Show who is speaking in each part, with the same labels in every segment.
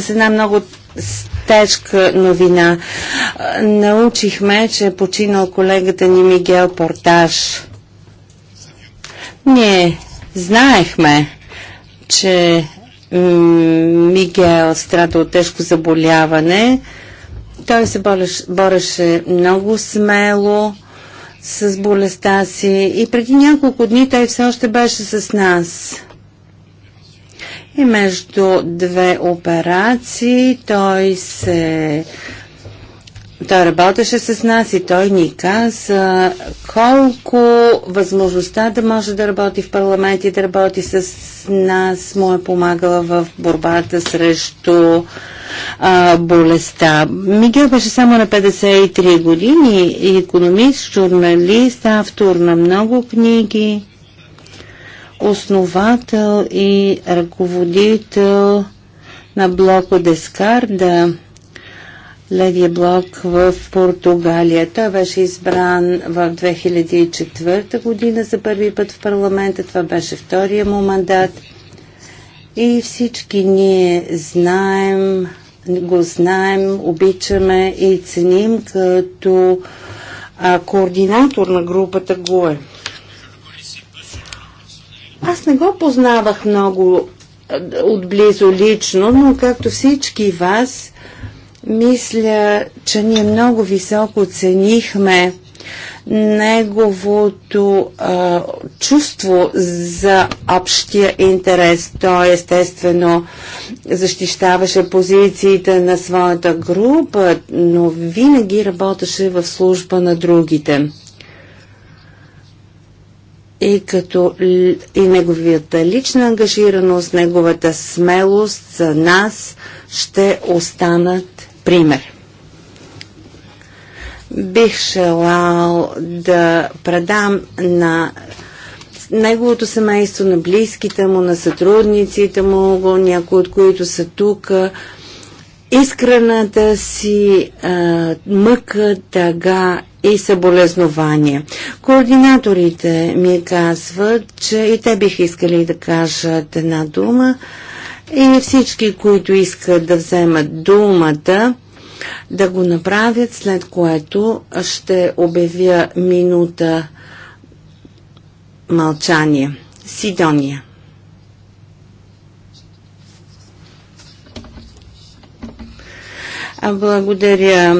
Speaker 1: с една много тежка новина. Научихме, че е починал колегата ни Мигел Портаж. Ние знаехме, че Мигел страда от тежко заболяване. Той се бореше, бореше много смело с болестта си и преди няколко дни той все още беше с нас. И между две операции той се той работеше с нас и той ни каза колко възможността да може да работи в парламент и да работи с нас му е помагала в борбата срещу а, болестта. Мигел беше само на 53 години, економист, журналист, автор на много книги основател и ръководител на блоко Дескарда, левия блок в Португалия. Той беше избран в 2004 година за първи път в парламента. Това беше втория му мандат. И всички ние знаем, го знаем, обичаме и ценим като а, координатор на групата ГУЕ. Аз не го познавах много отблизо лично, но както всички вас, мисля, че ние много високо ценихме неговото а, чувство за общия интерес. Той естествено защищаваше позициите на своята група, но винаги работеше в служба на другите и като и неговията лична ангажираност, неговата смелост за нас ще останат пример. Бих желал да предам на неговото семейство, на близките му, на сътрудниците му, някои от които са тук, искрената си а, мъка, тъга и съболезнование. Координаторите ми казват, че и те бих искали да кажат една дума и всички, които искат да вземат думата, да го направят, след което ще обявя минута мълчание. Сидония. Благодаря.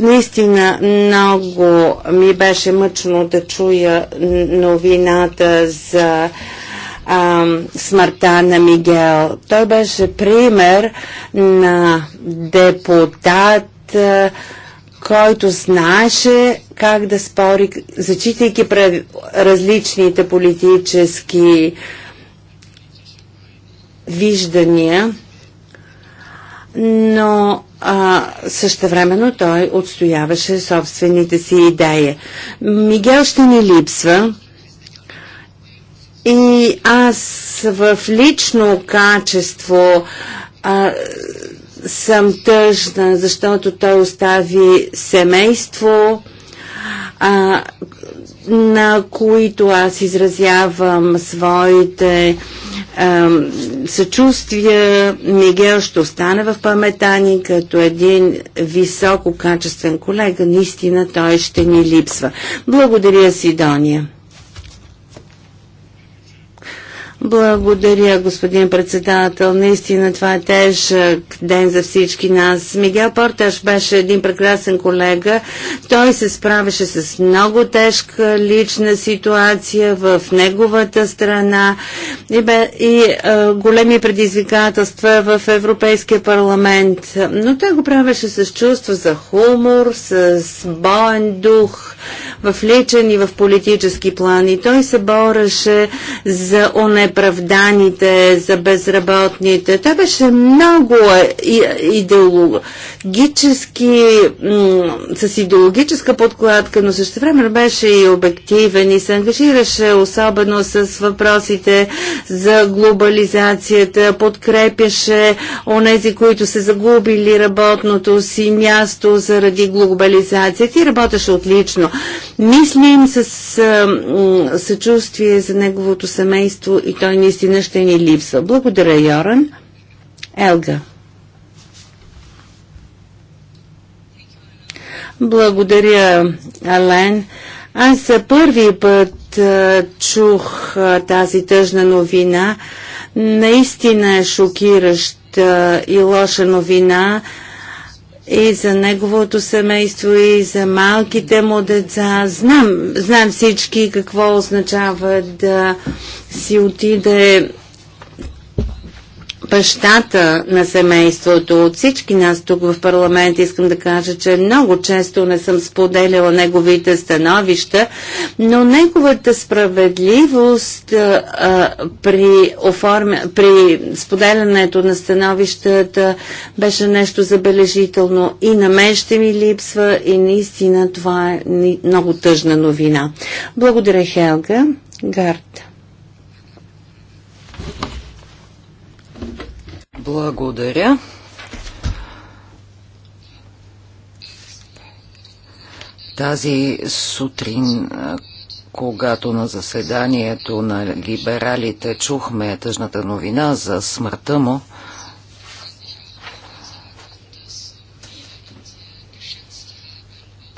Speaker 1: Наистина много ми беше мъчно да чуя новината за а, смъртта на Мигел. Той беше пример на депутат, а, който знаеше как да спори, зачитайки пред различните политически виждания, но а, същевременно той отстояваше собствените си идеи. Мигел ще ни липсва и аз в лично качество а, съм тъжна, защото той остави семейство, а, на които аз изразявам своите а, съчувствия Мигел ще остане в паметани ни като един висококачествен колега. Наистина той ще ни липсва. Благодаря, Сидония. Благодаря, господин председател. Наистина това е тежък ден за всички нас. Мигел Порташ беше един прекрасен колега. Той се справеше с много тежка лична ситуация в неговата страна и, бе, и а, големи предизвикателства в Европейския парламент. Но той го правеше с чувство за хумор, с боен дух, в личен и в политически план. И той се бореше за онепочването неправданите за безработните. Той беше много е, идеологически, с идеологическа подкладка, но също време беше и обективен и се ангажираше особено с въпросите за глобализацията, подкрепяше онези, които се загубили работното си място заради глобализацията и работеше отлично мислим с а, съчувствие за неговото семейство и той наистина ще ни липсва. Благодаря, Йоран. Елга. Благодаря, Ален. Аз за първи път а, чух а, тази тъжна новина. Наистина е шокираща и лоша новина. А, и за неговото семейство, и за малките му деца. Знам, знам всички какво означава да си отиде бащата на семейството. От всички нас тук в парламент искам да кажа, че много често не съм споделяла неговите становища, но неговата справедливост а, при, оформя, при споделянето на становищата беше нещо забележително. И на мен ще ми липсва и наистина това е много тъжна новина. Благодаря, Хелга. Гард. Благодаря.
Speaker 2: Тази сутрин, когато на заседанието на либералите чухме тъжната новина за смъртта му,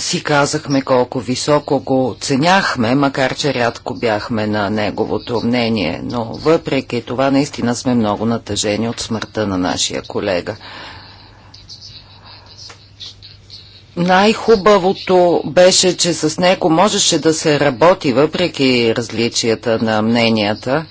Speaker 2: си казахме колко високо го ценяхме, макар че рядко бяхме на неговото мнение, но въпреки това наистина сме много натъжени от смъртта на нашия колега. Най-хубавото беше, че с него можеше да се работи въпреки различията на мненията.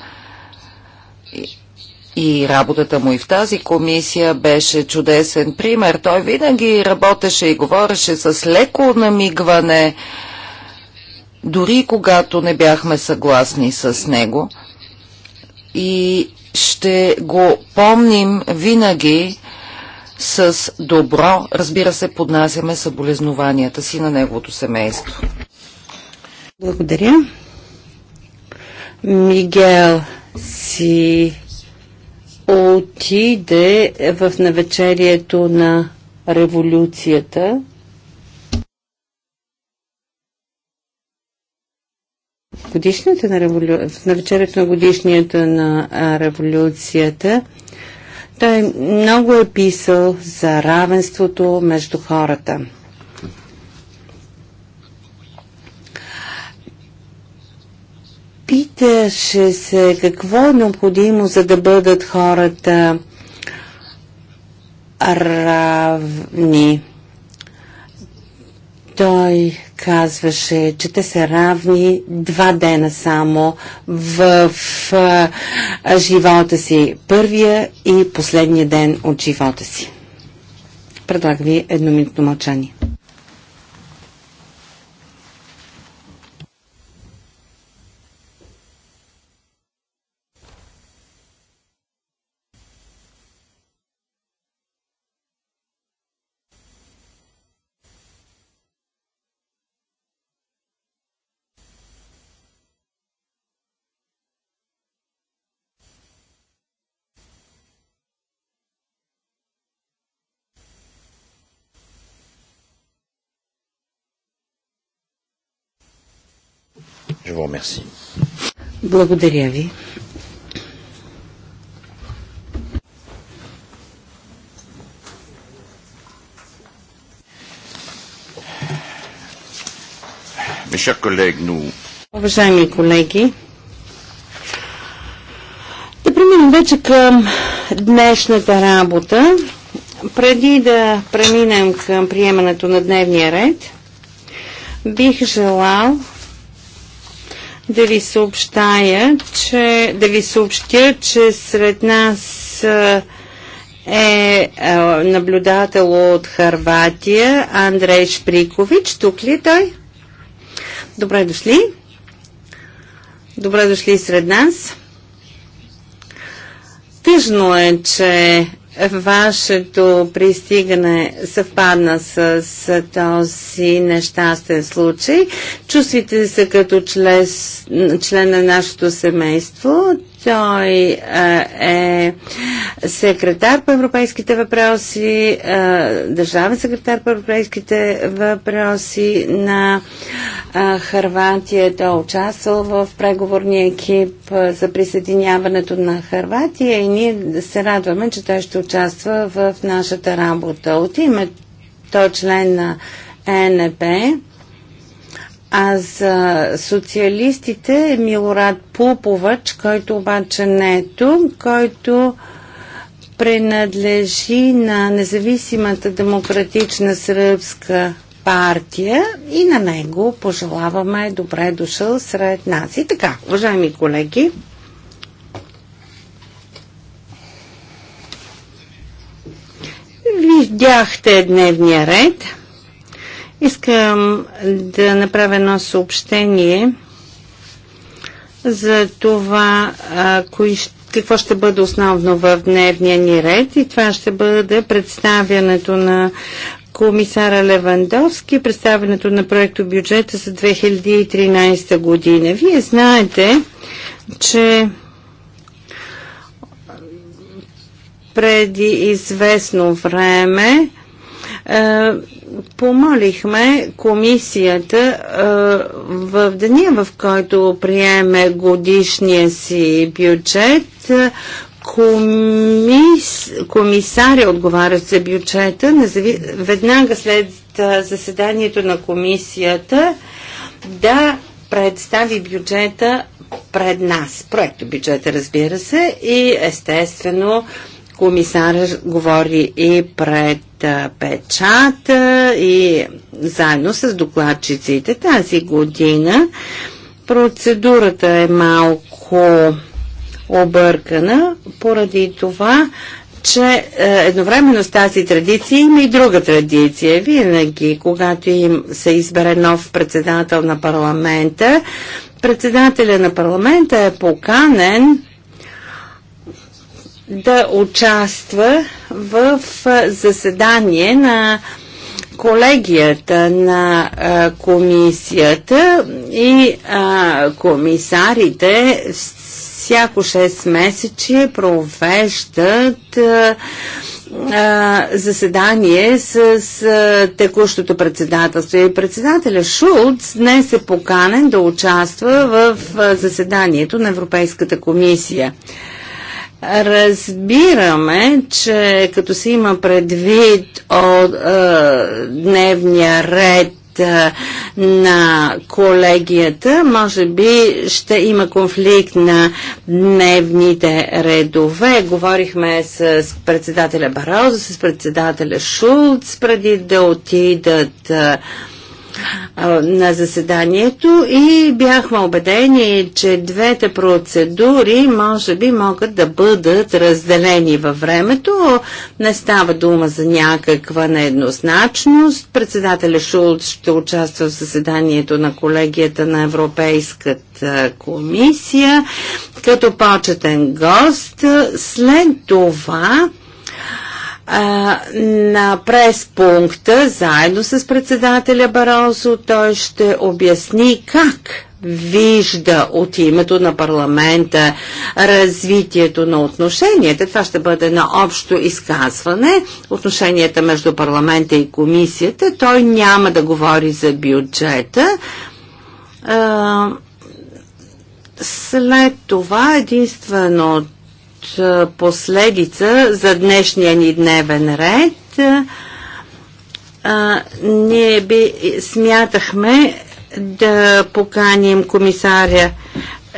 Speaker 2: И работата му и в тази комисия беше чудесен пример. Той винаги работеше и говореше с леко намигване, дори когато не бяхме съгласни с него. И ще го помним винаги с добро. Разбира се, поднасяме съболезнованията си на неговото
Speaker 1: семейство. Благодаря. Мигел си отиде в навечерието на революцията. Годишната на револю... в навечерието на годишнията на революцията той много е писал за равенството между хората. Питаше се какво е необходимо, за да бъдат хората равни. Той казваше, че те са равни два дена само в, в в живота си. Първия и последния ден от живота си. Предлага ви едноминутно мълчание. Je vous remercie. Благодаря ви. Уважаеми колеги, да преминем вече към днешната работа. Преди да преминем към приемането на дневния ред, бих желал да ви съобщая, че, да ви съобщя, че сред нас е наблюдател от Харватия Андрей Шприкович. Тук ли е той? Добре дошли. Добре дошли сред нас. Тъжно е, че вашето пристигане съвпадна с, този нещастен случай. Чувствите се като член, член на нашето семейство. Той а, е, е секретар по европейските въпроси, а, е, държавен секретар по европейските въпроси на а, е, Харватия. Той е участвал в преговорния екип за присъединяването на Харватия и ние се радваме, че той ще участва в нашата работа. От името член на ЕНП. А за социалистите е Милорад Пуповач, който обаче не е тук, който принадлежи на независимата демократична сръбска партия и на него пожелаваме добре дошъл сред нас. И така, уважаеми колеги, видяхте дневния ред. Искам да направя едно съобщение за това, а, кои, какво ще бъде основно в дневния ни ред и това ще бъде представянето на комисара Левандовски, представянето на проекто бюджета за 2013 година. Вие знаете, че преди известно време помолихме комисията в деня, в който приеме годишния си бюджет, комис... комисаря отговаря за бюджета, назави... веднага след заседанието на комисията, да представи бюджета пред нас. Проекто бюджета, разбира се, и естествено комисар говори и пред печата и заедно с докладчиците тази година. Процедурата е малко объркана поради това, че едновременно с тази традиция има и друга традиция. Винаги, когато им се избере нов председател на парламента, председателя на парламента е поканен да участва в заседание на колегията на комисията и комисарите всяко 6 месече провеждат заседание с текущото председателство. И председателя Шулц днес е поканен да участва в заседанието на Европейската комисия. Разбираме, че като се има предвид от е, дневния ред е, на колегията, може би ще има конфликт на дневните редове. Говорихме с председателя Бароза, с председателя Шулц, преди да отидат е, на заседанието и бяхме убедени, че двете процедури може би могат да бъдат разделени във времето. Не става дума за някаква нееднозначност. Председателя Шулт ще участва в заседанието на колегията на Европейската комисия като почетен гост. След това а, на преспункта, заедно с председателя Баросо, той ще обясни как вижда от името на парламента развитието на отношенията. Това ще бъде на общо изказване. Отношенията между парламента и комисията. Той няма да говори за бюджета. след това единственото последица за днешния ни дневен ред. ние би смятахме да поканим комисаря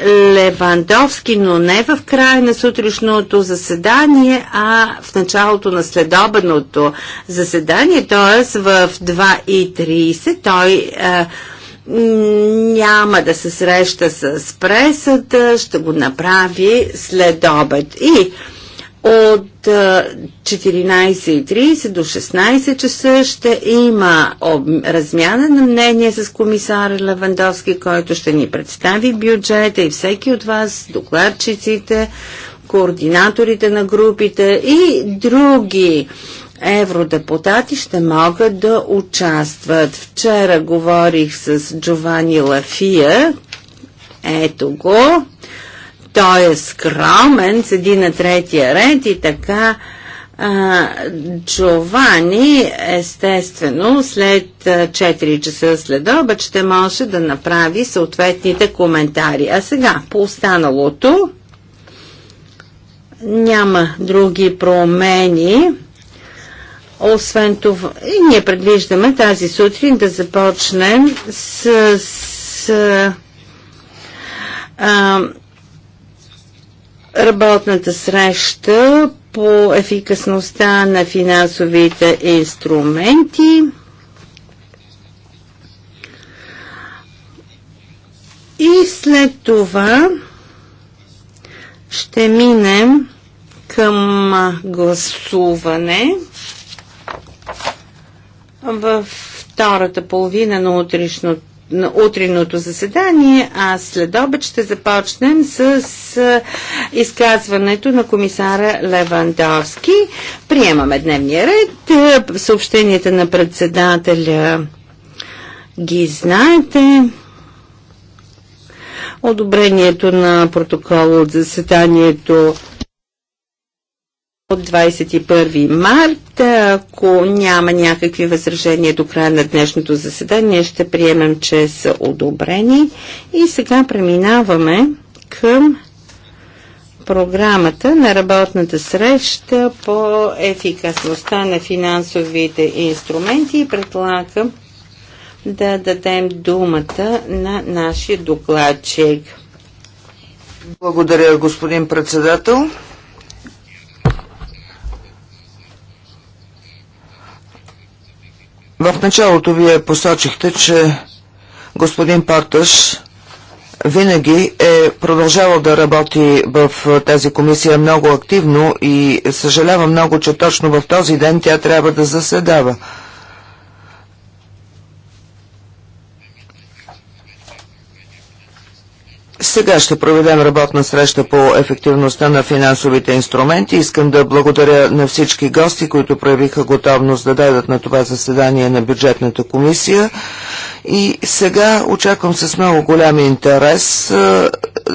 Speaker 1: Левандовски, но не в края на сутрешното заседание, а в началото на следобедното заседание, т.е. в 2.30. Той а, няма да се среща с пресата, ще го направи след обед. И от 14.30 до 16 часа ще има размяна на мнение с комисар Левандовски, който ще ни представи бюджета и всеки от вас, докладчиците, координаторите на групите и други евродепутати ще могат да участват. Вчера говорих с Джовани Лафия, ето го, той е скромен, седи на третия ред и така а, Джовани, естествено, след 4 часа след обед ще може да направи съответните коментари. А сега, по останалото, няма други промени. Освен това, и ние предвиждаме тази сутрин да започнем с, с а, работната среща по ефикасността на финансовите инструменти. И след това ще минем към гласуване във втората половина на утрешното на утреното заседание, а след обед ще започнем с изказването на комисара Левандовски. Приемаме дневния ред. Съобщенията на председателя ги знаете. Одобрението на протокола от заседанието от 21 март. Ако няма някакви възражения до края на днешното заседание, ще приемем, че са одобрени. И сега преминаваме към програмата на работната среща по ефикасността на финансовите инструменти и предлагам да дадем думата на нашия докладчик. Благодаря,
Speaker 3: господин председател. В началото вие посочихте, че господин Парташ винаги е продължавал да работи в тази комисия много активно и съжалява много, че точно в този ден тя трябва да заседава. Сега ще проведем работна среща по ефективността на финансовите инструменти. Искам да благодаря на всички гости, които проявиха готовност да дадат на това заседание на бюджетната комисия. И сега очаквам с много голям интерес.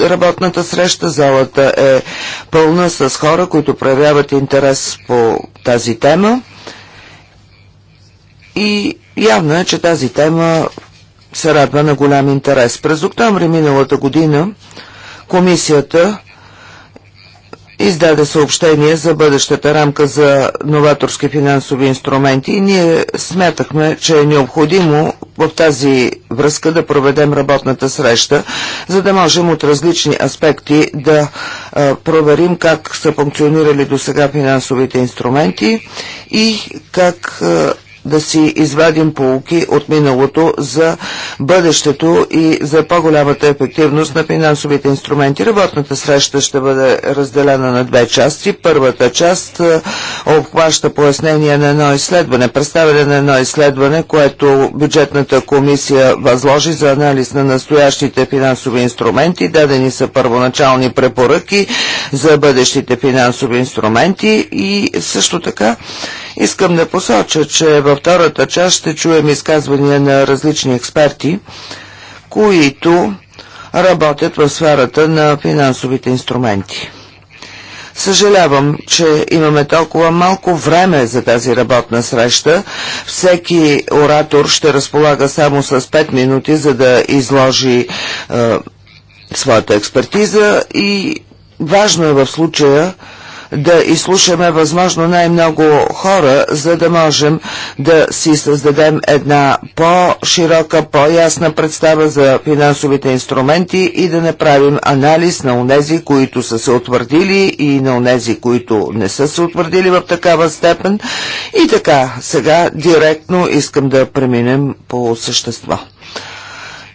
Speaker 3: Работната среща, залата е пълна с хора, които проявяват интерес по тази тема. И явно е, че тази тема се радва на голям интерес. През октомври миналата година комисията издаде съобщение за бъдещата рамка за новаторски финансови инструменти и ние смятахме, че е необходимо в тази връзка да проведем работната среща, за да можем от различни аспекти да а, проверим как са функционирали до сега финансовите инструменти и как а, да си извадим полуки от миналото за бъдещето и за по-голямата ефективност на финансовите инструменти. Работната среща ще бъде разделена на две части. Първата част е, обхваща пояснение на едно изследване, представяне на едно изследване, което бюджетната комисия възложи за анализ на настоящите финансови инструменти. Дадени са първоначални препоръки за бъдещите финансови инструменти и също така искам да посоча, че в във втората част ще чуем изказвания на различни експерти, които работят в сферата на финансовите инструменти. Съжалявам, че имаме толкова малко време за тази работна среща. Всеки оратор ще разполага само с 5 минути, за да изложи е, своята експертиза и важно е в случая да изслушаме възможно най-много хора, за да можем да си създадем една по-широка, по-ясна представа за финансовите инструменти и да направим анализ на унези, които са се утвърдили и на унези, които не са се утвърдили в такава степен. И така, сега директно искам да преминем по същество.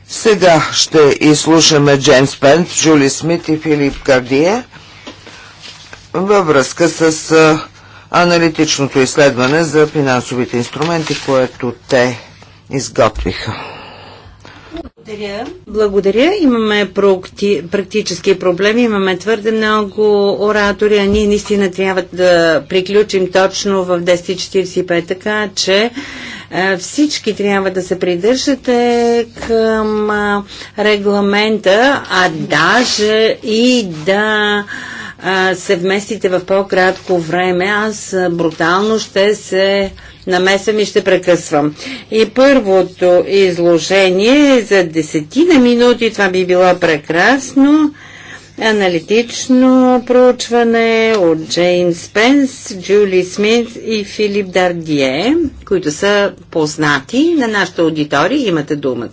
Speaker 3: Сега ще изслушаме Джеймс Пент, Джули Смит и Филип Кардие във връзка с аналитичното изследване за финансовите инструменти, което те изготвиха.
Speaker 1: Благодаря. Благодаря. Имаме практи... практически проблеми, имаме твърде много оратори, а ние наистина трябва да приключим точно в 10.45, така че всички трябва да се придържате към регламента, а даже и да а, се вместите в по-кратко време, аз брутално ще се намесвам и ще прекъсвам. И първото изложение е за десетина минути, това би било прекрасно, аналитично проучване от Джейн Спенс, Джули Смит и Филип Дардие, които са познати на нашата аудитория. Имате думата.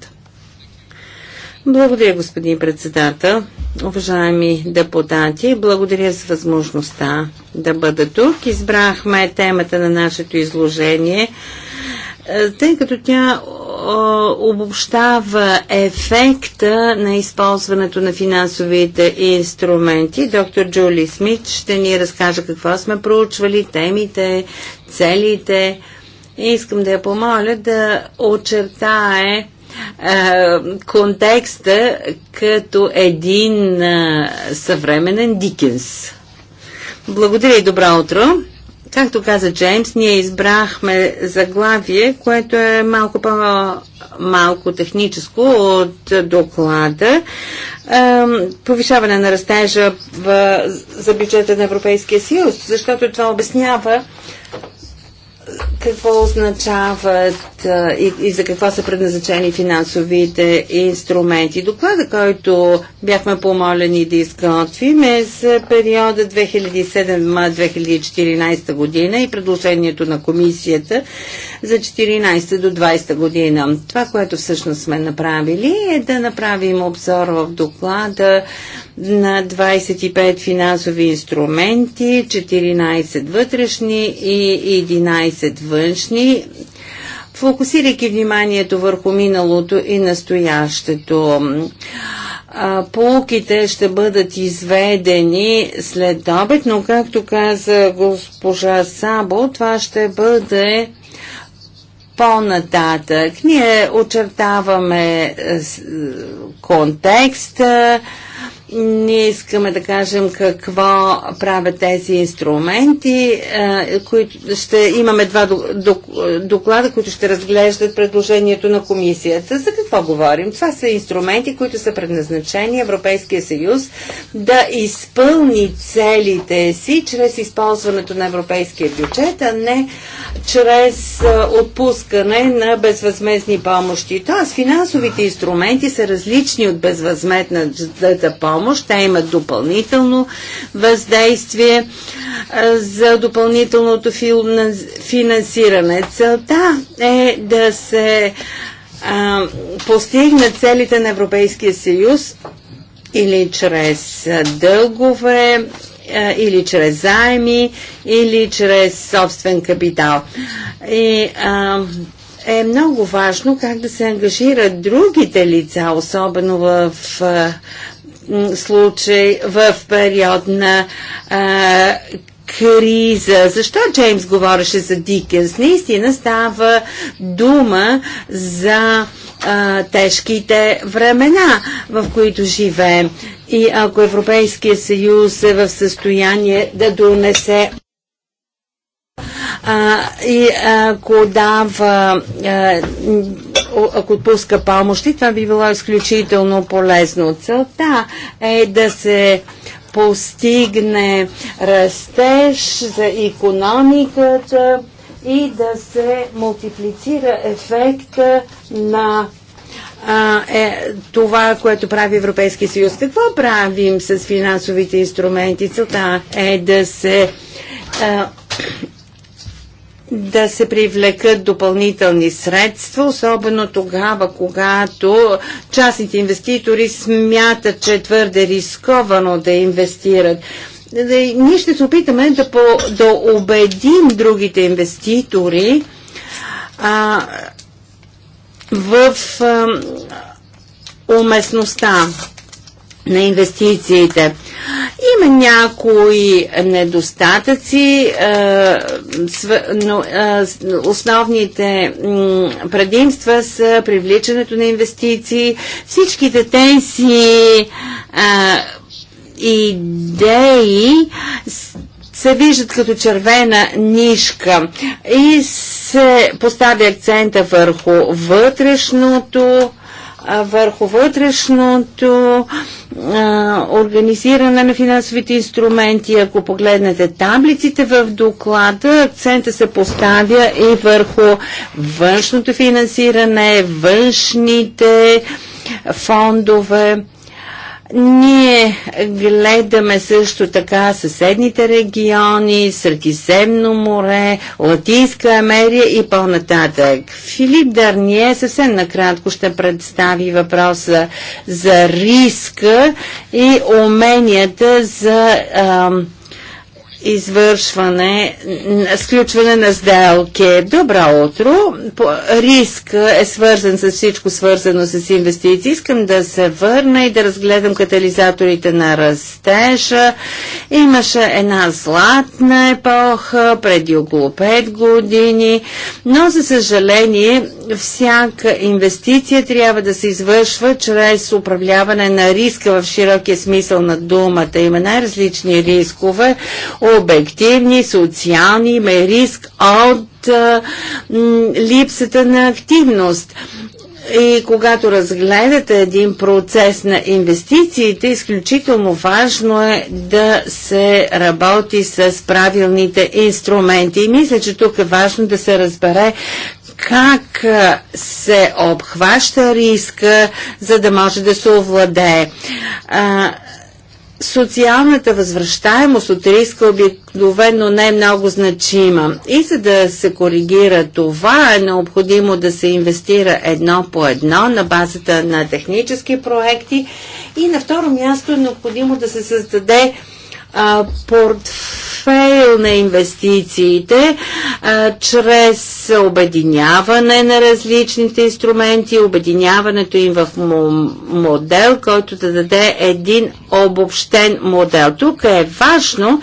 Speaker 1: Благодаря, господин председател. Уважаеми депутати, благодаря за възможността да бъда тук. Избрахме темата на нашето изложение, е, тъй като тя е, обобщава ефекта на използването на финансовите инструменти. Доктор Джули Смит ще ни разкаже какво сме проучвали, темите, целите. Искам да я помоля да очертае е, контекста като един е, съвременен Дикенс. Благодаря и добро утро! Както каза Джеймс, ние избрахме заглавие, което е малко по-малко техническо от доклада. Е, повишаване на растежа за бюджета на Европейския съюз, защото това обяснява какво означават а, и, и за какво са предназначени финансовите инструменти. Доклада, който бяхме помолени да изготвим е за периода 2007-2014 година и предложението на комисията за 14 до 20 година. Това, което всъщност сме направили е да направим обзор в доклада на 25 финансови инструменти, 14 вътрешни и 11 външни, фокусирайки вниманието върху миналото и настоящето. Полуките ще бъдат изведени след обед, но както каза госпожа Сабо, това ще бъде по-нататък. Ние очертаваме контекста, ние искаме да кажем какво правят тези инструменти, е, които ще имаме два доклада, които ще разглеждат предложението на комисията. За какво говорим? Това са инструменти, които са предназначени Европейския съюз да изпълни целите си чрез използването на европейския бюджет, а не чрез е, отпускане на безвъзмезни помощи. Тоест финансовите инструменти са различни от безвъзмезната помощ помощ. Те имат допълнително въздействие за допълнителното финансиране. Целта е да се постигне постигнат целите на Европейския съюз или чрез дългове, или чрез заеми, или чрез собствен капитал. И а, е много важно как да се ангажират другите лица, особено в а, случай в период на а, криза. Защо Джеймс говореше за Дикенс? Наистина става дума за а, тежките времена, в които живеем. И ако Европейския съюз е в състояние да донесе а, и ако дава, ако отпуска помощи, това би било изключително полезно. Целта е да се постигне растеж за економиката и да се мултиплицира ефекта на а, е това, което прави Европейския съюз. Какво правим с финансовите инструменти? Целта е да се а, да се привлекат допълнителни средства, особено тогава, когато частните инвеститори смятат, че е твърде рисковано да инвестират. Ние ще се опитаме да, по, да убедим другите инвеститори а, в а, уместността на инвестициите. Има някои недостатъци, е, но е, основните предимства са привличането на инвестиции, всичките тези е, идеи се виждат като червена нишка и се поставя акцента върху вътрешното върху вътрешното а, организиране на финансовите инструменти. Ако погледнете таблиците в доклада, акцента се поставя и върху външното финансиране, външните фондове. Ние гледаме също така съседните региони, Средиземно море, Латинска Америя и по-нататък. Филип Дарние съвсем накратко ще представи въпроса за риска и уменията за ам, извършване, сключване на сделки. Добро утро! Риск е свързан с всичко свързано с инвестиции. Искам да се върна и да разгледам катализаторите на растежа. Имаше една златна епоха преди около 5 години, но за съжаление всяка инвестиция трябва да се извършва чрез управляване на риска в широкия смисъл на думата. Има най-различни рискове, обективни, социални, има риск от а, м, липсата на активност. И когато разгледате един процес на инвестициите, изключително важно е да се работи с правилните инструменти. И мисля, че тук е важно да се разбере как се обхваща риска, за да може да се овладее. социалната възвръщаемост от риска обикновено не е много значима. И за да се коригира това, е необходимо да се инвестира едно по едно на базата на технически проекти и на второ място е необходимо да се създаде а, портфейл на инвестициите а, чрез обединяване на различните инструменти, обединяването им в модел, който да даде един обобщен модел. Тук е важно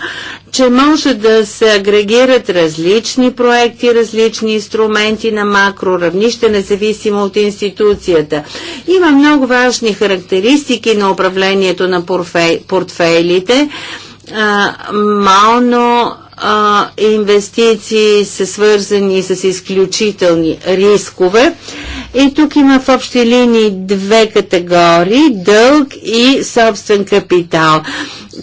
Speaker 1: че може да се агрегират различни проекти, различни инструменти на макро равнище, независимо от институцията. Има много важни характеристики на управлението на портфей, портфейлите. мално инвестиции са свързани с изключителни рискове и тук има в общи линии две категории – дълг и собствен капитал.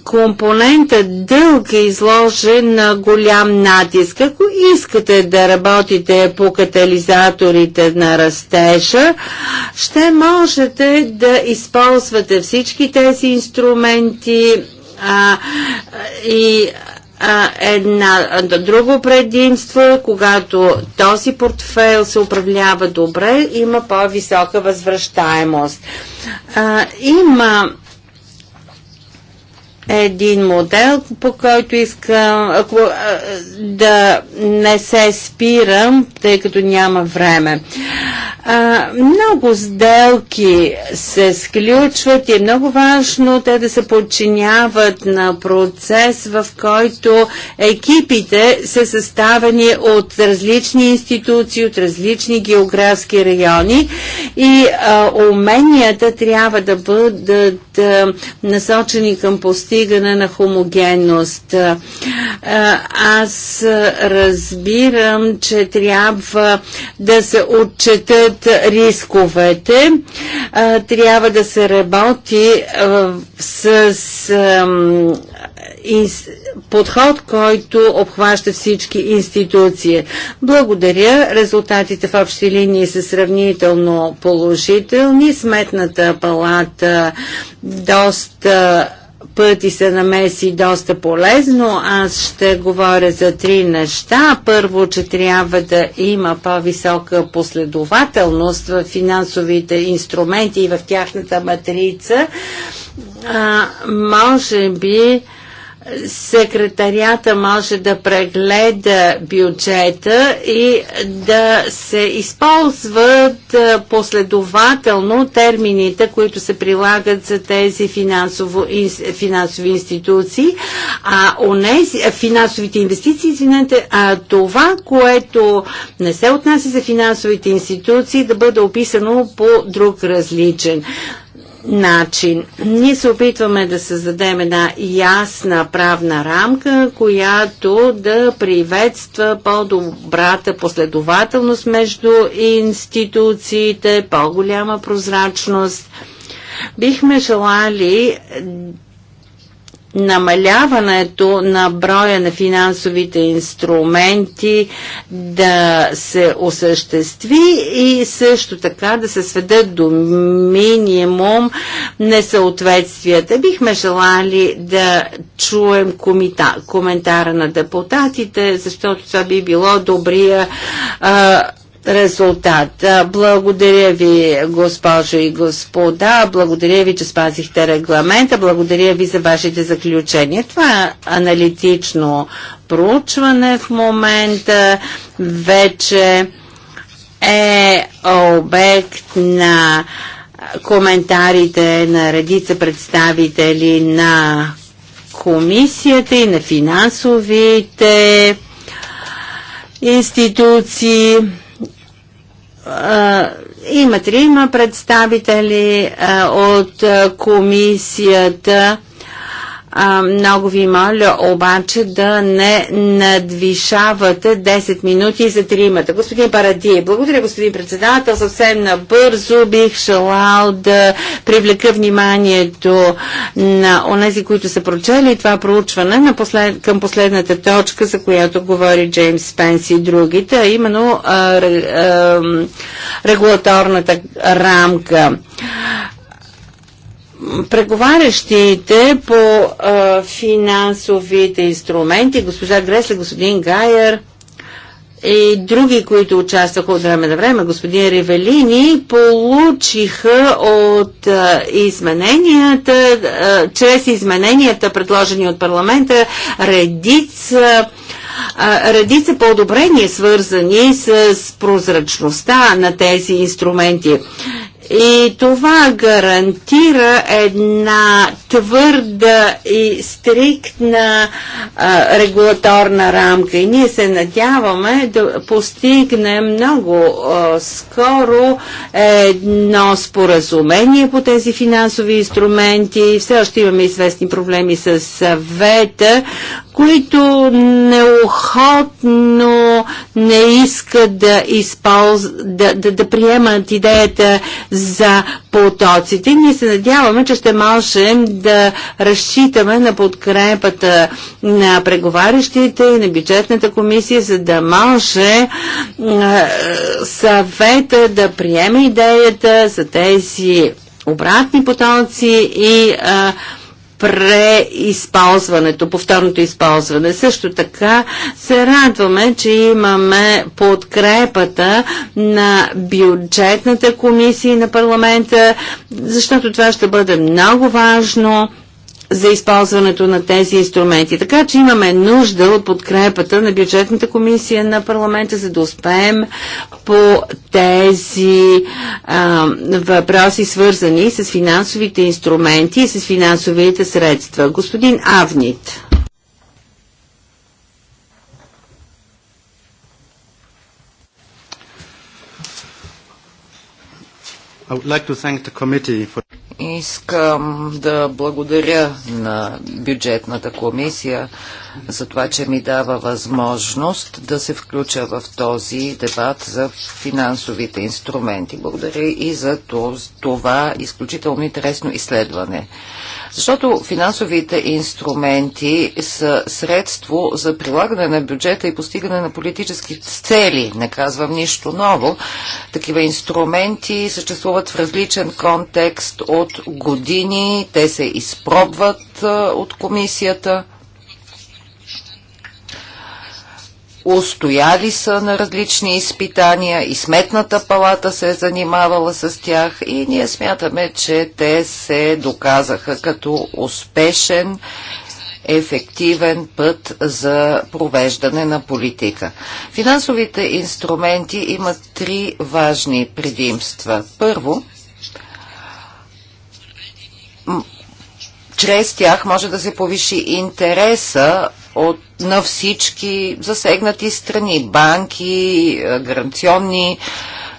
Speaker 1: Компонента дълг е изложен на голям натиск. Ако искате да работите по катализаторите на растежа, ще можете да използвате всички тези инструменти а, и а, една, друго предимство е, когато този портфейл се управлява добре, има по-висока възвръщаемост. А, има един модел, по който искам ако, да не се спирам, тъй като няма време. А, много сделки се сключват и е много важно те да се подчиняват на процес, в който екипите са съставени от различни институции, от различни географски райони и а, уменията трябва да бъдат а, насочени към постигането постигане на хомогенност. Аз разбирам, че трябва да се отчетат рисковете, трябва да се работи с подход, който обхваща всички институции. Благодаря. Резултатите в общи линии са сравнително положителни. Сметната палата доста пъти се намеси доста полезно. Аз ще говоря за три неща. Първо, че трябва да има по-висока последователност в финансовите инструменти и в тяхната матрица. А, може би секретарията може да прегледа бюджета и да се използват последователно термините, които се прилагат за тези финансови институции, а онези, финансовите инвестиции, извинете, а това, което не се отнася за финансовите институции, да бъде описано по друг различен начин. Ние се опитваме да създадем една ясна правна рамка, която да приветства по-добрата последователност между институциите, по-голяма прозрачност. Бихме желали намаляването на броя на финансовите инструменти да се осъществи и също така да се сведат до минимум несъответствията. Бихме желали да чуем комита, коментара на депутатите, защото това би било добрия а, резултат. Благодаря ви, госпожо и господа. Благодаря ви, че спазихте регламента. Благодаря ви за вашите заключения. Това е аналитично проучване в момента. Вече е обект на коментарите на редица представители на комисията и на финансовите институции има трима представители от комисията много ви моля обаче да не надвишавате 10 минути за тримата. Господин Парадие, благодаря господин председател. Съвсем набързо бих желал да привлека вниманието на онези, които са прочели това проучване на послед... към последната точка, за която говори Джеймс Спенс и другите, а именно а, а, регулаторната рамка преговарящите по а, финансовите инструменти, госпожа Гресле, господин Гайер и други, които участваха от време на време, господин Ревелини, получиха от а, измененията, а, чрез измененията, предложени от парламента, редица редица подобрения, свързани с прозрачността на тези инструменти. И това гарантира една твърда и стриктна а, регулаторна рамка. И ние се надяваме да постигнем много а, скоро едно споразумение по тези финансови инструменти. Все още имаме известни проблеми с съвета които неохотно не искат да, използ... да, да, да приемат идеята за потоците. Ние се надяваме, че ще можем да разчитаме на подкрепата на преговарящите и на бюджетната комисия, за да може съвета да приеме идеята за тези обратни потоци и а, преизползването, повторното използване. Също така се радваме, че имаме подкрепата на бюджетната комисия на парламента, защото това ще бъде много важно за използването на тези инструменти. Така че имаме нужда от подкрепата на бюджетната комисия на парламента, за да успеем по тези а, въпроси, свързани с финансовите инструменти и с финансовите средства. Господин Авнит.
Speaker 2: Искам да благодаря на бюджетната комисия за това, че ми дава възможност да се включа в този дебат за финансовите инструменти. Благодаря и за това изключително интересно изследване. Защото финансовите инструменти са средство за прилагане на бюджета и постигане на политически цели. Не казвам нищо ново. Такива инструменти съществуват съществуват в различен контекст от години, те се изпробват от комисията. устояли са на различни изпитания и Сметната палата се е занимавала с тях и ние смятаме, че те се доказаха като успешен ефективен път за провеждане на политика. Финансовите инструменти имат три важни предимства. Първо, чрез тях може да се повиши интереса от, на всички засегнати страни, банки, е, гаранционни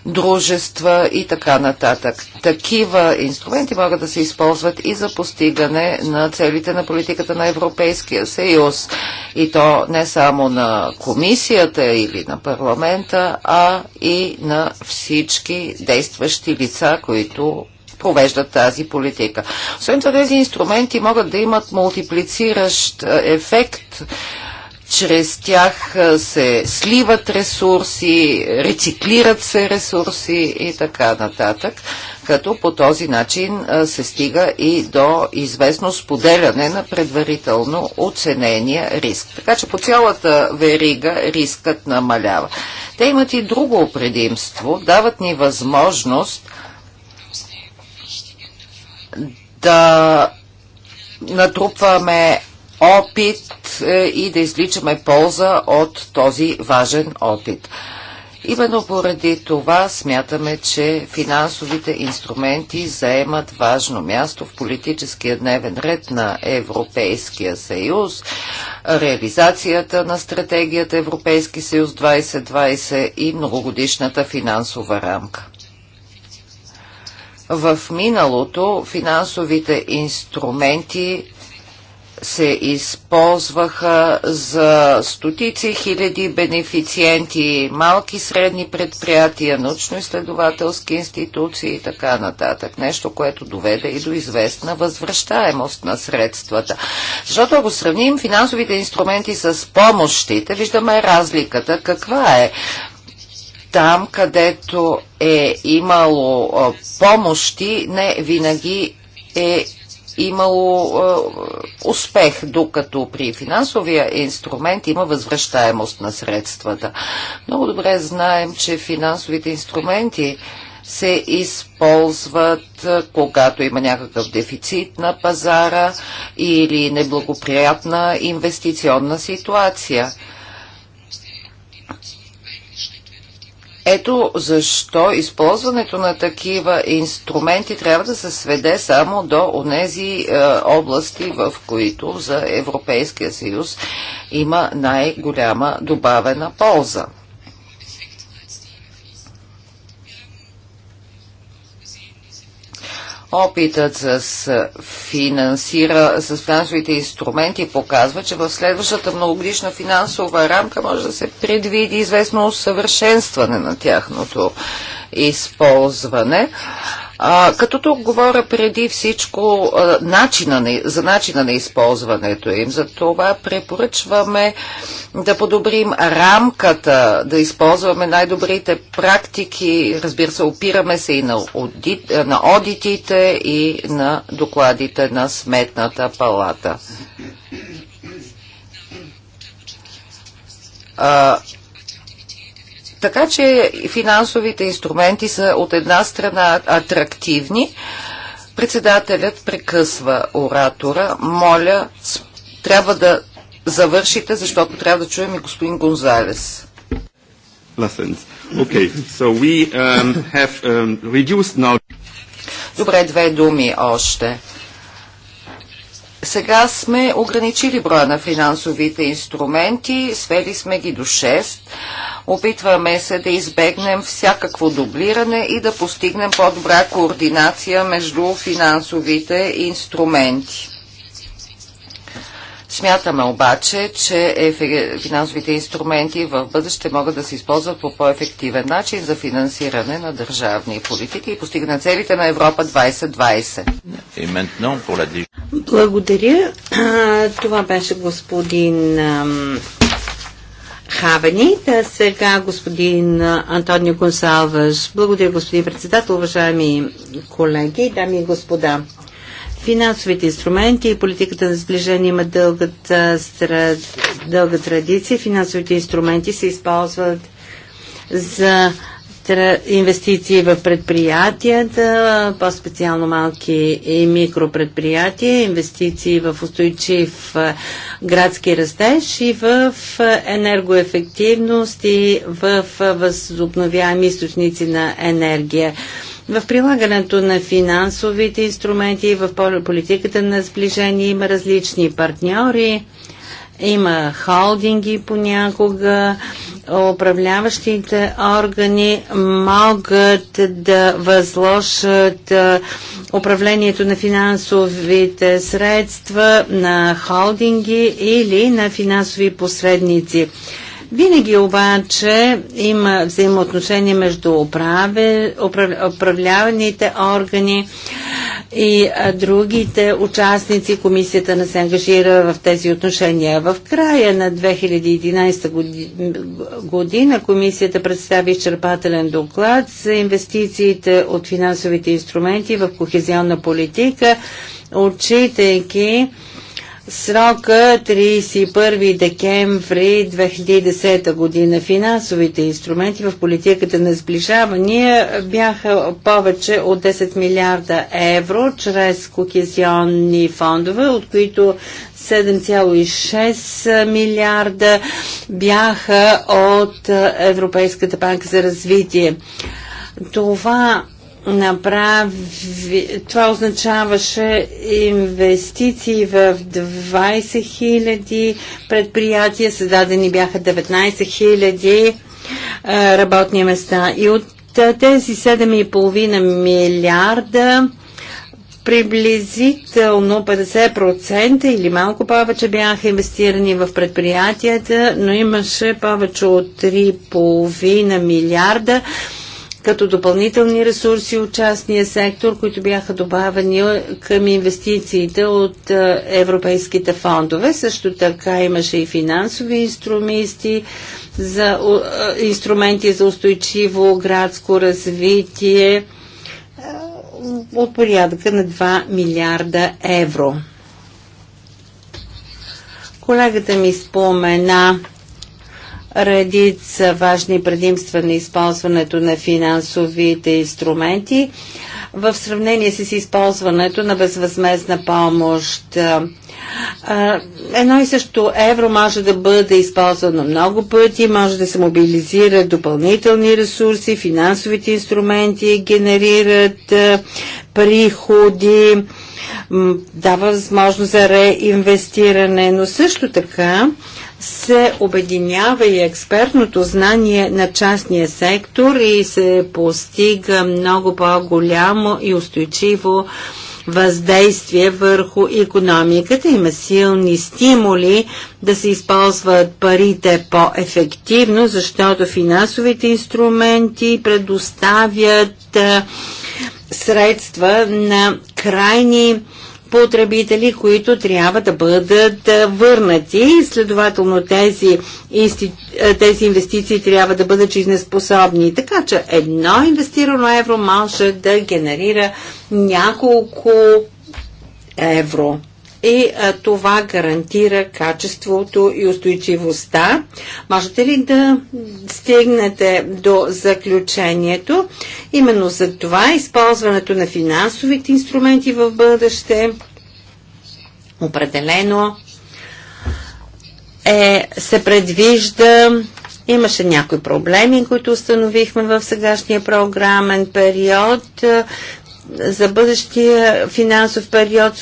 Speaker 2: дружества и така нататък. Такива инструменти могат да се използват и за постигане на целите на политиката на Европейския съюз. И то не само на комисията или на парламента, а и на всички действащи лица, които провеждат тази политика. Освен това, тези инструменти могат да имат мултиплициращ е, ефект чрез тях се сливат ресурси, рециклират се ресурси и така нататък, като по този начин се стига и до известно споделяне на предварително оценения риск. Така че по цялата верига рискът намалява. Те имат и друго предимство, дават ни възможност да натрупваме опит е, и да изличаме полза от този важен опит. Именно поради това смятаме, че финансовите инструменти заемат важно място в политическия дневен ред на Европейския съюз, реализацията на стратегията Европейски съюз 2020 и многогодишната финансова рамка. В миналото финансовите инструменти се използваха за стотици хиляди бенефициенти, малки средни предприятия, научно-изследователски институции и така нататък. Нещо, което доведе и до известна възвръщаемост на средствата. Защото ако сравним финансовите инструменти с помощите, виждаме разликата каква е там, където е имало помощи, не винаги е имало е, успех, докато при финансовия инструмент има възвръщаемост на средствата. Много добре знаем, че финансовите инструменти се използват, е, когато има някакъв дефицит на пазара или неблагоприятна инвестиционна ситуация. Ето защо използването на такива инструменти трябва да се сведе само до онези е, области, в които за Европейския съюз има най-голяма добавена полза. Опитът с, финансира, с финансовите инструменти показва, че в следващата многогодишна финансова рамка може да се предвиди известно усъвършенстване на тяхното използване. А, като тук говоря преди всичко а, начина на, за начина на използването им, за това препоръчваме да подобрим рамката, да използваме най-добрите практики, разбира се, опираме се и на, одит, на одитите и на докладите на Сметната палата. А, така че финансовите инструменти са от една страна атрактивни. Председателят прекъсва оратора. Моля, трябва да завършите, защото трябва да чуем и господин Гонзалес.
Speaker 1: Okay. So we, um, have, um, now...
Speaker 2: Добре, две думи още. Сега сме ограничили броя на финансовите инструменти, свели сме ги до 6. Опитваме се да избегнем всякакво дублиране и да постигнем по-добра координация между финансовите инструменти. Смятаме обаче, че финансовите инструменти в бъдеще могат да се използват по по-ефективен начин за финансиране на държавни политики и постигане целите на Европа 2020.
Speaker 1: Благодаря. Това беше господин Хавени. Та сега господин Антонио Гонсалваш. Благодаря, господин председател, уважаеми колеги, дами и господа. Финансовите инструменти и политиката на сближение имат дългата, дълга традиция. Финансовите инструменти се използват за инвестиции в предприятията, по-специално малки и микропредприятия, инвестиции в устойчив градски растеж и в енергоефективност и в възобновяеми източници на енергия в прилагането на финансовите инструменти и в политиката на сближение има различни партньори. Има холдинги понякога, управляващите органи могат да възложат управлението на финансовите средства на холдинги или на финансови посредници. Винаги обаче има взаимоотношения между управе, управ, управляваните органи и другите участници. Комисията не се ангажира в тези отношения. В края на 2011 година, година комисията представи изчерпателен доклад за инвестициите от финансовите инструменти в кохезионна политика, отчитайки Срока 31 декември 2010 година. Финансовите инструменти в политиката на сближавания бяха повече от 10 милиарда евро чрез кохезионни фондове, от които 7,6 милиарда бяха от Европейската банка за развитие. Това направи, това означаваше инвестиции в 20 000 предприятия, създадени бяха 19 000 е, работни места. И от е, тези 7,5 милиарда приблизително 50% или малко повече бяха инвестирани в предприятията, но имаше повече от 3,5 милиарда като допълнителни ресурси от частния сектор, които бяха добавени към инвестициите от е, европейските фондове. Също така имаше и финансови инструменти за, е, инструменти за устойчиво градско развитие е, от порядъка на 2 милиарда евро. Колегата ми спомена редица важни предимства на използването на финансовите инструменти в сравнение с използването на безвъзмезна помощ. Едно и също евро може да бъде използвано много пъти, може да се мобилизират допълнителни ресурси, финансовите инструменти генерират приходи, дава възможност за реинвестиране, но също така се обединява и експертното знание на частния сектор и се постига много по-голямо и устойчиво въздействие върху економиката. Има силни стимули да се използват парите по-ефективно, защото финансовите инструменти предоставят средства на крайни потребители, които трябва да бъдат върнати. Следователно тези, тези инвестиции трябва да бъдат жизнеспособни. Така че едно инвестирано евро може да генерира няколко евро и а, това гарантира качеството и устойчивостта. Можете ли да стигнете до заключението? Именно за това използването на финансовите инструменти в бъдеще определено е, се предвижда Имаше някои проблеми, които установихме в сегашния програмен период за бъдещия финансов период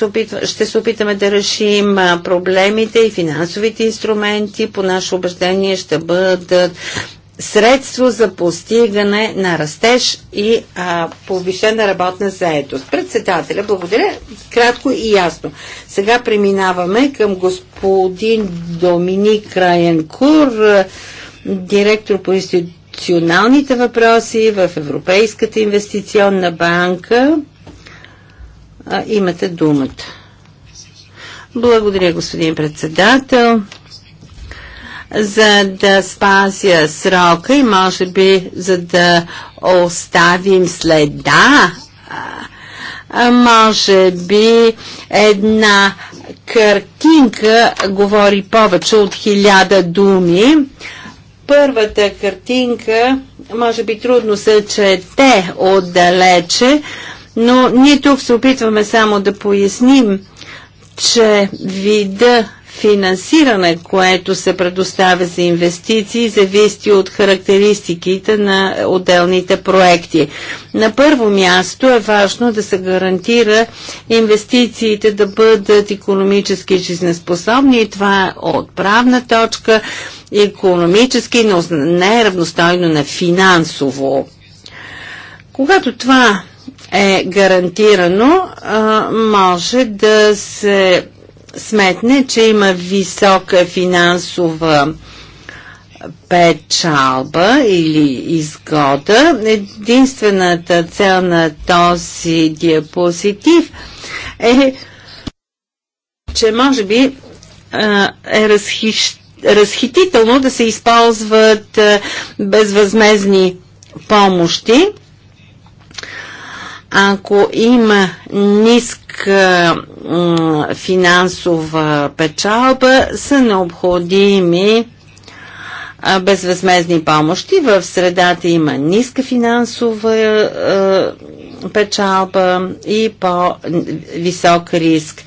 Speaker 1: ще се опитаме да решим проблемите и финансовите инструменти по наше убеждение ще бъдат средство за постигане на растеж и а, повишена работна заедост. Председателя, благодаря. Кратко и ясно. Сега преминаваме към господин Доминик Краенкур, директор по институт институционалните въпроси в Европейската инвестиционна банка. А, имате думата. Благодаря, господин председател. За да спазя срока и може би за да оставим следа, а, може би една картинка говори повече от хиляда думи. Първата картинка може би трудно се чете отдалече, но ние тук се опитваме само да поясним, че вида финансиране, което се предоставя за инвестиции, зависи от характеристиките на отделните проекти. На първо място е важно да се гарантира инвестициите да бъдат економически жизнеспособни и това е от правна точка економически, но не е равностойно на финансово. Когато това е гарантирано, може да се сметне, че има висока финансова печалба или изгода. Единствената цел на този диапозитив е, че може би е разхитително да се използват безвъзмезни помощи ако има ниска финансова печалба, са необходими безвъзмезни помощи. В средата има ниска финансова печалба и по-висок риск.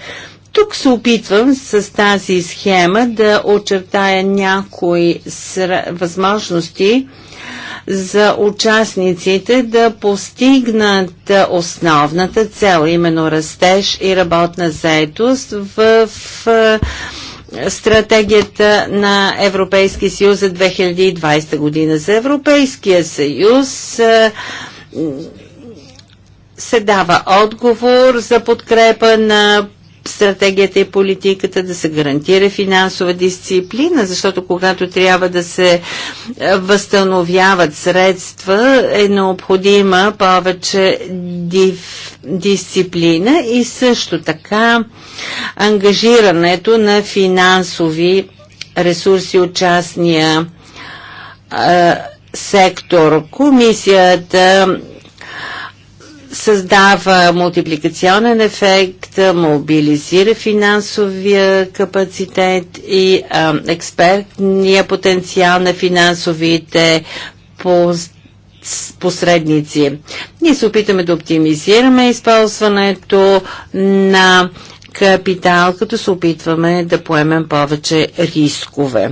Speaker 1: Тук се опитвам с тази схема да очертая някои възможности, за участниците да постигнат основната цел, именно растеж и работна заетост в, е, стратегията на Европейския съюз за 2020 година. За Европейския съюз е, се дава отговор за подкрепа на стратегията и политиката, да се гарантира финансова дисциплина, защото когато трябва да се е, възстановяват средства, е необходима повече диф, дисциплина и също така ангажирането на финансови ресурси от частния е, сектор. Комисията създава мултипликационен ефект, мобилизира финансовия капацитет и а, експертния потенциал на финансовите по посредници. Ние се опитаме да оптимизираме използването на капитал, като се опитваме да поемем повече рискове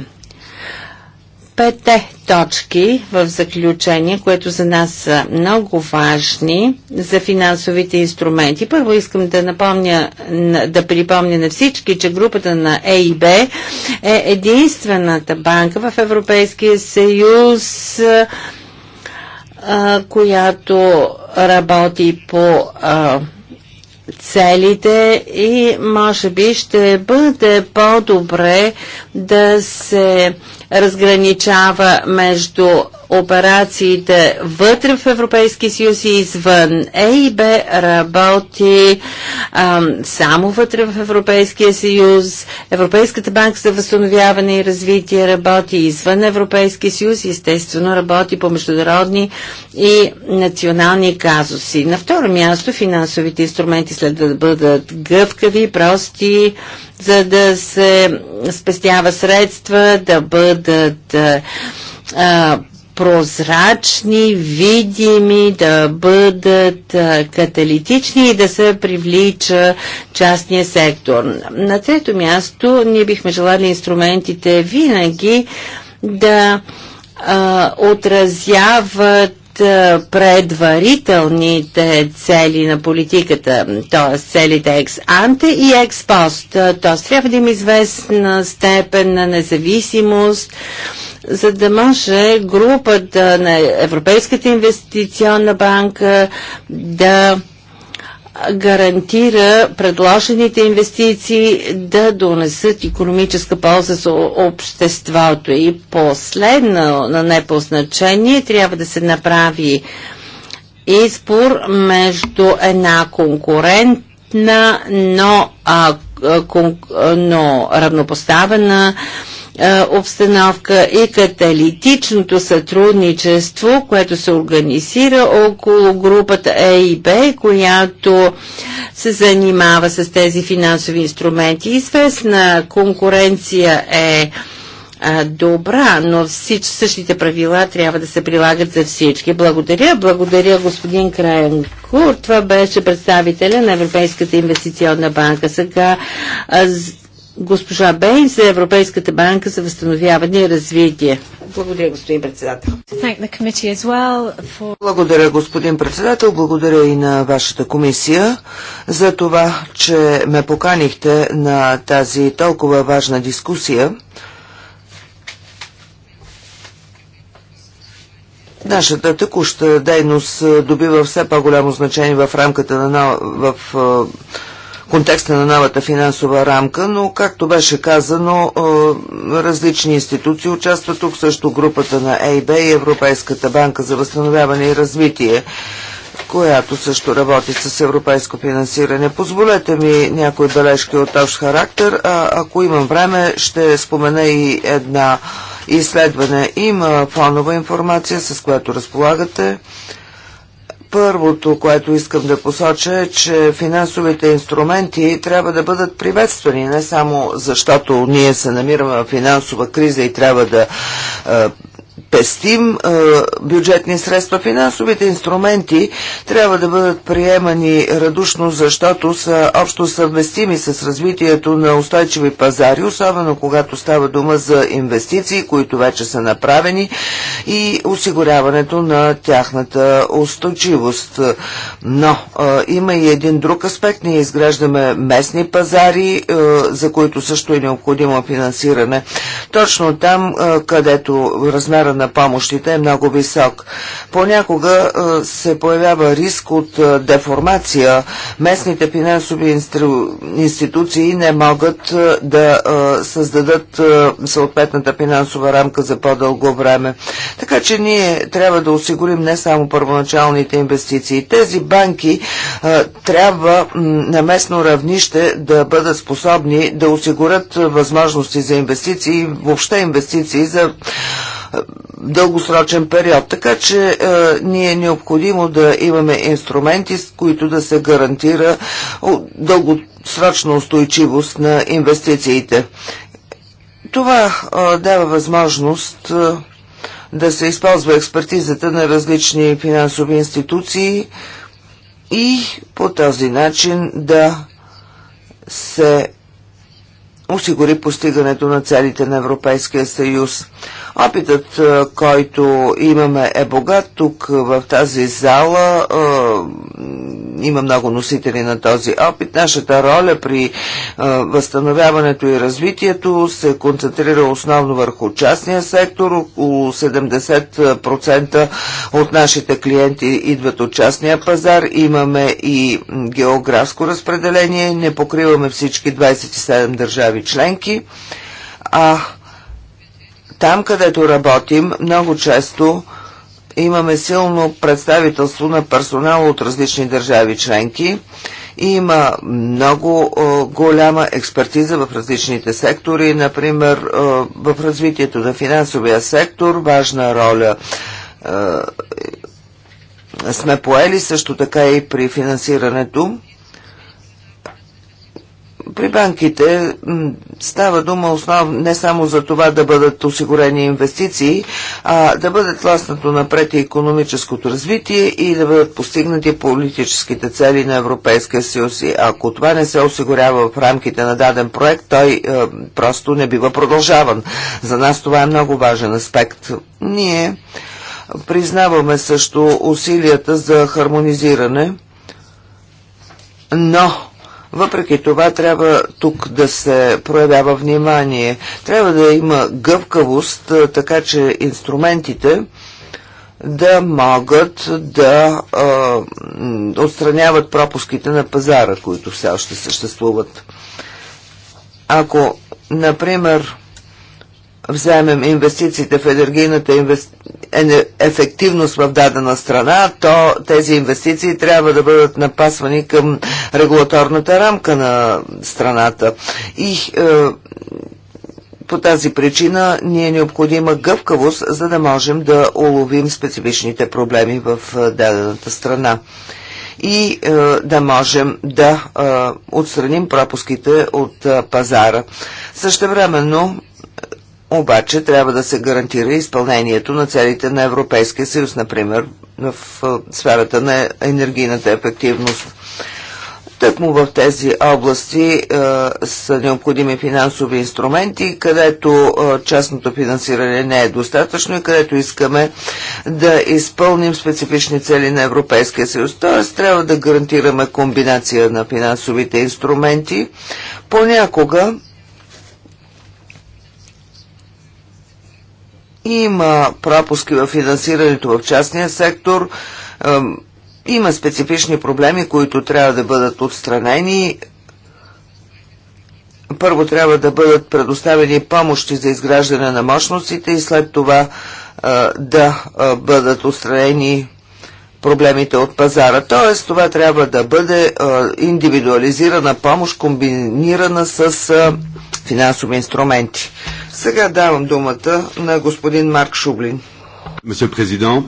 Speaker 1: пете точки в заключение, което за нас са много важни за финансовите инструменти. Първо искам да напомня, да припомня на всички, че групата на ЕИБ е единствената банка в Европейския съюз, която работи по целите и може би ще бъде по-добре да се разграничава между операциите вътре в Европейския съюз и извън. ЕИБ работи а, само вътре в Европейския съюз. Европейската банка за възстановяване и развитие работи извън Европейския съюз и естествено работи по международни и национални казуси. На второ място финансовите инструменти следва да бъдат гъвкави, прости, за да се спестява средства, да бъдат прозрачни, видими, да бъдат каталитични и да се привлича частния сектор. На трето място ние бихме желали инструментите винаги да а, отразяват предварителните цели на политиката, т.е. целите екс-анте и екс-пост. Т.е. трябва да има известна степен на независимост, за да може групата на Европейската инвестиционна банка да гарантира предложените инвестиции да донесат економическа полза за обществото. И последно, на не по значение, трябва да се направи избор между една конкурентна, но, а, кон, но равнопоставена а, е, обстановка и каталитичното сътрудничество, което се организира около групата е и Б, която се занимава с тези финансови инструменти. Известна конкуренция е, е добра, но всич, същите правила трябва да се прилагат за всички. Благодаря, благодаря господин Краен Кур. Това беше представителя на Европейската инвестиционна банка. Сега а, госпожа Бей за Европейската банка за възстановяване и развитие. Благодаря, господин председател. Well for...
Speaker 3: Благодаря, господин председател. Благодаря и на вашата комисия за това, че ме поканихте на тази толкова важна дискусия. Нашата текуща дейност добива все по-голямо значение в рамката на в, в контекста на новата финансова рамка, но както беше казано, е, различни институции участват тук, също групата на ЕИБ и Европейската банка за възстановяване и развитие която също работи с европейско финансиране. Позволете ми някои бележки от общ характер, а ако имам време ще спомена и една изследване. Има фонова информация, с която разполагате. Първото, което искам да посоча е, че финансовите инструменти трябва да бъдат приветствани, не само защото ние се намираме в финансова криза и трябва да е, пестим бюджетни средства. Финансовите инструменти трябва да бъдат приемани радушно, защото са общо съвместими с развитието на устойчиви пазари, особено когато става дума за инвестиции, които вече са направени и осигуряването на тяхната устойчивост. Но има и един друг аспект. Ние изграждаме местни пазари, за които също е необходимо финансиране. Точно там, където размера на помощите е много висок. Понякога е, се появява риск от е, деформация. Местните финансови институции не могат е, да създадат съответната финансова рамка за по-дълго време. Така че ние трябва да осигурим не само първоначалните инвестиции. Тези банки трябва на местно равнище да бъдат способни да осигурят възможности за инвестиции, въобще инвестиции за дългосрочен период. Така че е, ние е необходимо да имаме инструменти, с които да се гарантира дългосрочна устойчивост на инвестициите. Това е, дава възможност е, да се използва експертизата на различни финансови институции и по този начин да се осигури постигането на целите на Европейския съюз. Опитът, който имаме е богат тук в тази зала, има много носители на този опит. Нашата роля при е, възстановяването и развитието се концентрира основно върху частния сектор. Около 70% от нашите клиенти идват от частния пазар. Имаме и географско разпределение. Не покриваме всички 27 държави членки. А там, където работим, много често имаме силно представителство на персонал от различни държави членки и има много е, голяма експертиза в различните сектори, например е, в развитието на финансовия сектор важна роля е, сме поели също така и при финансирането при банките става дума основ, не само за това да бъдат осигурени инвестиции, а да бъде тласнато напред и економическото развитие и да бъдат постигнати политическите цели на Европейския съюз. И ако това не се осигурява в рамките на даден проект, той е, просто не бива продължаван. За нас това е много важен аспект. Ние признаваме също усилията за хармонизиране, но въпреки това трябва тук да се проявява внимание. Трябва да има гъвкавост, така че инструментите да могат да а, отстраняват пропуските на пазара, които все още съществуват. Ако, например, вземем инвестициите в енергийната ефективност в дадена страна, то тези инвестиции трябва да бъдат напасвани към регулаторната рамка на страната. И е, по тази причина ни е необходима гъвкавост, за да можем да уловим специфичните проблеми в е, дадената страна и е, да можем да е, отстраним пропуските от е, пазара. Същевременно обаче трябва да се гарантира изпълнението на целите на Европейския съюз, например в сферата на енергийната ефективност. Тъкмо в тези области е, са необходими финансови инструменти, където е, частното финансиране не е достатъчно и където искаме да изпълним специфични цели на Европейския съюз. Т.е. трябва да гарантираме комбинация на финансовите инструменти. Понякога Има пропуски в финансирането в частния сектор, има специфични проблеми, които трябва да бъдат отстранени. Първо трябва да бъдат предоставени помощи за изграждане на мощностите и след това да бъдат отстранени проблемите от пазара. Т.е. това трябва да бъде индивидуализирана помощ, комбинирана с финансови инструменти. Сега давам думата на господин Марк Шублин.
Speaker 1: Месье президент,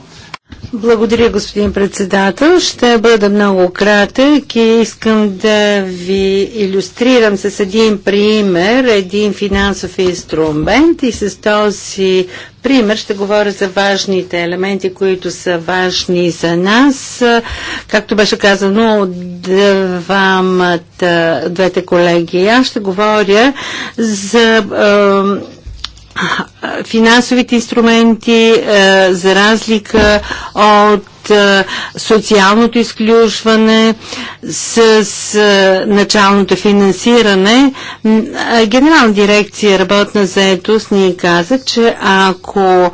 Speaker 1: благодаря, господин председател. Ще бъда много кратък и искам да ви иллюстрирам с един пример, един финансов инструмент и с този пример ще говоря за важните елементи, които са важни за нас. Както беше казано от двамата, двете колеги, аз ще говоря за финансовите инструменти, е, за разлика от социалното изключване, с началното финансиране. Генерална дирекция работна заетост ни каза, че ако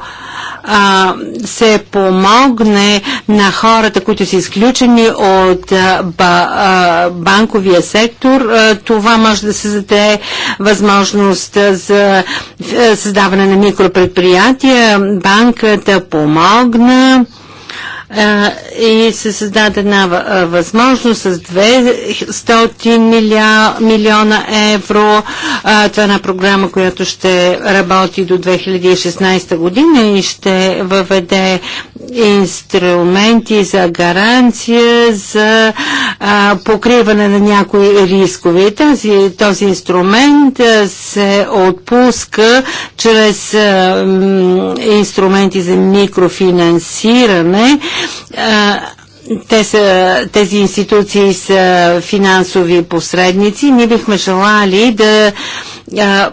Speaker 1: а, се помогне на хората, които са изключени от а, ба, а, банковия сектор, а, това може да създаде възможност за създаване на микропредприятия. Банката помогна и се създаде една възможност с 200 милиона евро. Това е една програма, която ще работи до 2016 година и ще въведе инструменти за гаранция, за а, покриване на някои рискове. И тази, този инструмент а, се отпуска чрез а, м, инструменти за микрофинансиране. А, те са, тези институции са финансови посредници. Ние бихме желали да а,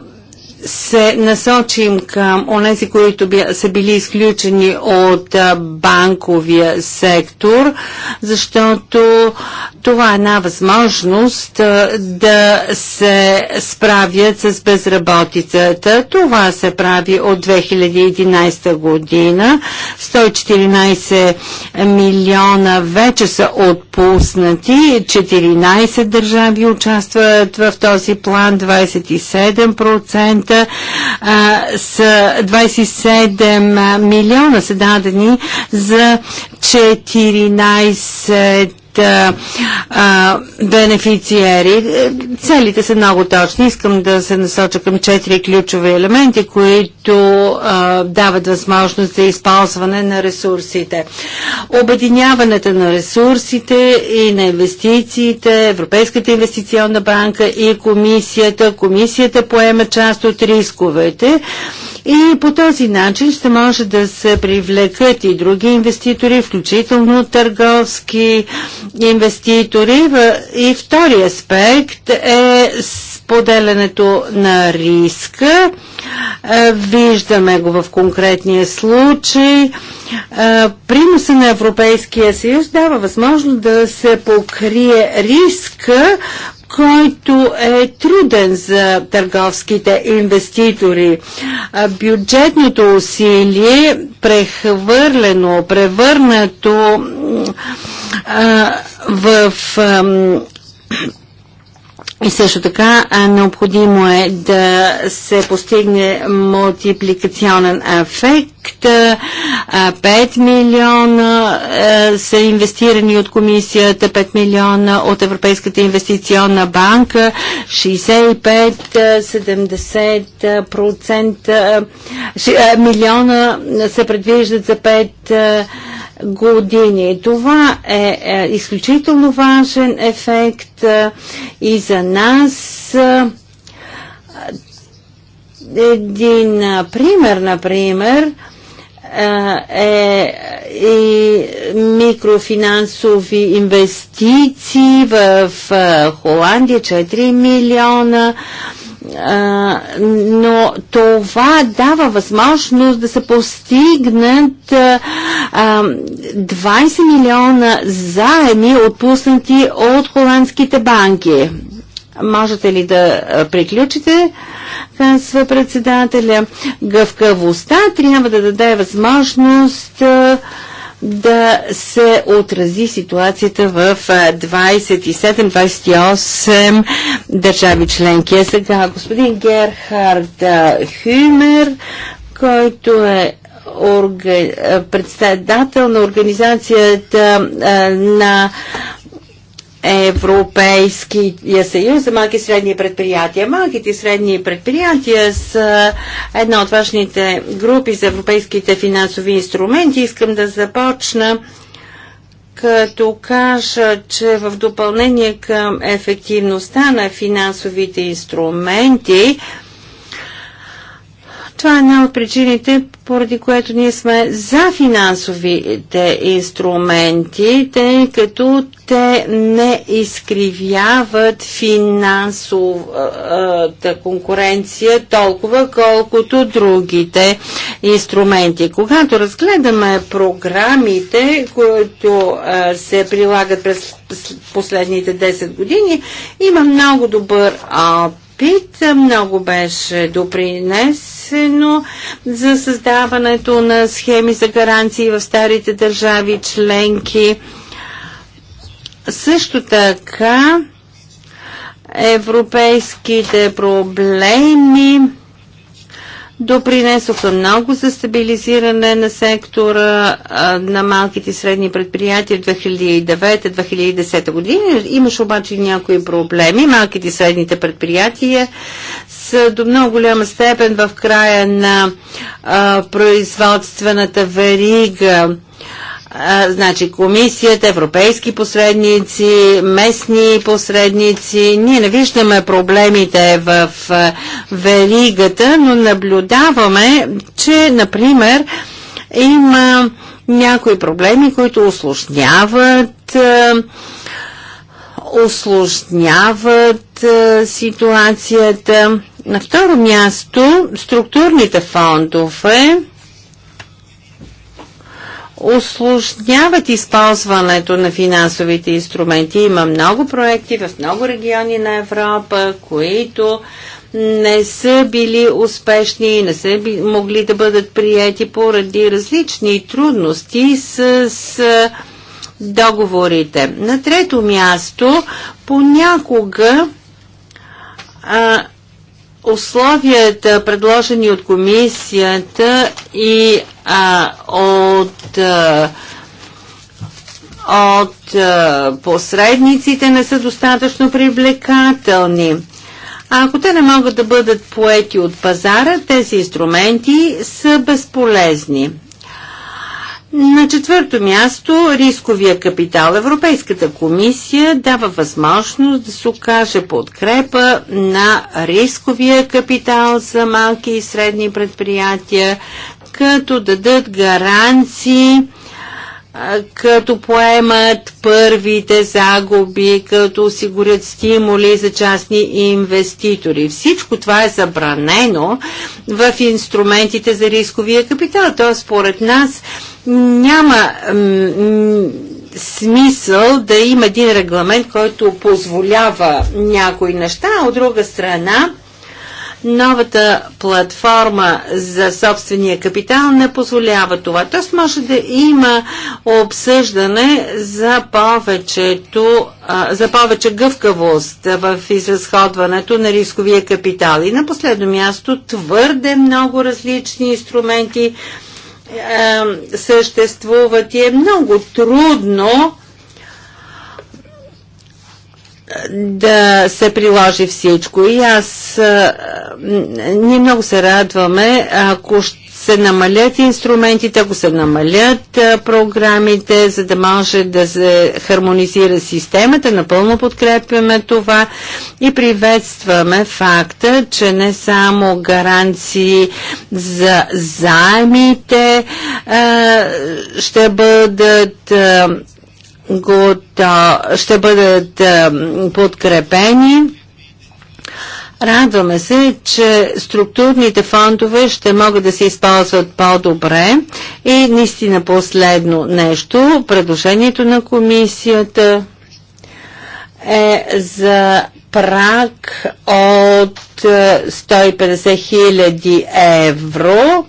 Speaker 1: се насочим към онези, които би, са били изключени от банковия сектор, защото това е една възможност да се справят с безработицата. Това се прави от 2011 година. 114 милиона вече са отпуснати. 14 държави участват в този план. 27% са 27 милиона са дадени за 14 а, а, бенефициери. Целите са много точни. Искам да се насоча към четири ключови елементи, които а, дават възможност за използване на ресурсите. Обединяването на ресурсите и на инвестициите, Европейската инвестиционна банка и комисията. Комисията поема част от рисковете и по този начин ще може да се привлекат и други инвеститори, включително търговски инвеститори. И втори аспект е споделянето на риска. Е, виждаме го в конкретния случай. Е, приноса на Европейския съюз дава възможност да се покрие риска, който е труден за търговските инвеститори. Бюджетното усилие, прехвърлено, превърнато в и също така необходимо е да се постигне мултипликационен ефект 5 милиона е, са инвестирани от комисията, 5 милиона от Европейската инвестиционна банка, 65-70% е, е, милиона се предвиждат за 5 години. Това е, е изключително важен ефект е, и за нас. Е, един пример, например, е, е, и микрофинансови инвестиции в е, Холандия 4 милиона е, но това дава възможност да се постигнат 20 милиона заеми, отпуснати от холандските банки. Можете ли да приключите? Казва председателя. Гъвкавостта трябва да даде възможност да се отрази ситуацията в 27-28 държави членки. А сега господин Герхард Хюмер, който е председател на организацията на Европейския съюз за малки и средни предприятия. Малките и средни предприятия са една от важните групи за европейските финансови инструменти. Искам да започна като кажа, че в допълнение към ефективността на финансовите инструменти, това е една от причините, поради което ние сме за финансовите инструменти, тъй като те не изкривяват финансовата конкуренция толкова, колкото другите инструменти. Когато разгледаме програмите, които се прилагат през последните 10 години, има много добър опит опит. Много беше допринесено за създаването на схеми за гаранции в старите държави членки. Също така европейските проблеми Допринесоха много за стабилизиране на сектора на малките и средни предприятия в 2009-2010 година. Имаше обаче някои проблеми. Малките и средните предприятия са до много голяма степен в края на а, производствената верига значи комисията, европейски посредници, местни посредници. Ние не виждаме проблемите в а, веригата, но наблюдаваме, че, например, има някои проблеми, които осложняват осложняват ситуацията. На второ място, структурните фондове осложняват използването на финансовите инструменти. Има много проекти в много региони на Европа, които не са били успешни и не са могли да бъдат прияти поради различни трудности с, с договорите. На трето място, понякога а, условията, предложени от комисията и а, от, а, от а, посредниците не са достатъчно привлекателни. А ако те не могат да бъдат поети от пазара, тези инструменти са безполезни. На четвърто място рисковия капитал. Европейската комисия дава възможност да се окаже подкрепа на рисковия капитал за малки и средни предприятия, като дадат гаранции като поемат първите загуби, като осигурят стимули за частни инвеститори. Всичко това е забранено в инструментите за рисковия капитал. Т.е. според нас няма смисъл да има един регламент, който позволява някои неща, а от друга страна новата платформа за собствения капитал не позволява това. Тоест може да има обсъждане за повечето, за повече гъвкавост в изразходването на рисковия капитал. И на последно място твърде много различни инструменти, съществуват и е много трудно да се приложи всичко. И аз, ние много се радваме, ако ще се намалят инструментите, ако се намалят програмите, за да може да се хармонизира системата. Напълно подкрепяме това и приветстваме факта, че не само гаранции за заемите ще бъдат ще бъдат подкрепени, Радваме се, че структурните фондове ще могат да се използват по-добре и наистина последно нещо, предложението на комисията е за прак от 150 е, хиляди евро.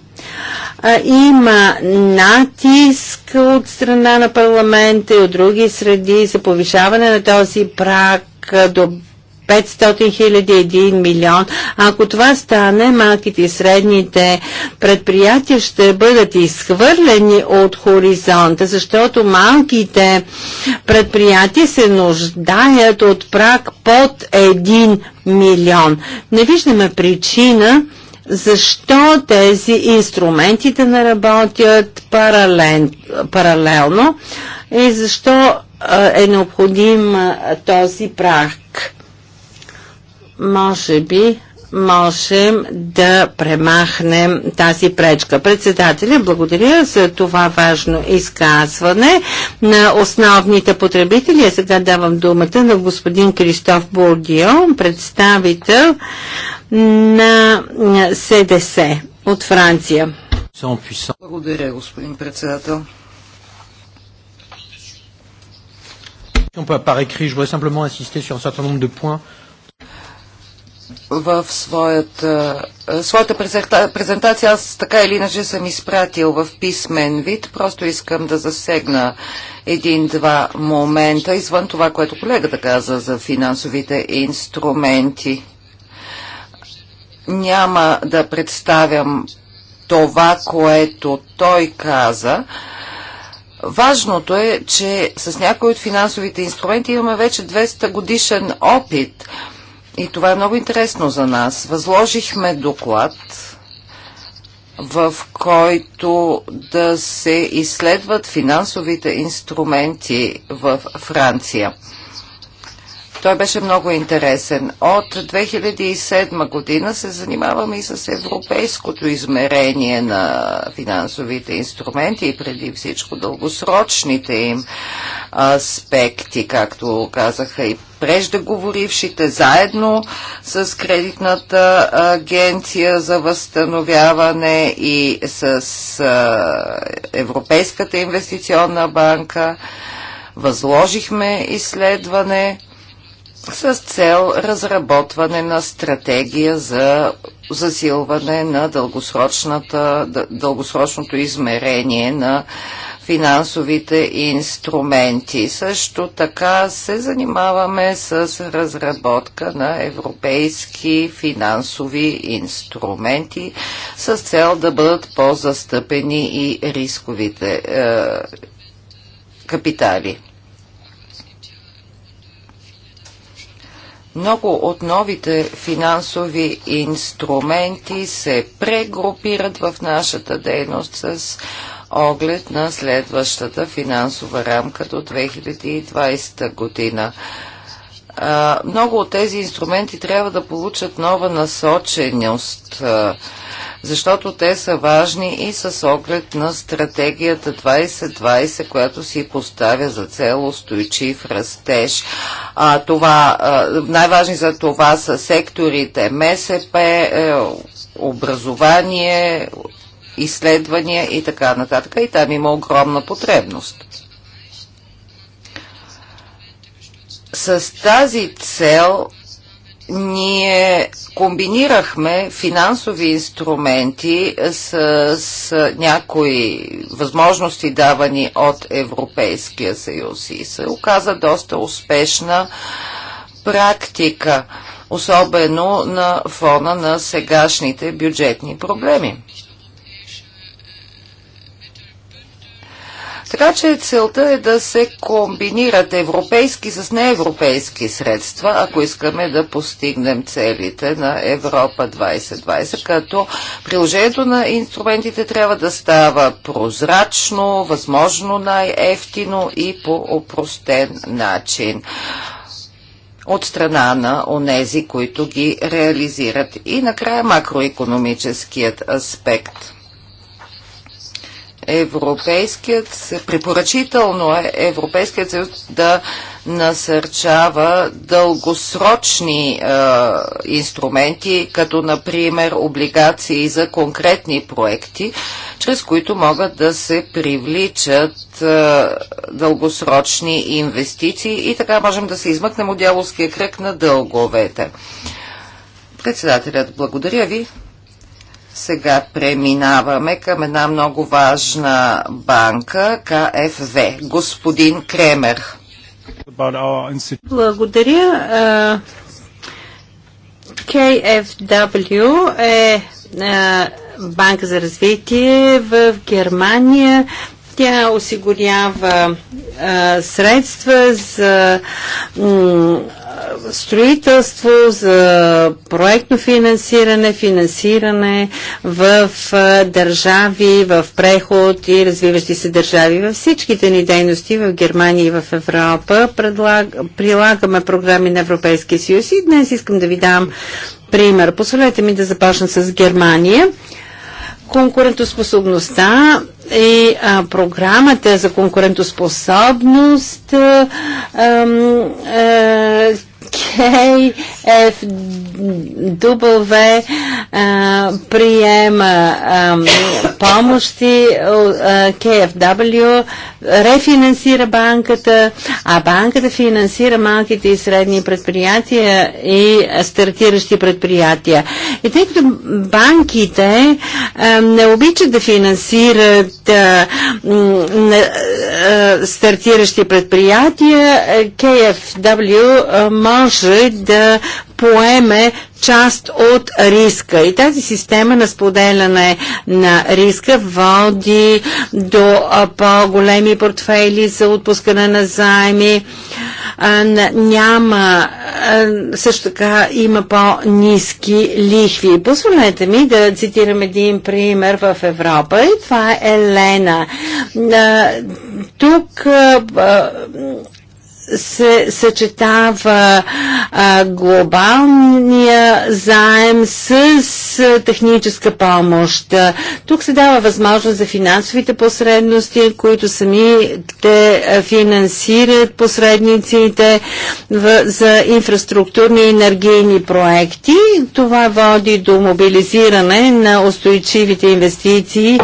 Speaker 1: Има натиск от страна на парламента и от други среди за повишаване на този прак до 500 хиляди, 1 милион. Ако това стане, малките и средните предприятия ще бъдат изхвърлени от хоризонта, защото малките предприятия се нуждаят от прак под 1 милион. Не виждаме причина защо тези да не работят паралел, паралелно и защо е необходим този прак може би можем да премахнем тази пречка. Председателя, благодаря за това важно изказване на основните потребители. Я сега давам думата на господин Кристоф Бургио, представител на СДС от Франция.
Speaker 2: Благодаря, господин председател.
Speaker 1: On peut par écrit, je voudrais simplement insister sur un certain nombre de points
Speaker 2: в своята, своята презентация аз така или иначе съм изпратил в писмен вид. Просто искам да засегна един-два момента, извън това, което колегата каза за финансовите инструменти. Няма да представям това, което той каза. Важното е, че с някои от финансовите инструменти имаме вече 200 годишен опит – и това е много интересно за нас. Възложихме доклад, в който да се изследват финансовите инструменти в Франция. Той беше много интересен. От 2007 година се занимаваме и с европейското измерение на финансовите инструменти и преди всичко дългосрочните им аспекти, както казаха и преждеговорившите, заедно с кредитната агенция за възстановяване и с Европейската инвестиционна банка. Възложихме изследване с цел разработване на стратегия за засилване на дългосрочното измерение на финансовите инструменти. Също така се занимаваме с разработка на европейски финансови инструменти с цел да бъдат по-застъпени и рисковите е, капитали. Много от новите финансови инструменти се прегрупират в нашата дейност с оглед на следващата финансова рамка до 2020 година. много от тези инструменти трябва да получат нова насоченост защото те са важни и с оглед на стратегията 2020, която си поставя за цел устойчив растеж. А, това, най-важни за това са секторите МСП, е, образование, изследвания и така нататък. И там има огромна потребност. С тази цел ние комбинирахме финансови инструменти с, с някои възможности давани от Европейския съюз и се оказа доста успешна практика, особено на фона на сегашните бюджетни проблеми. Така че целта е да се комбинират европейски с неевропейски средства, ако искаме да постигнем целите на Европа 2020, като приложението на инструментите трябва да става прозрачно, възможно най-ефтино и по опростен начин от страна на онези, които ги реализират. И накрая макроекономическият аспект. Европейският, препоръчително е Европейският съюз да насърчава дългосрочни е, инструменти, като например облигации за конкретни проекти, чрез които могат да се привличат е, дългосрочни инвестиции и така можем да се измъкнем от дяволския кръг на дълговете. Председателят, благодаря ви. Сега преминаваме към една много важна банка, КФВ. Господин Кремер.
Speaker 1: Благодаря. KFW е банка за развитие в Германия. Тя осигурява а, средства за строителство, за проектно финансиране, финансиране в държави, в преход и развиващи се държави. Във всичките ни дейности в Германия и в Европа предлаг, прилагаме програми на Европейския съюз и днес искам да ви дам пример. Позволете ми да започна с Германия конкурентоспособността и а, програмата за конкурентоспособност а, а, KFW е а, приема а, помощи, а, KFW е рефинансира банката, а банката финансира малките и средни предприятия и стартиращи предприятия. И тъй като банките а, не обичат да финансират а, а, стартиращи предприятия, KFW е а, може може да поеме част от риска. И тази система на споделяне на риска води до по-големи портфейли за отпускане на заеми. няма, също така има по-низки лихви. Позволете ми да цитирам един пример в Европа и това е Елена. тук се съчетава а, глобалния заем с а, техническа помощ. Тук се дава възможност за финансовите посредности, които сами те финансират посредниците в, за инфраструктурни и енергийни проекти. Това води до мобилизиране на устойчивите инвестиции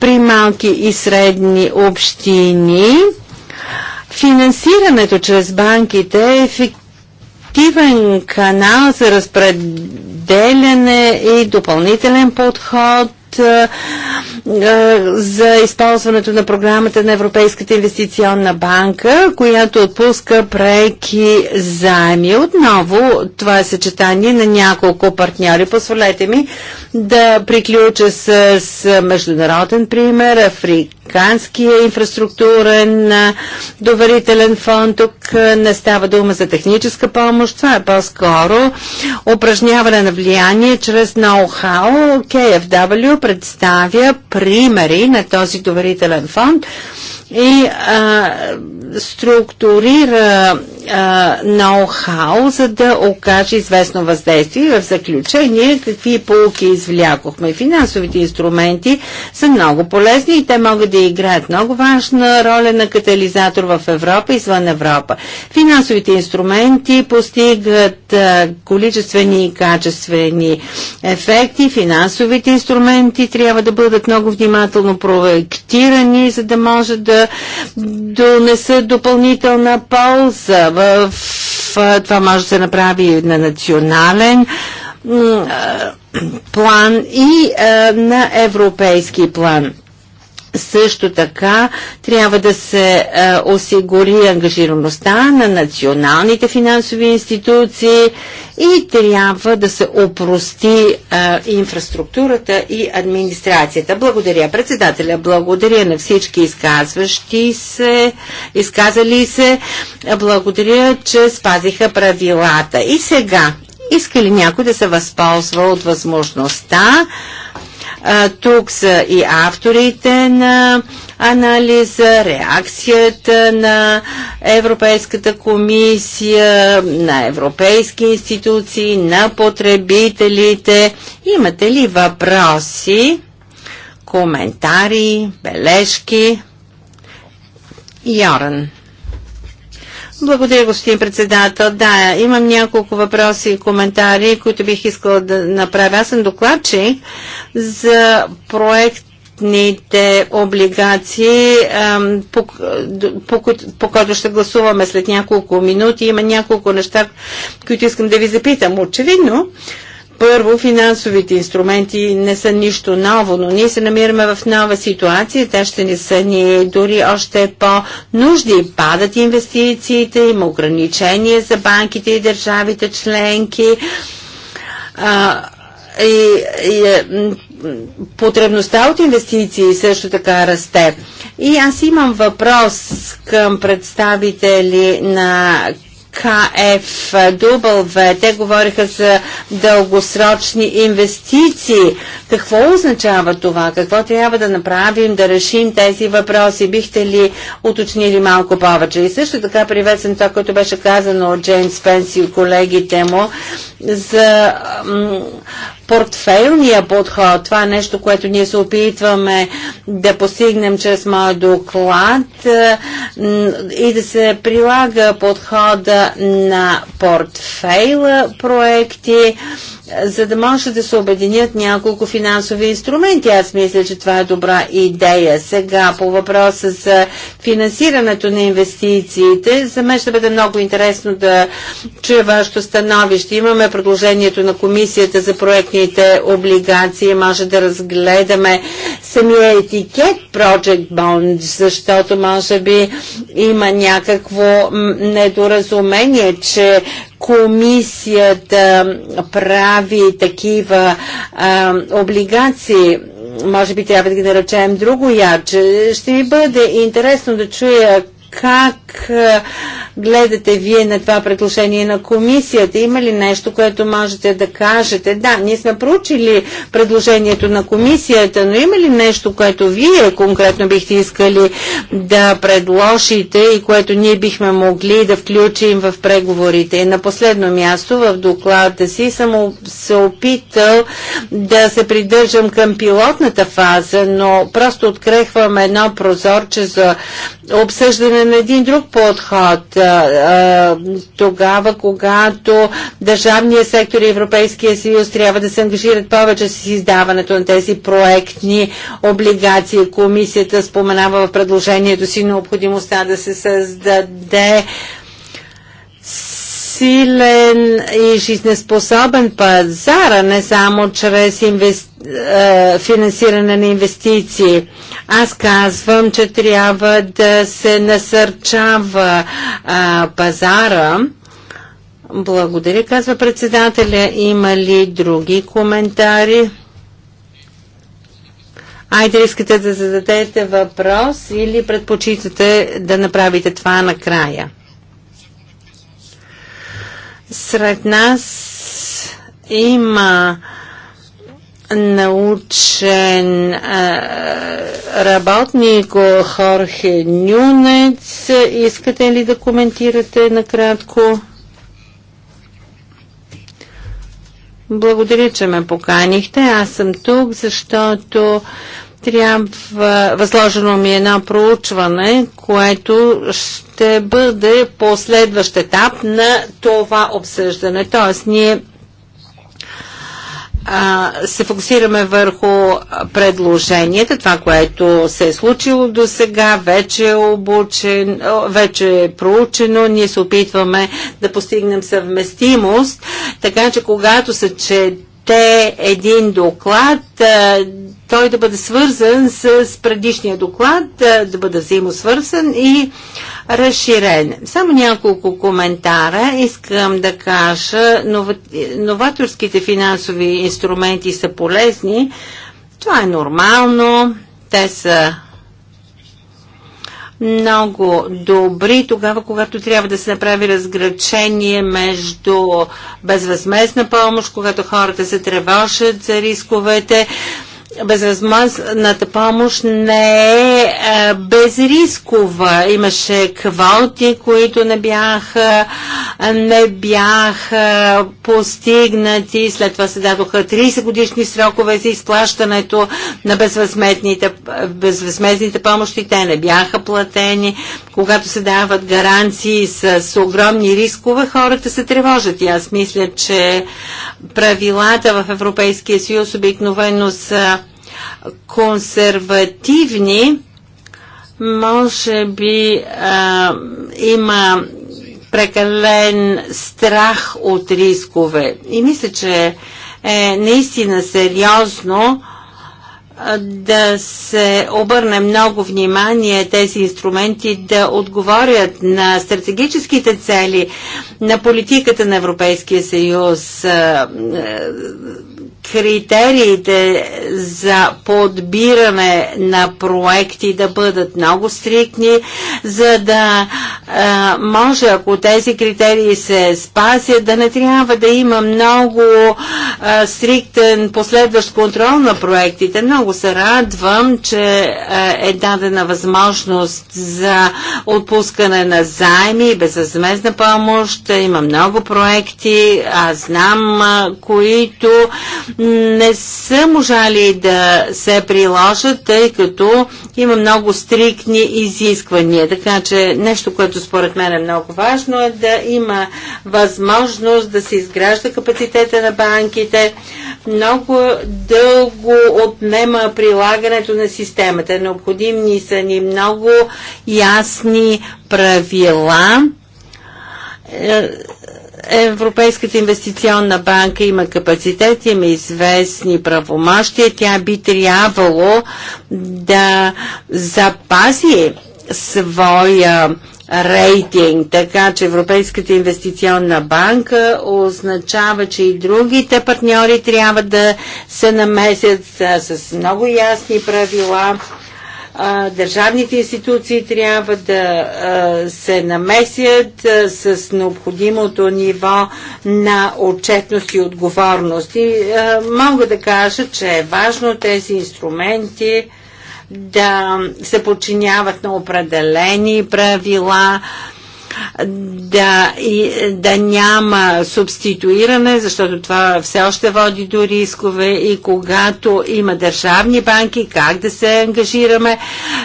Speaker 1: при малки и средни общини. Финансирането чрез банките е ефективен канал за разпределяне и допълнителен подход е, е, за използването на програмата на Европейската инвестиционна банка, която отпуска преки заеми. Отново това е съчетание на няколко партньори. Позволете ми да приключа с, с международен пример Африк Американския инфраструктурен доверителен фонд. Тук не става дума за техническа помощ, това е по-скоро упражняване на влияние чрез ноу-хау. KFW представя примери на този доверителен фонд и а, структурира ноу-хау, за да окаже известно въздействие. В заключение, какви полуки извлякохме? Финансовите инструменти са много полезни и те могат да играят много важна роля на катализатор в Европа и извън Европа. Финансовите инструменти постигат количествени и качествени ефекти. Финансовите инструменти трябва да бъдат много внимателно проектирани, за да може да донесат допълнителна полза в това може да се направи на национален план и на европейски план. Също така трябва да се а, е, осигури ангажираността на националните финансови институции и трябва да се опрости а, е, инфраструктурата и администрацията. Благодаря председателя, благодаря на всички изказващи се, изказали се, благодаря, че спазиха правилата. И сега, иска ли някой да се възползва от възможността? А, тук са и авторите на анализа, реакцията на Европейската комисия, на европейски институции, на потребителите. Имате ли въпроси, коментари, бележки? Йоран. Благодаря, господин председател. Да, имам няколко въпроси и коментари, които бих искала да направя. Аз съм докладчик за проект проектните облигации, по, по, по, по който ще гласуваме след няколко минути. Има няколко неща, които искам да ви запитам. Очевидно, първо, финансовите инструменти не са нищо ново, но ние се намираме в нова ситуация. Те ще не са ни дори още по-нужди. Падат инвестициите, има ограничения за банките и държавите членки. А, и, и е, потребността от инвестиции също така расте. И аз имам въпрос към представители на КФW. Те говориха за дългосрочни инвестиции. Какво означава това? Какво трябва да направим, да решим тези въпроси? Бихте ли уточнили малко повече? И също така приветствам това, което беше казано от Джеймс Пенси и колегите му за портфейлния подход. Това е нещо, което ние се опитваме да постигнем чрез моят доклад е, и да се прилага подхода на портфейла проекти за да може да се обединят няколко финансови инструменти. Аз мисля, че това е добра идея. Сега по въпроса за финансирането на инвестициите, за мен ще бъде много интересно да чуя вашето становище. Имаме предложението на комисията за проектните облигации. Може да разгледаме самия етикет Project Bond, защото може би има някакво недоразумение, че комисията прави такива а, облигации, може би трябва да ги наречем друго яче. Ще ми бъде интересно да чуя как е, гледате вие на това предложение на комисията? Има ли нещо, което можете да кажете? Да, ние сме проучили предложението на комисията, но има ли нещо, което вие конкретно бихте искали да предложите и което ние бихме могли да включим в преговорите? И на последно място в доклада си съм се опитал да се придържам към пилотната фаза, но просто открехвам едно прозорче за обсъждане на един друг подход. Тогава, когато държавния сектор и Европейския съюз трябва да се ангажират повече с издаването на тези проектни облигации, комисията споменава в предложението си необходимостта да се създаде силен и жизнеспособен пазар, а не само чрез инвести... Е, финансиране на инвестиции. Аз казвам, че трябва да се насърчава а, пазара. Благодаря, казва председателя. Има ли други коментари? Айде, искате да зададете въпрос или предпочитате да направите това накрая? Сред нас има научен а, работник Хорхе Нюнец. Искате ли да коментирате накратко? Благодаря, че ме поканихте. Аз съм тук, защото трябва, възложено ми е едно проучване, което ще бъде последващ етап на това обсъждане. Тоест, ние а, се фокусираме върху предложенията, това, което се е случило до сега, вече е обучен, вече е проучено, ние се опитваме да постигнем съвместимост, така че когато се чете те един доклад, той да бъде свързан с предишния доклад, да бъде взаимосвързан и разширен. Само няколко коментара искам да кажа. Новаторските финансови инструменти са полезни. Това е нормално. Те са много добри тогава, когато трябва да се направи разграчение между безвъзмезна помощ, когато хората се тревожат за рисковете безразмазната помощ не е, е безрискова. Имаше квоти, които не бяха, не бяха постигнати. След това се дадоха 30 годишни срокове за изплащането на безвъзметните, безвъзметните помощи. Те не бяха платени. Когато се дават гаранции с, с огромни рискове, хората се тревожат. И аз мисля, че правилата в Европейския съюз обикновено са консервативни, може би а, има прекален страх от рискове. И мисля, че е наистина сериозно да се обърне много внимание тези инструменти да отговорят на стратегическите цели на политиката на Европейския съюз критериите за подбиране на проекти да бъдат много стрикни, за да а, може, ако тези критерии се спазят, да не трябва да има много а, стриктен последващ контрол на проектите. Много се радвам, че а, е дадена възможност за отпускане на заеми и безвъзмезна помощ. Има много проекти, аз знам, а, които не са можали да се приложат, тъй като има много стрикни изисквания. Така че нещо, което според мен е много важно е да има възможност да се изгражда капацитета на банките. Много дълго отнема прилагането на системата. Необходимни са ни много ясни правила е, Европейската инвестиционна банка има капацитет, има известни правомощия. Тя би трябвало да запази своя рейтинг, така че Европейската инвестиционна банка означава, че и другите партньори трябва да се намесят с много ясни правила държавните институции трябва да се намесят с необходимото ниво на отчетност и отговорност. И мога да кажа, че е важно тези инструменти да се подчиняват на определени правила, да, и, да няма субституиране, защото това все още води до рискове и когато има държавни банки, как да се ангажираме,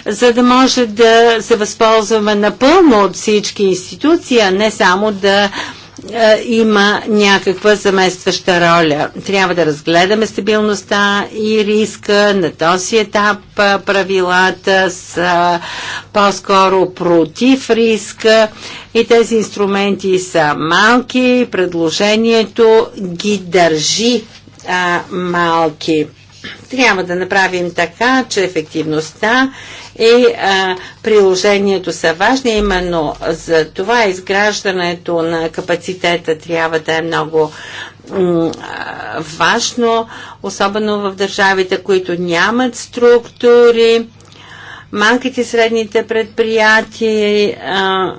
Speaker 1: за да може да се възползваме напълно от всички институции, а не само да е, има някаква заместваща роля. Трябва да разгледаме стабилността и риска. На този етап е, правилата са по-скоро против риска и тези инструменти са малки. Предложението ги държи а, малки. Трябва да направим така, че ефективността и а, приложението са важни. Именно за това изграждането на капацитета трябва да е много важно, особено в държавите, които нямат структури малките и средните предприятия а,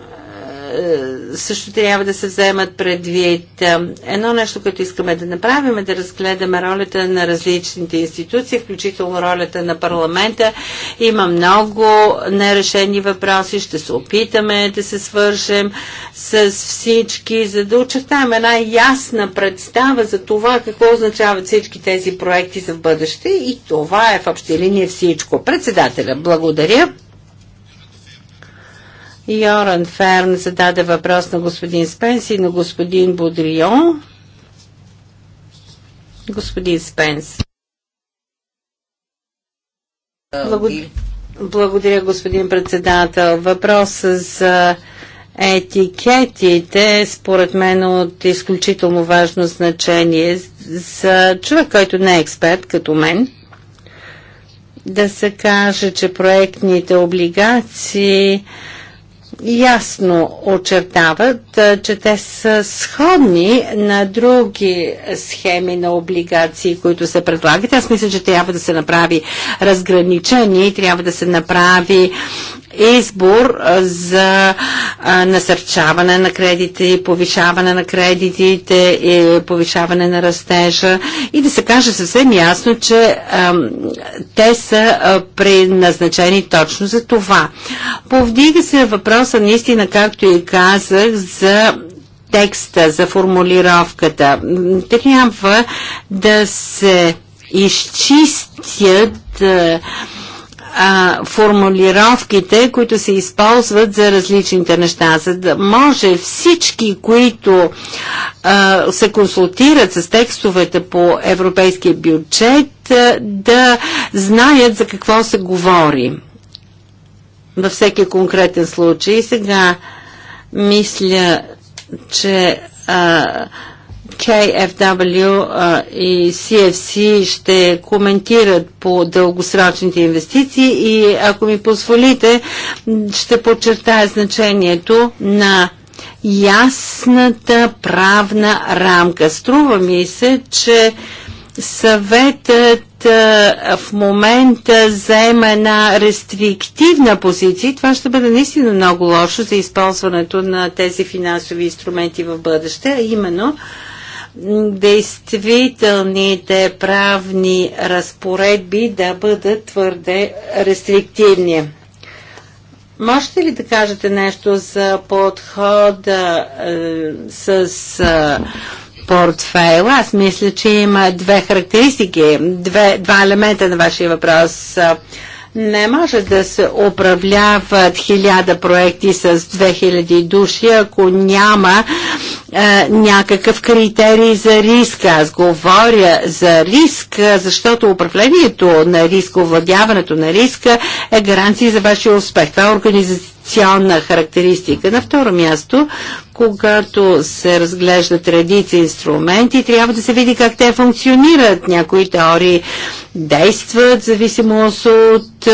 Speaker 1: е, също трябва да се вземат предвид. Е, едно нещо, което искаме да направим е да разгледаме ролята на различните институции, включително ролята на парламента. Има много нерешени въпроси, ще се опитаме да се свържем с всички, за да очертаем една ясна представа за това какво означават всички тези проекти за в бъдеще и това е в общи линия всичко. Председателя, благодаря. Йоран Ферн зададе въпрос на господин Спенс и на господин Бодрион. Господин Спенс. Благодаря, благодаря господин председател. Въпрос за етикетите според мен е от изключително важно значение за човек, който не е експерт като мен. Да се каже, че проектните облигации ясно очертават, че те са сходни на други схеми на облигации, които се предлагат. Аз мисля, че трябва да се направи разграничение и трябва да се направи избор за насърчаване на кредити, повишаване на кредитите и повишаване на растежа и да се каже съвсем ясно, че те са предназначени точно за това. Повдига се въпроса наистина, както и казах, за текста, за формулировката. Трябва да се изчистят а, формулировките, които се използват за различните неща, за да може всички, които а, се консултират с текстовете по европейския бюджет, а, да знаят за какво се говори във всеки конкретен случай. Сега мисля, че а, KFW и CFC ще коментират по дългосрочните инвестиции и ако ми позволите, ще подчертая значението на ясната правна рамка. Струва ми се, че съветът в момента заема една рестриктивна позиция и това ще бъде наистина много лошо за използването на тези финансови инструменти в бъдеще, а именно действителните правни разпоредби да бъдат твърде рестриктивни. Можете ли да кажете нещо за подхода е, с е, портфейл? Аз мисля, че има две характеристики, две, два елемента на вашия въпрос. Не може да се управляват хиляда проекти с 2000 души, ако няма някакъв критерий за риска. Аз говоря за риск, защото управлението на риска, овладяването на риска е гаранция за вашия успех. Това е организационна характеристика. На второ място, когато се разглеждат редици инструменти, трябва да се види как те функционират. Някои теории действат в зависимост от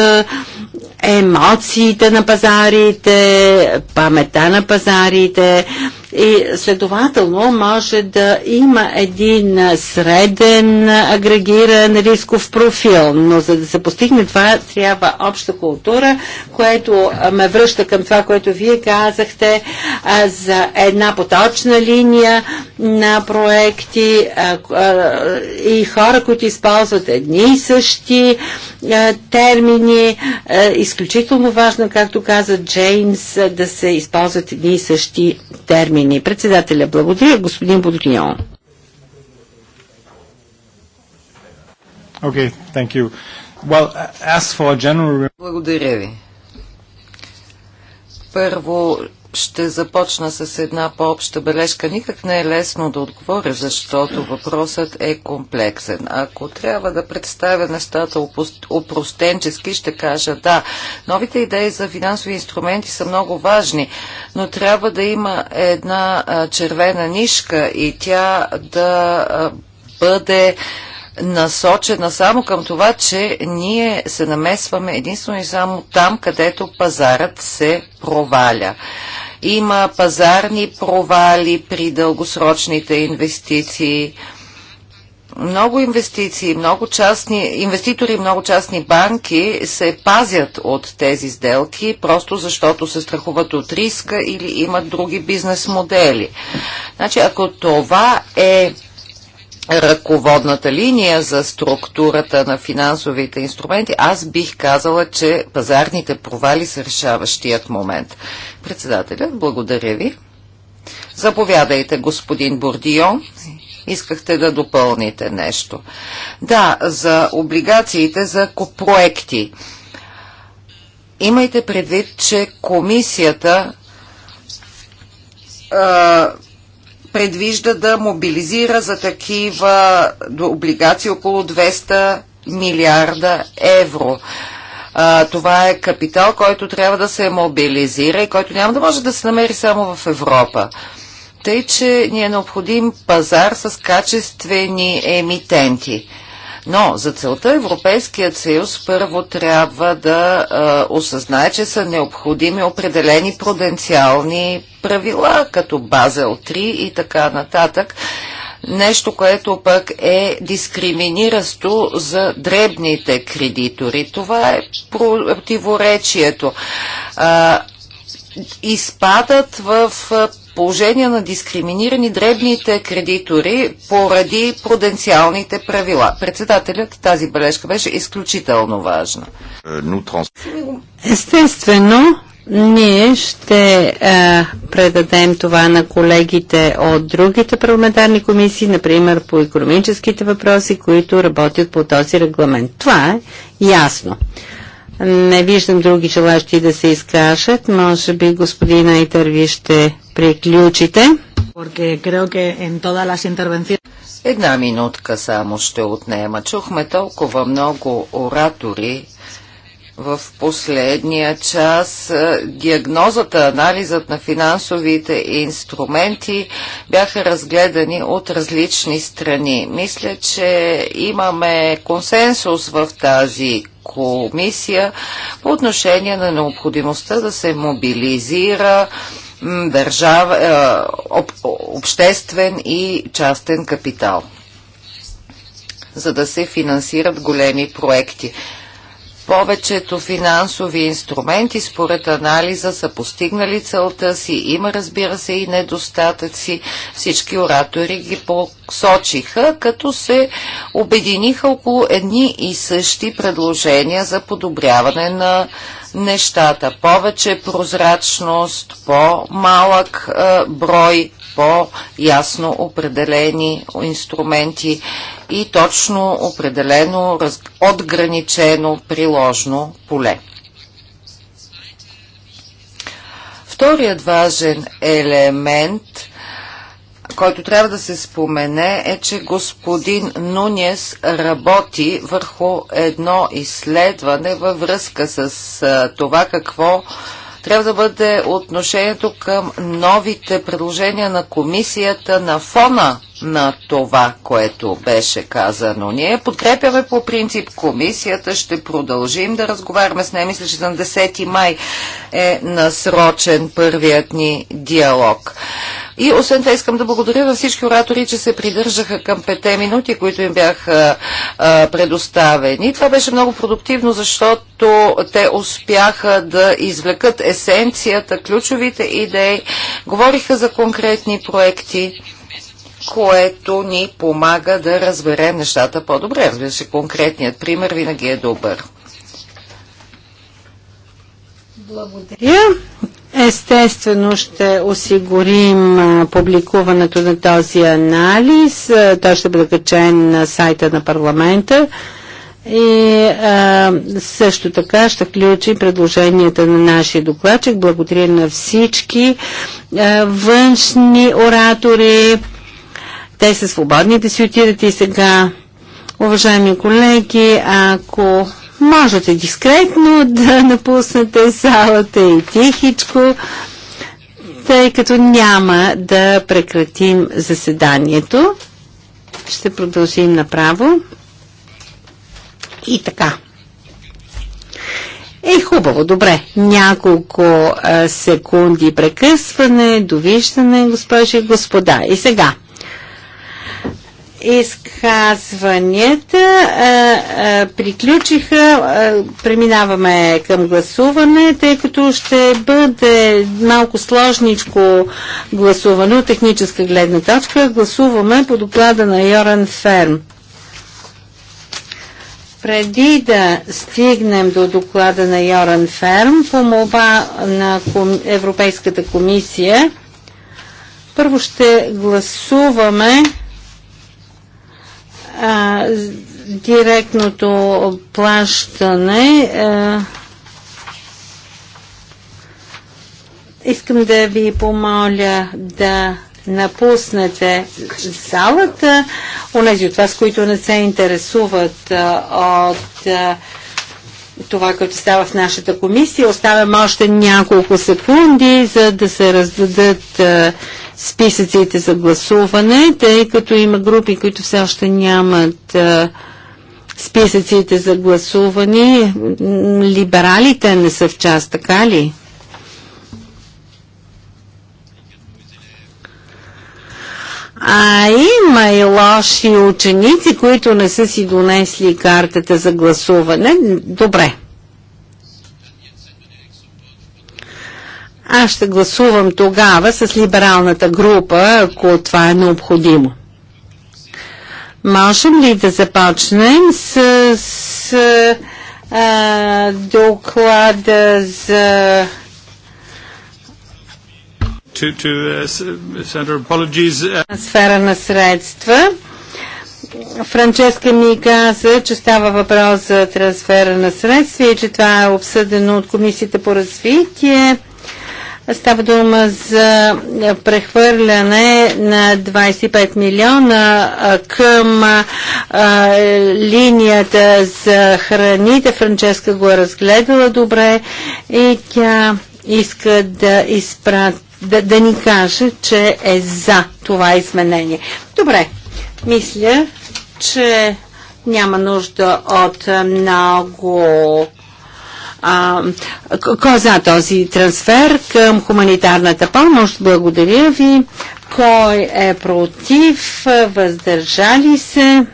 Speaker 1: емоциите на пазарите, памета на пазарите, и следователно може да има един среден агрегиран рисков профил, но за да се постигне това трябва обща култура, което ме връща към това, което вие казахте за една поточна линия на проекти и хора, които използват едни и същи термини. Изключително важно, както каза Джеймс, да се използват едни и същи термини промени. Председателя благодаря, господин Будкиньон. Okay, thank you. Well,
Speaker 2: as for general... Благодаря ви. Първо, ще започна с една по-обща бележка. Никак не е лесно да отговоря, защото въпросът е комплексен. Ако трябва да представя нещата опростенчески, ще кажа да. Новите идеи за финансови инструменти са много важни, но трябва да има една червена нишка и тя да бъде насочена само към това, че ние се намесваме единствено и само там, където пазарът се проваля. Има пазарни провали при дългосрочните инвестиции. Много инвестиции, много частни, инвеститори много частни банки се пазят от тези сделки, просто защото се страхуват от риска или имат други бизнес модели. Значи, ако това е ръководната линия за структурата на финансовите инструменти, аз бих казала, че пазарните провали са решаващият момент. Председателят, благодаря ви. Заповядайте, господин Бордион. Искахте да допълните нещо. Да, за облигациите за проекти. Имайте предвид, че комисията а, предвижда да мобилизира за такива облигации около 200 милиарда евро. А, това е капитал, който трябва да се мобилизира и който няма да може да се намери само в Европа. Тъй, че ни е необходим пазар с качествени емитенти. Но за целта Европейският съюз първо трябва да а, осъзнае, че са необходими определени пруденциални правила, като Базел 3 и така нататък. Нещо, което пък е дискриминиращо за дребните кредитори. Това е противоречието. А, изпадат в положение на дискриминирани дребните кредитори поради пруденциалните правила. Председателят тази бележка беше изключително важна.
Speaker 1: Е, Естествено, ние ще а, е, предадем това на колегите от другите парламентарни комисии, например по економическите въпроси, които работят по този регламент. Това е ясно. Не виждам други желащи да се изкажат. Може би господин Айтърви ще приключите.
Speaker 2: Една минутка само ще отнема. Чухме толкова много оратори в последния час. Диагнозата, анализът на финансовите инструменти бяха разгледани от различни страни. Мисля, че имаме консенсус в тази комисия по отношение на необходимостта да се мобилизира държава, е, об, обществен и частен капитал, за да се финансират големи проекти. Повечето финансови инструменти според анализа са постигнали целта си. Има, разбира се, и недостатъци. Всички оратори ги посочиха, като се обединиха около едни и същи предложения за подобряване на нещата. Повече прозрачност, по-малък брой по-ясно определени инструменти и точно определено отграничено приложно поле. Вторият важен елемент – който трябва да се спомене е, че господин Нунес работи върху едно изследване във връзка с това какво трябва да бъде отношението към новите предложения на комисията на фона на това, което беше казано. Ние подкрепяме по принцип комисията, ще продължим да разговаряме с нея. Мисля, че на 10 май е насрочен първият ни диалог. И освен това искам да благодаря на всички оратори, че се придържаха към пете минути, които им бяха предоставени. Това беше много продуктивно, защото те успяха да извлекат есенцията, ключовите идеи, говориха за конкретни проекти което ни помага да разберем нещата по-добре. Разбира се, конкретният пример винаги е добър.
Speaker 1: Благодаря. Естествено ще осигурим публикуването на този анализ. Той ще бъде качен на сайта на парламента. И а, също така ще включи предложенията на нашия докладчик. Благодаря на всички а, външни оратори. Те са свободни да си отидат и сега. Уважаеми колеги, ако можете дискретно да напуснете залата и тихичко, тъй като няма да прекратим заседанието. Ще продължим направо. И така. Е, хубаво, добре. Няколко а, секунди прекъсване, довиждане, госпожи и господа. И сега изказванията а, а, приключиха. А, преминаваме към гласуване, тъй като ще бъде малко сложничко гласуване от техническа гледна точка. Гласуваме по доклада на Йоран Ферм. Преди да стигнем до доклада на Йоран Ферм, по молба на ком... Европейската комисия, първо ще гласуваме а, директното плащане. А, искам да ви помоля да напуснете залата. Онези от вас, които не се интересуват а, от а, това, което става в нашата комисия, оставям още няколко секунди, за да се раздадат а, списъците за гласуване, тъй като има групи, които все още нямат а, списъците за гласуване. Либералите не са в част, така ли? А има и лоши ученици, които не са си донесли картата за гласуване. Добре. Аз ще гласувам тогава с либералната група, ако това е необходимо. Можем ли да започнем с, с а, доклада за uh, uh, сфера на средства? Франческа ми каза, че става въпрос за трансфера на средства и че това е обсъдено от Комисията по развитие. Става дума за прехвърляне на 25 милиона към а, линията за храните. Франческа го е разгледала добре и тя иска да изпрати да, да ни каже, че е за това изменение. Добре, мисля, че няма нужда от много а, кой за този трансфер към хуманитарната помощ? Благодаря ви. Кой е против? Въздържали се?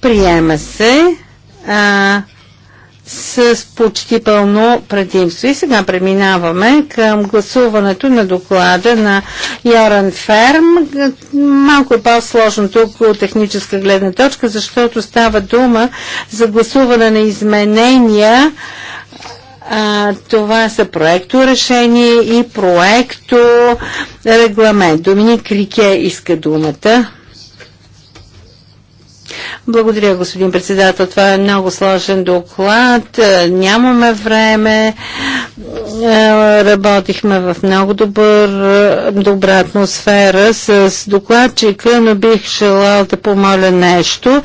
Speaker 1: Приема се. А, с почти пълно предимство. И сега преминаваме към гласуването на доклада на Йоран Ферм. Малко е по-сложно тук от техническа гледна точка, защото става дума за гласуване на изменения а, това са проекто решение и проекто регламент. Доминик Рике иска думата. Благодаря, господин председател. Това е много сложен доклад. Е, нямаме време. Е, работихме в много добър, е, добра атмосфера с докладчика, но бих желал да помоля нещо,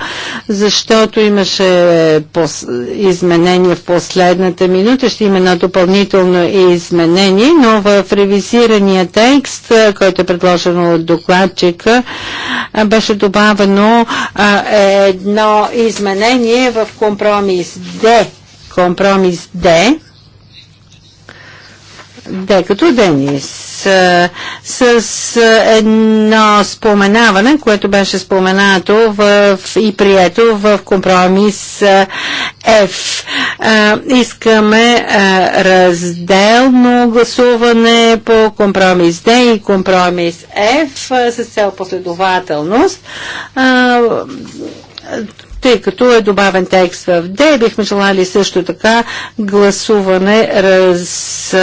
Speaker 1: защото имаше изменения изменение в последната минута. Ще има едно допълнително изменение, но в ревизирания текст, който е предложен от докладчика, беше добавено едно изменение в компромис Д. Компромис Д. Д като Денис с едно споменаване, което беше споменато в, и прието в компромис F. Искаме разделно гласуване по компромис D и компромис F с цел последователност тъй като е добавен текст в Д. Бихме желали също така гласуване, раз,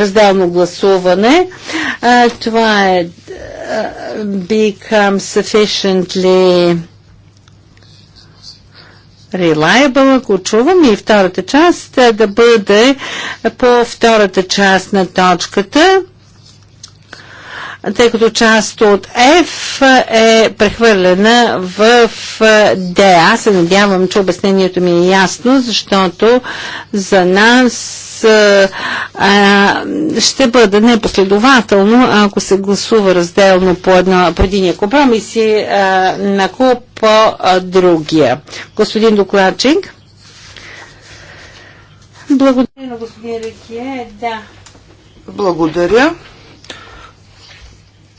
Speaker 1: разделно гласуване. Това е become sufficiently reliable, ако чувам и втората част да бъде по втората част на точката тъй като част от F е прехвърлена в е, D. Аз се надявам, че обяснението ми е ясно, защото за нас а, е, е, ще бъде непоследователно, ако се гласува разделно по, едно, по единия компромис и на по другия. Господин докладчик. Благодаря на господин Рикие. Да. Благодаря.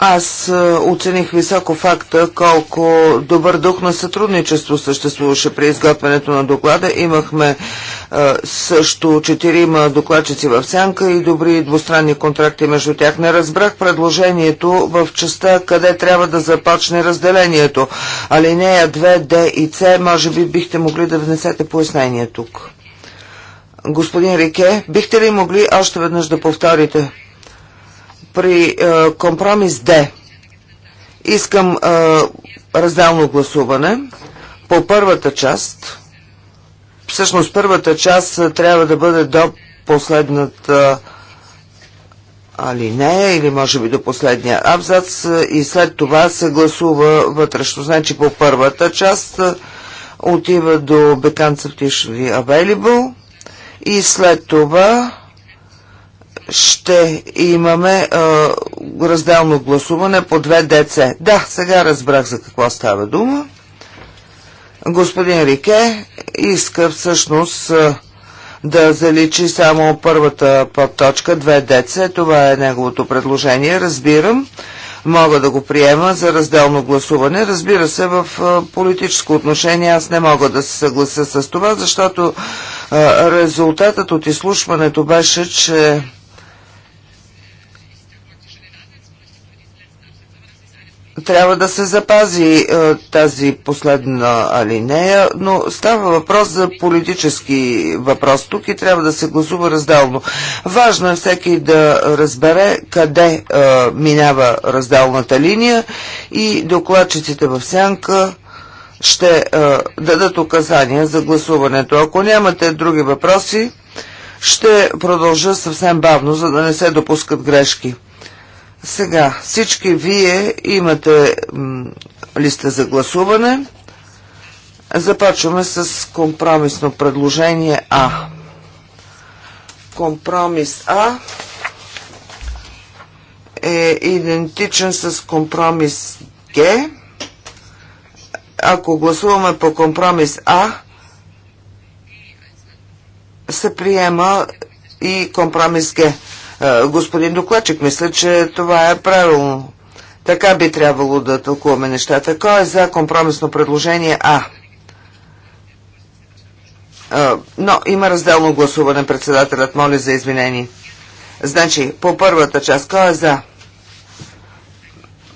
Speaker 3: Аз е, оцених високо факта колко добър дух на сътрудничество съществуваше при изготвянето на доклада. Имахме е, също четирима докладчици в сянка и добри двустранни контракти между тях. Не разбрах предложението в частта къде трябва да започне разделението. Алинея 2, Д и С, може би бихте могли да внесете пояснение тук. Господин Рике, бихте ли могли още веднъж да повторите? При е, компромис Д искам е, разделно гласуване по първата част. Всъщност първата част е, трябва да бъде до последната алинея или може би до последния абзац и след това се гласува вътрешно. Значи по първата част отива до Becomes Officially Available и след това ще имаме а, разделно гласуване по две деце. Да, сега разбрах за какво става дума. Господин Рике иска всъщност а, да заличи само първата подточка, две ДЦ. Това е неговото предложение, разбирам. Мога да го приема за разделно гласуване. Разбира се, в политическо отношение аз не мога да се съглася с това, защото резултатът от изслушването беше, че трябва да се запази а, е, тази последна алинея, но става въпрос за политически въпрос тук и трябва да се гласува разделно. Важно е всеки да разбере къде а, е, минава разделната линия и докладчиците в сянка ще а, е, дадат указания за гласуването. Ако нямате други въпроси, ще продължа съвсем бавно, за да не се допускат грешки. Сега, всички вие имате листа за гласуване. Започваме с компромисно предложение А. Компромис А е идентичен с компромис Г. Ако гласуваме по компромис А, се приема и компромис Г. Е, господин докладчик. Мисля, че това е правилно. Така би трябвало да тълкуваме нещата. Кой е за компромисно предложение А? Е, но има разделно гласуване. Председателят моли за извинение. Значи, по първата част, кой е за?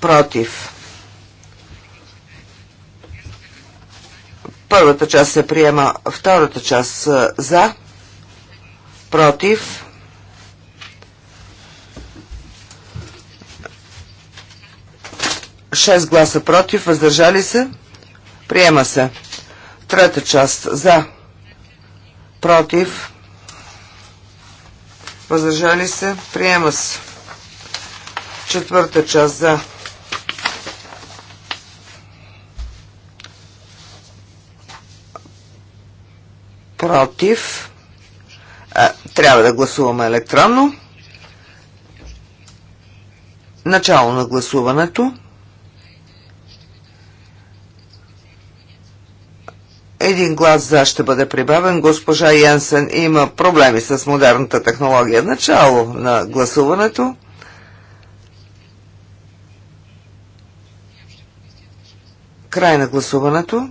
Speaker 3: Против. Първата част се приема, втората част е, за, против, 6 гласа против, въздържали се, приема се. Трета част за, против, въздържали се, приема се. Четвърта част за. Против. А, трябва да гласуваме електронно. Начало на гласуването. Един глас за ще бъде прибавен. Госпожа Янсен има проблеми с модерната технология. Начало на гласуването. Край на гласуването.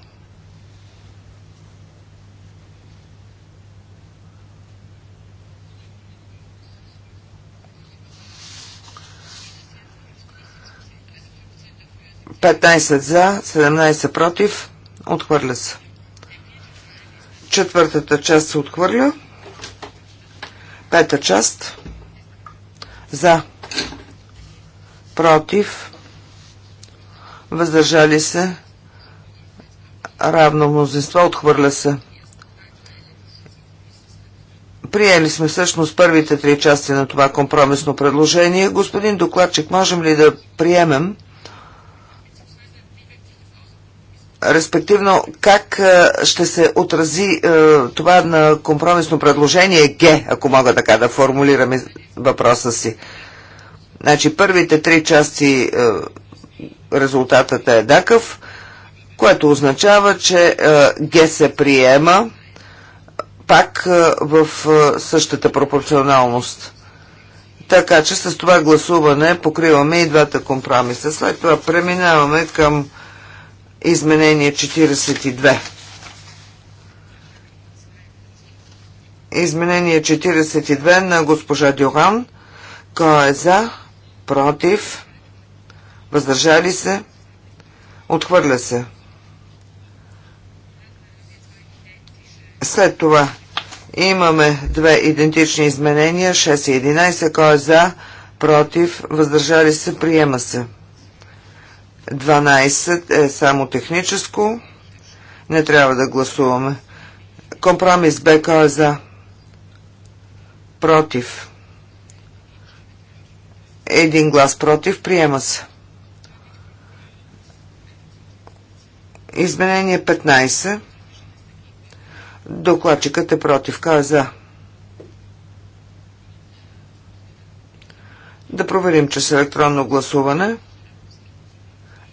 Speaker 3: Петнайсет за, 17 против. Отхвърля се. Четвъртата част се отхвърля. Пета част. За. Против. Въздържали се. Равно мнозинство. Отхвърля се. Приели сме всъщност първите три части на това компромисно предложение. Господин докладчик, можем ли да приемем респективно как е, ще се отрази е, това на компромисно предложение Г, ако мога така да формулирам въпроса си. Значи първите три части е, резултатът е ДАКъв, което означава, че Г се приема пак в същата пропорционалност. Така че с това гласуване покриваме и двата компромиса. След това преминаваме към Изменение 42. Изменение 42 на госпожа Дюран. Кой е за? Против? Въздържали се? Отхвърля се. След това имаме две идентични изменения, 6 и 11, кой е за, против, въздържали се, приема се. 12 е само техническо. Не трябва да гласуваме. Компромис БК е за. Против. Един глас против. Приема се. Изменение 15. Докладчикът е против. Кой е за? Да проверим, че с електронно гласуване.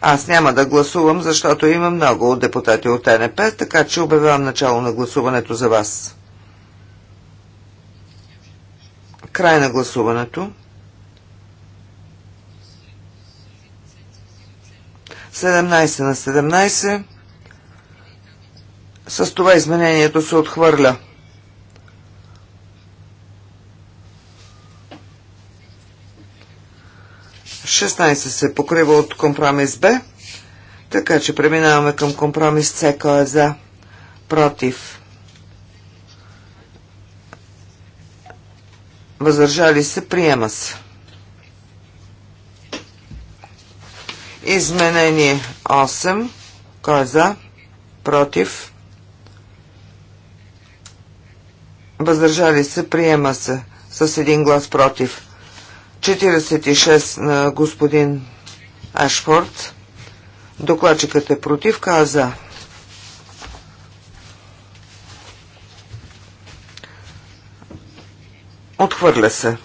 Speaker 3: Аз няма да гласувам, защото има много депутати от НП, така че обявявам начало на гласуването за вас. Край на гласуването. 17 на 17. С това изменението се отхвърля. 16 се покрива от компромис Б, така че преминаваме към компромис С, кой е за, против. Въздържали се, приема се. Изменение 8. Кой е за? Против. Въздържали се, приема се. С един глас против. 46 на господин Ашфорд. Докладчикът е против, каза. Отхвърля се.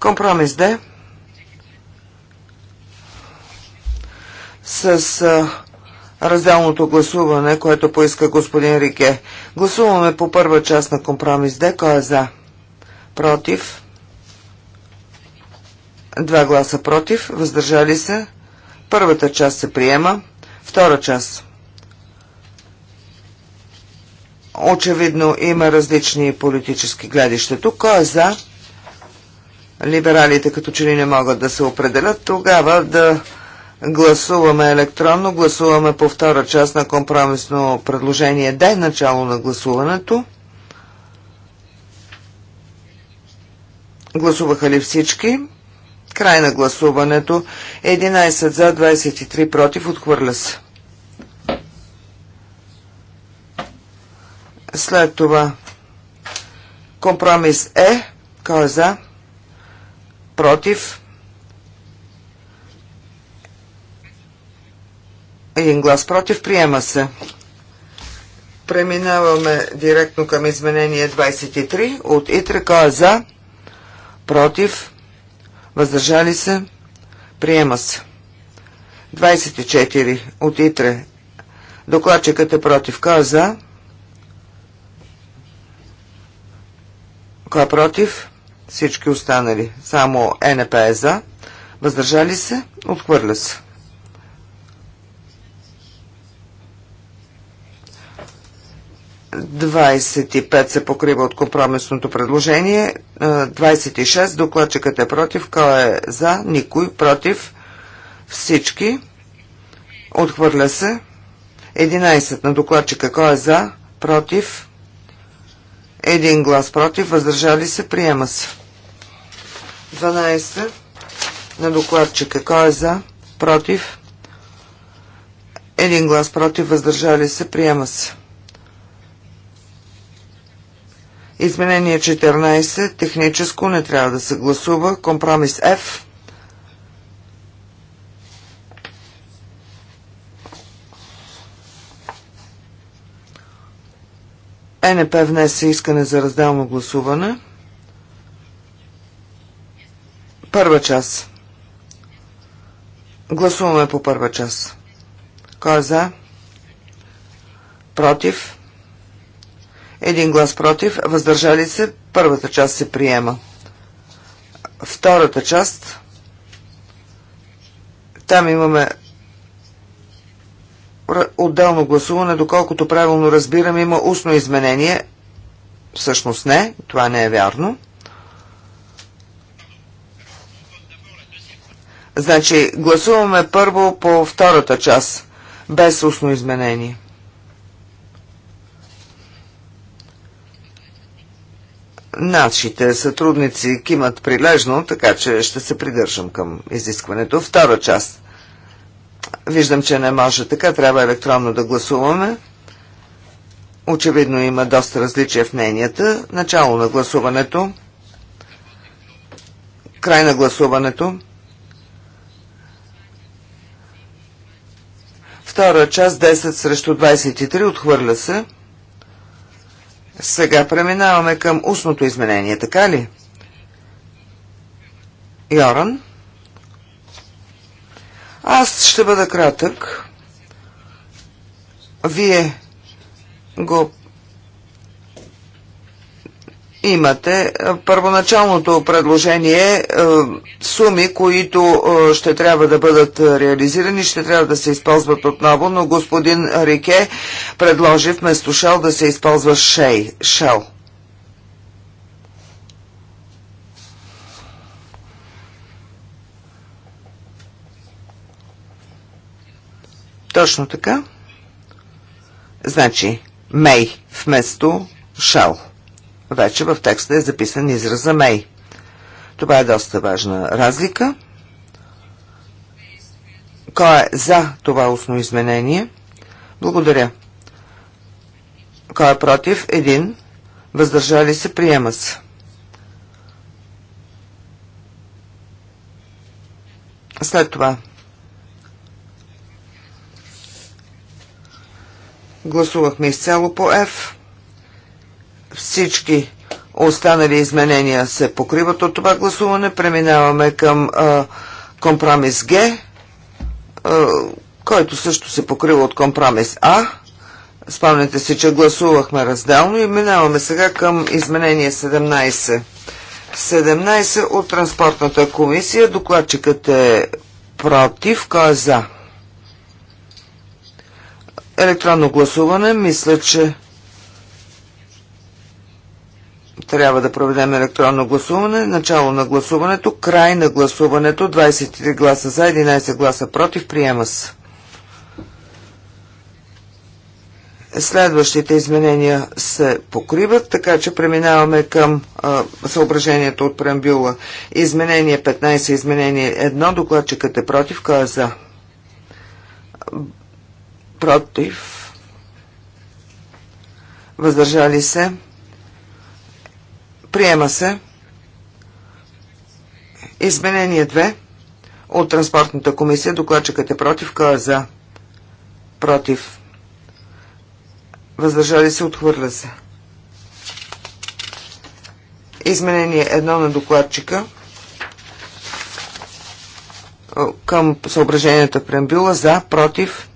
Speaker 3: Компромис Д. С а, разделното гласуване, което поиска господин Рике. Гласуваме по първа част на компромис Д. Кой е за? против, 2 гласа против, въздържали се. Първата част се приема, втора част. Очевидно има различни политически гледища. Тук кой е за? Либералите като че ли не могат да се определят, тогава да гласуваме електронно, гласуваме по втора част на компромисно предложение Дай начало на гласуването. Гласуваха ли всички? Край на гласуването. 11 за, 23 против. Отхвърля се. След това компромис е. Кой е за? Против. Един глас против. Приема се. Преминаваме директно към изменение 23 от ИТРЕ. Кой е за? Против против, въздържали се, приема се. 24 от ИТРЕ. Докладчикът е против. Кой е за? Кой е против? Всички останали. Само е НП е за. Въздържали се? Отхвърля се. 25 се покрива от компромисното предложение. 26. Докладчикът е против. Кой е за? Никой. Против. Всички. Отхвърля се. 11 на докладчика. Кой е за? Против. Един глас против. Въздържали се. Приема се. 12 на докладчика. Кой е за? Против. Един глас против. Въздържали се. Приема се. Изменение 14, техническо, не трябва да се гласува. Компромис F. Е, НП внесе искане за разделно гласуване. Първа част. Гласуваме по първа част. Кой е за? Против? един глас против, въздържали се, първата част се приема. Втората част, там имаме отделно гласуване, доколкото правилно разбирам, има устно изменение. Всъщност не, това не е вярно. Значи, гласуваме първо по втората част, без устно изменение. Нашите сътрудници кимат прилежно, така че ще се придържам към изискването. Втора част. Виждам, че не може така. Трябва електронно да гласуваме. Очевидно има доста различия в мненията. Начало на гласуването. Край на гласуването. Втора част 10 срещу 23 отхвърля се. Сега преминаваме към устното изменение, така ли? Йоран? Аз ще бъда кратък. Вие го имате първоначалното предложение е, суми, които е, ще трябва да бъдат реализирани, ще трябва да се използват отново, но господин Рике предложи вместо шел да се използва шей, шел. Точно така. Значи, мей вместо шал вече в текста е записан израза Мей. Това е доста важна разлика. Кой е за това устно изменение? Благодаря. Кой е против? Един. Въздържали се? Приема се. След това гласувахме изцяло по F. Всички останали изменения се покриват от това гласуване. Преминаваме към а, компромис Г, а, който също се покрива от компромис А. Спомняте си, че гласувахме разделно и минаваме сега към изменение 17. 17 от Транспортната комисия. Докладчикът е против. Кой е за? Електронно гласуване. Мисля, че трябва да проведем електронно гласуване. Начало на гласуването, край на гласуването, 23 гласа за, 11 гласа против, приема се. Следващите изменения се покриват, така че преминаваме към а, съображението от преамбюла. Изменение 15, изменение 1, докладчикът е против, кой е за? Против. Въздържали се. Приема се изменение 2 от Транспортната комисия. Докладчикът е против. Кой е за? Против. Въздържали се, отхвърля се. Изменение 1 на докладчика към съображенията в преамбюла за, против,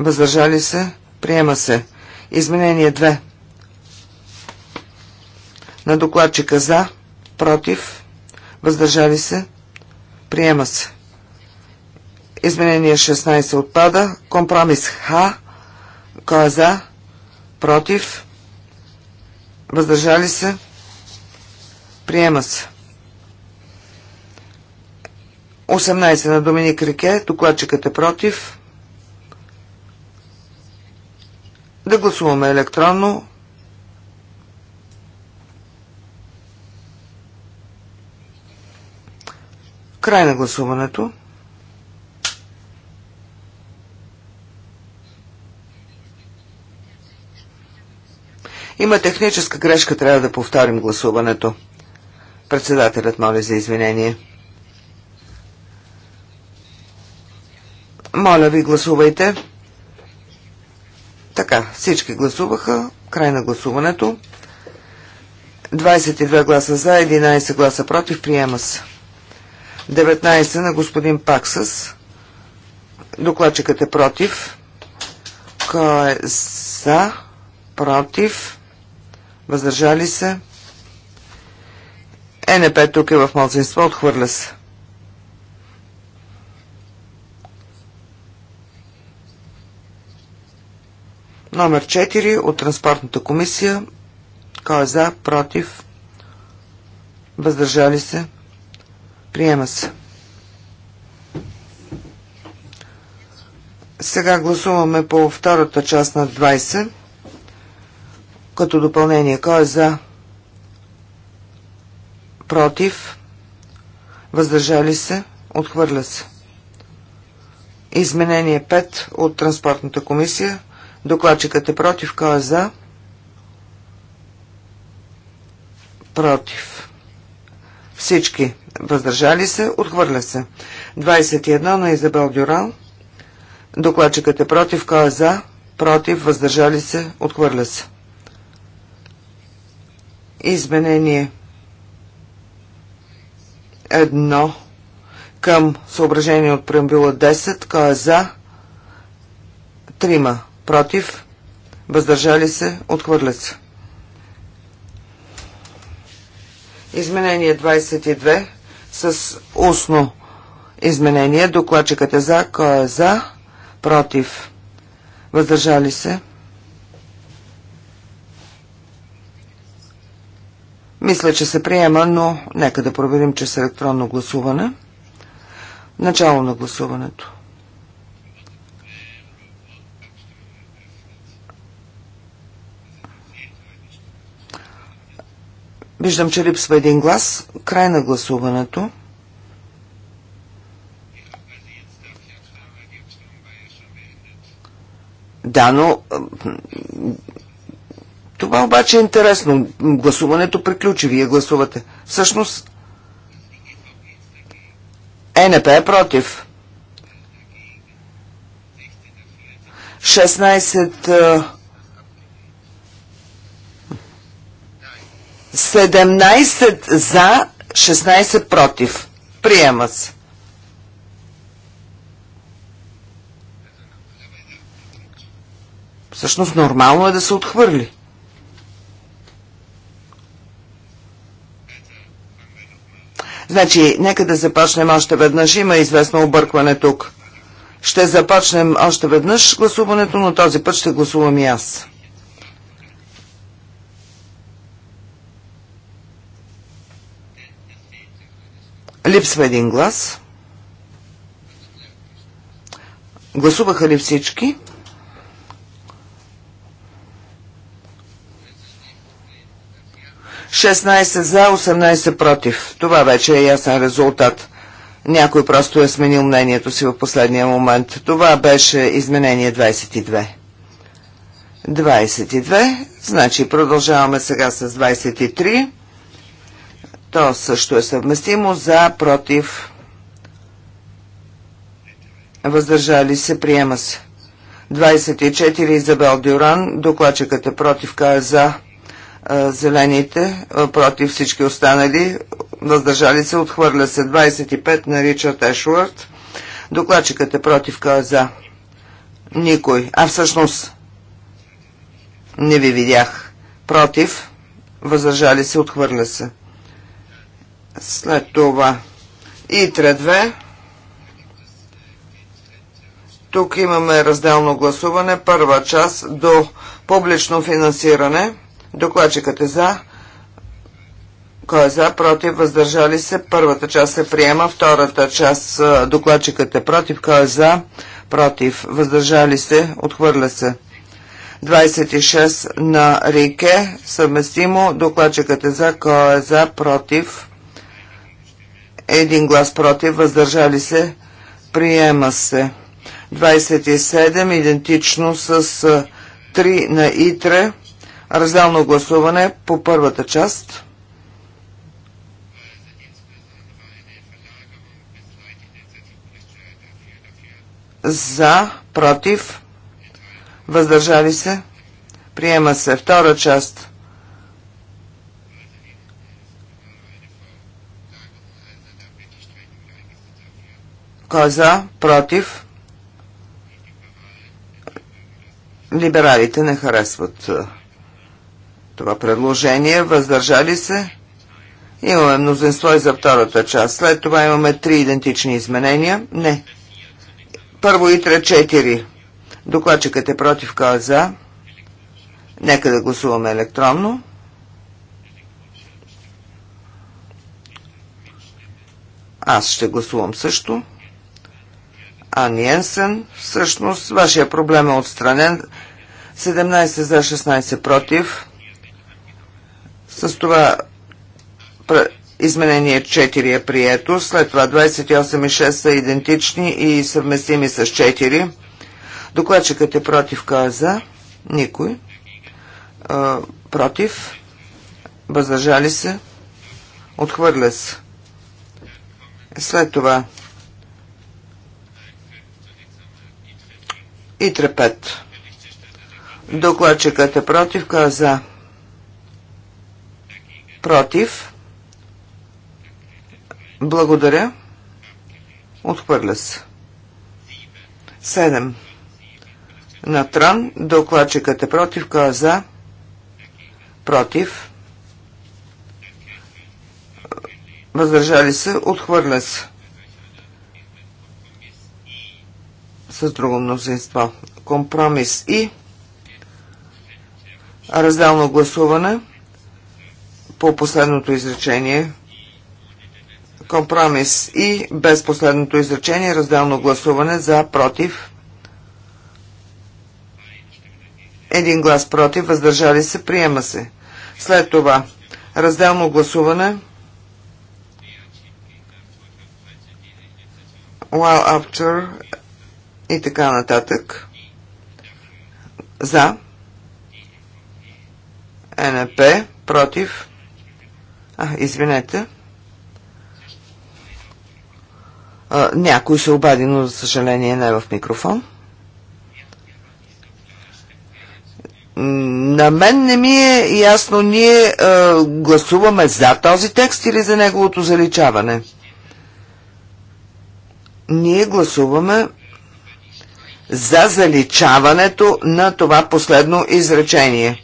Speaker 3: въздържали се, приема се. Изменение 2 на докладчика за, против, въздържали се, приема се. Изменение 16 отпада. Компромис Х. Кой е за? Против? Въздържали се? Приема се. 18 на Доминик Рике. Докладчикът е против. Да гласуваме електронно. Край на гласуването. Има техническа грешка, трябва да повторим гласуването. Председателят моля за извинение. Моля ви, гласувайте. Така, всички гласуваха. Край на гласуването. 22 гласа за, 11 гласа против. Приема се. 19 на господин Паксас. Докладчикът е против. Кой е за? Против. Въздържали се. ЕНП тук е в мълцинство. Отхвърля се. Номер 4 от Транспортната комисия. Кой е за? Против. Въздържали се. Приема се. Сега гласуваме по втората част на 20. Като допълнение, кой е за? Против? Въздържали се? Отхвърля се. Изменение 5 от Транспортната комисия. Докладчикът е против. Кой е за? Против. Всички въздържали се, отхвърля се. 21 на Изабел Дюран, докладчикът е против, кой е за, против, въздържали се, отхвърля се. Изменение Едно към съображение от преамбюла 10, кой е за, Трима против, въздържали се, отхвърля се. Изменение 22 с устно изменение. Докладчикът е за, кой е за, против, въздържали се. Мисля, че се приема, но нека да проверим, че с електронно гласуване. Начало на гласуването. Виждам, че липсва един глас. Край на гласуването. Да, но това обаче е интересно. Гласуването приключи. Вие гласувате. Всъщност, ЕНП е против. 16 17 за, 16 против. Приема се. Всъщност нормално е да се отхвърли. Значи, нека да започнем още веднъж. Има известно объркване тук. Ще започнем още веднъж гласуването, но този път ще гласувам и аз. Липсва един глас. Гласуваха ли всички? Шестнайсет за, 18 против. Това вече е ясен резултат. Някой просто е сменил мнението си в последния момент. Това беше изменение 22. 22. Значи продължаваме сега с 23. То също е съвместимо за, против, въздържали се, приема се. 24 Изабел Дюран, докладчикът е против, каже за зелените, против всички останали, въздържали се, отхвърля се 25 на Ричард Ешуарт. Докладчикът е против, кой е за? Никой. А всъщност не ви видях. Против, въздържали се, отхвърля се. След това ИТРЕ 2. Тук имаме разделно гласуване. Първа част до публично финансиране. Докладчикът е за. Кой е за? Против? Въздържали се? Първата част се приема. Втората част докладчикът е против. Кой е за? Против. Въздържали се? Отхвърля се. 26 на Рике. Съвместимо. Докладчикът е за. Кой е за? Против един глас против, въздържали се, приема се. 27, идентично с 3 на ИТРЕ, разделно гласуване по първата част. За, против, въздържали се, приема се. Втора част Кой е за? Против? Либералите не харесват това предложение. Въздържали се? Имаме мнозинство и за втората част. След това имаме три идентични изменения. Не. Първо и тре четири. Докладчикът е против, кой е за? Нека да гласуваме електронно. Аз ще гласувам също. Аниенсен, Всъщност, вашия проблем е отстранен. 17 за 16 против. С това изменение 4 е прието. След това 28 и 6 са идентични и съвместими с 4. Докладчикът е против каза. Е Никой. А, против. Въздържали се. Отхвърля се. След това И трепет. Докладчикът е против, каза е за? Против. Благодаря. Отхвърля се. Седем. На Тран докладчикът е против, каза е за? Против. Въздържали се, отхвърля се. с друго мнозинство. Компромис и разделно гласуване по последното изречение. Компромис и без последното изречение разделно гласуване за против. Един глас против, въздържали се, приема се. След това разделно гласуване. While after и така нататък. За. НП. Против. А, извинете. А, някой се обади, но за съжаление не е в микрофон. На мен не ми е ясно, ние а, гласуваме за този текст или за неговото заличаване. Ние гласуваме за заличаването на това последно изречение.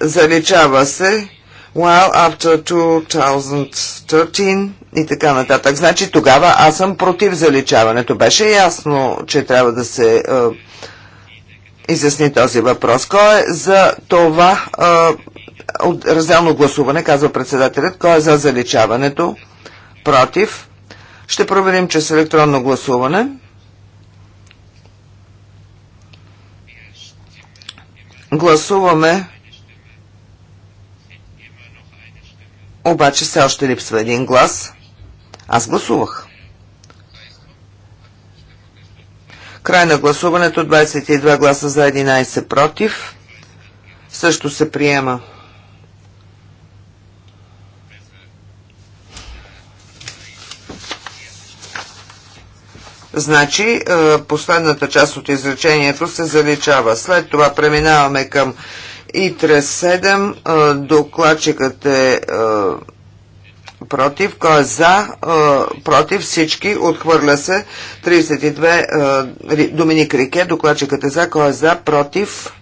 Speaker 3: Заличава се while after 2013 и така нататък. Значи тогава аз съм против заличаването. Беше ясно, че трябва да се е, изясни този въпрос. Кой е за това е, разделно гласуване, казва председателят, кой е за заличаването? Против? Ще проверим че с електронно гласуване. Гласуваме. Обаче все още липсва един глас. Аз гласувах. Край на гласуването 22 гласа за 11 против. Също се приема. Значи е, последната част от изречението се заличава. След това преминаваме към ИТРЕ 7. Е, докладчикът е, е против, кой е за, против всички, отхвърля се 32 Доминик Рике, докладчикът е за, кой е за, против,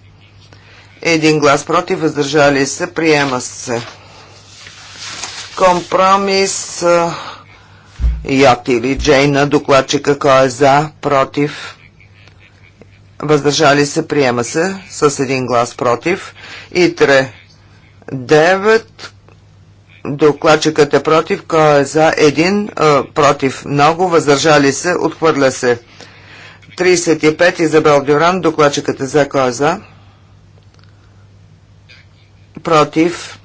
Speaker 3: един глас против, въздържали се, приема се. Компромис Йоти или Джейна, докладчика, кой е за, против, въздържали се, приема се с един глас против. И 9, докладчикът е против, кой е за, един, а, против, много, въздържали се, отхвърля се. 35, Изабел Дюран, докладчикът е за, кой е за, против,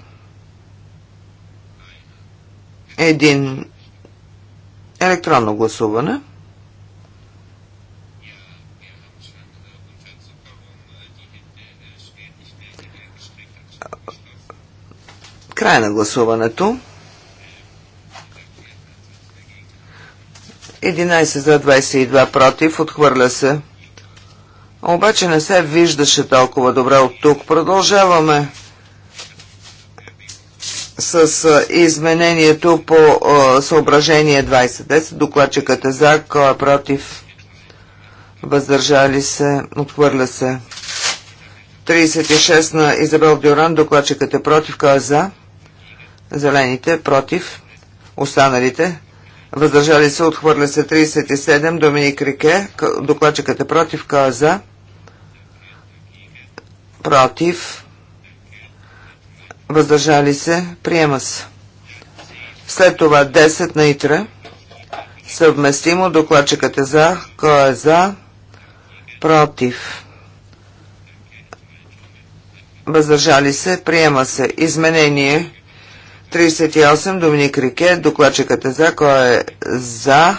Speaker 3: един Електронно гласуване. Край на гласуването. 11 за 22 против. Отхвърля се. Обаче не се виждаше толкова добре от тук. Продължаваме с изменението по съображение 2010. Докладчикът е за, кой е против, въздържали се, отхвърля се. 36 на Изабел Дюран, докладчикът е против, кой е за? Зелените, против, останалите. Въздържали се, отхвърля се 37, Доминик Рике, докладчикът е против, каза е за? Против, въздържали се, приема се. След това 10 на ИТРА, съвместимо, докладчикът е за, кой е за, против, въздържали се, приема се. Изменение 38, Доминик Рике, докладчикът е за, кой е за,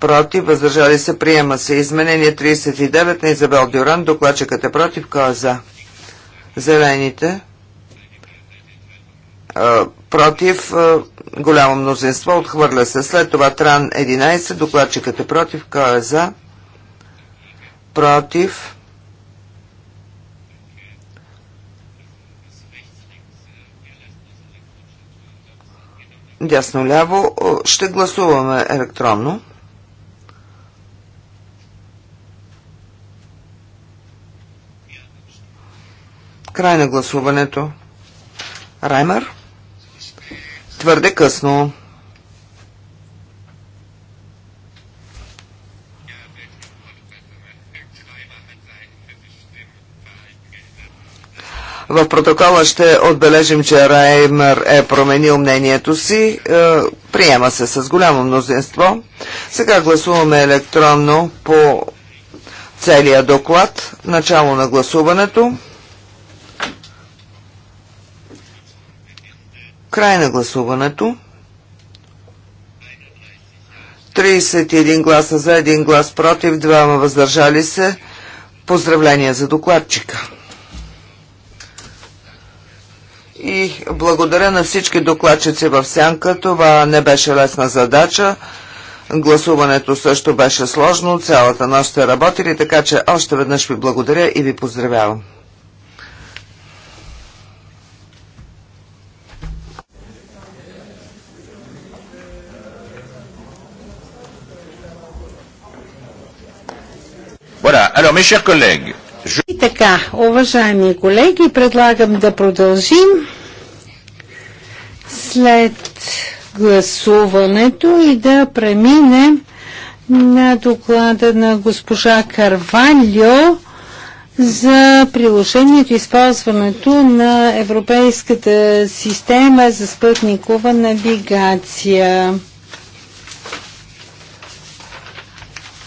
Speaker 3: против, въздържали се, приема се. Изменение 39 на Изабел Дюран, докладчикът е против, кой е за. Зелените против, голямо мнозинство, отхвърля се. След това Тран 11, докладчикът е против, кой е за? Против. Дясно-ляво. Ще гласуваме електронно. Край на гласуването. Раймер твърде късно. В протокола ще отбележим, че Раймер е променил мнението си. Е, приема се с голямо мнозинство. Сега гласуваме електронно по целия доклад. Начало на гласуването. Край на гласуването. 31 гласа за, 1 глас против, 2 въздържали се. Поздравления за докладчика. И благодаря на всички докладчици в Сянка. Това не беше лесна задача. Гласуването също беше сложно. Цялата нощ сте работили, така че още веднъж ви благодаря и ви поздравявам.
Speaker 1: И така, уважаеми колеги, предлагам да продължим след гласуването и да преминем на доклада на госпожа Карвалио за приложението и използването на Европейската система за спътникова навигация.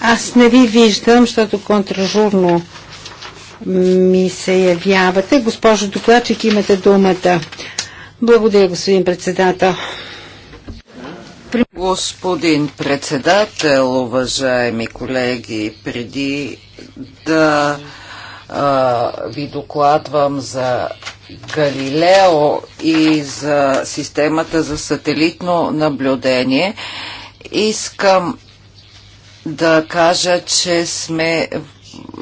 Speaker 1: Аз не ви виждам, защото контражурно ми се явявате. Госпожо докладчик, имате думата. Благодаря, господин председател.
Speaker 2: Господин председател, уважаеми колеги, преди да а, ви докладвам за Галилео и за системата за сателитно наблюдение, искам да кажа, че сме,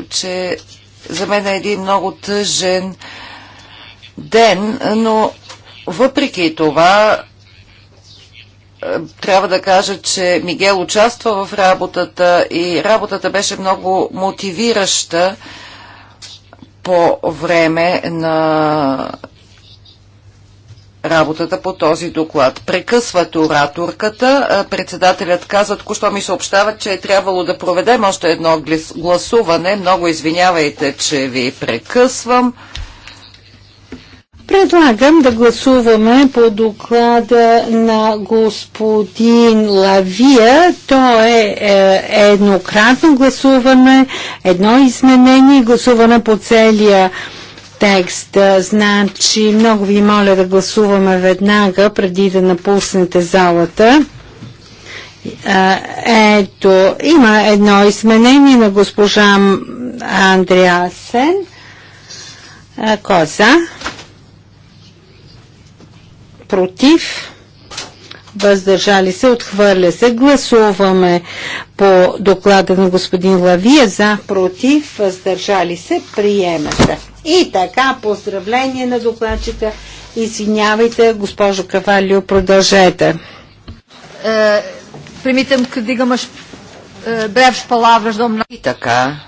Speaker 2: че за мен е един много тъжен ден, но въпреки това е, трябва да кажа, че Мигел участва в работата и работата беше много мотивираща по време на работата по този доклад. Прекъсват ораторката. Председателят каза, току-що ми съобщават, че е трябвало да проведем още едно гласуване. Много извинявайте, че ви прекъсвам.
Speaker 1: Предлагам да гласуваме по доклада на господин Лавия. То е, е, е еднократно гласуване, едно изменение и гласуване по целия текста. Значи, много ви моля да гласуваме веднага, преди да напуснете залата. Ето, има едно изменение на госпожа Андреасен. Коза. Е Против въздържали се, отхвърля се. Гласуваме по доклада на господин Лавия за, против, въздържали се, приема се. И така, поздравление на докладчика. Извинявайте, госпожо Кавалио, продължете. Е, примитам, къде имаш
Speaker 2: breves palavras do И така,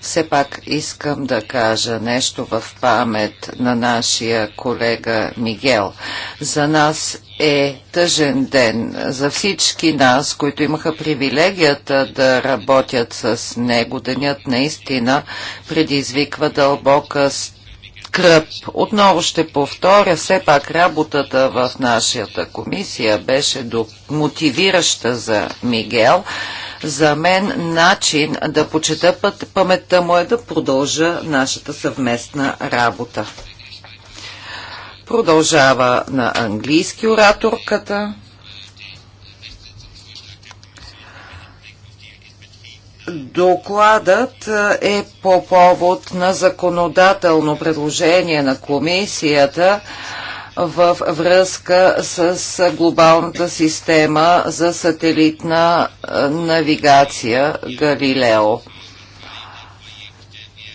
Speaker 2: все пак искам да кажа нещо в памет на нашия колега Мигел. За нас е тъжен ден за всички нас, които имаха привилегията да работят с него. Денят наистина предизвиква дълбока скръп. Отново ще повторя, все пак работата в нашата комисия беше мотивираща за Мигел. За мен начин да почета път, паметта му е да продължа нашата съвместна работа. Продължава на английски ораторката. Докладът е по повод на законодателно предложение на комисията в връзка с глобалната система за сателитна навигация Галилео.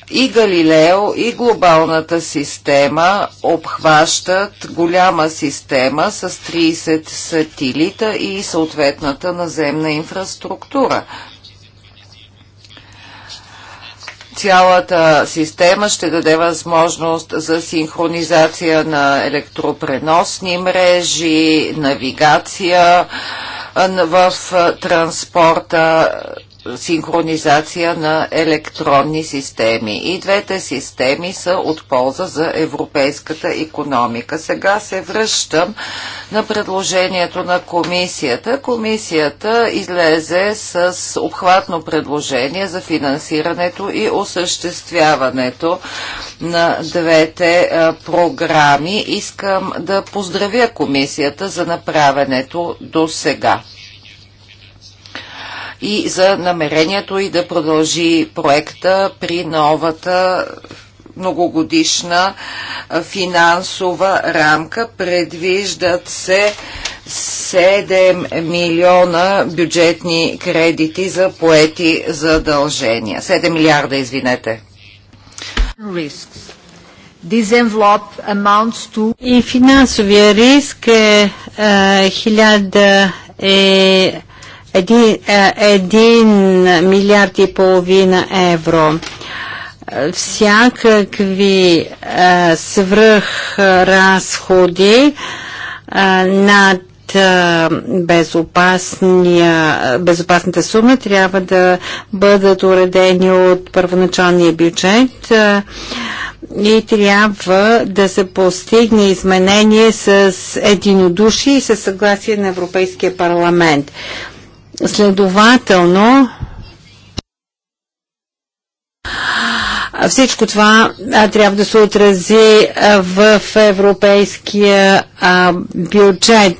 Speaker 2: И Галилео, и глобалната система обхващат голяма система с 30 сателита и съответната наземна инфраструктура. Цялата система ще даде възможност за синхронизация на електропреносни мрежи, навигация в транспорта, синхронизация на електронни системи. И двете системи са от полза за европейската економика. Сега се връщам на предложението на комисията. Комисията излезе с обхватно предложение за финансирането и осъществяването на двете е, програми. Искам да поздравя комисията за направенето до сега и за намерението и да продължи проекта при новата многогодишна финансова рамка. Предвиждат се 7 милиона бюджетни кредити за поети задължения. 7 милиарда, извинете.
Speaker 1: To... И финансовия риск е, е 1000 е е, един, милиард и половина евро. Е, всякакви е, свръхразходи над безопасната сума трябва да бъдат уредени от първоначалния бюджет и трябва да се постигне изменение с единодушие и със съгласие на Европейския парламент. Следователно, всичко това трябва да се отрази в европейския бюджет.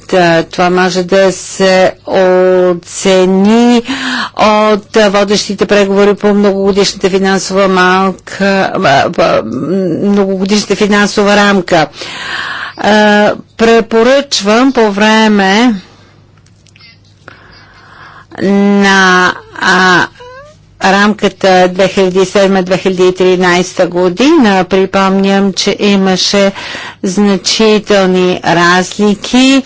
Speaker 1: това може да се оцени от водещите преговори по многогодишната финансова малка, многогодишната финансова рамка. препоръчвам по време на а, рамката 2007-2013 година. Припомням, че имаше значителни разлики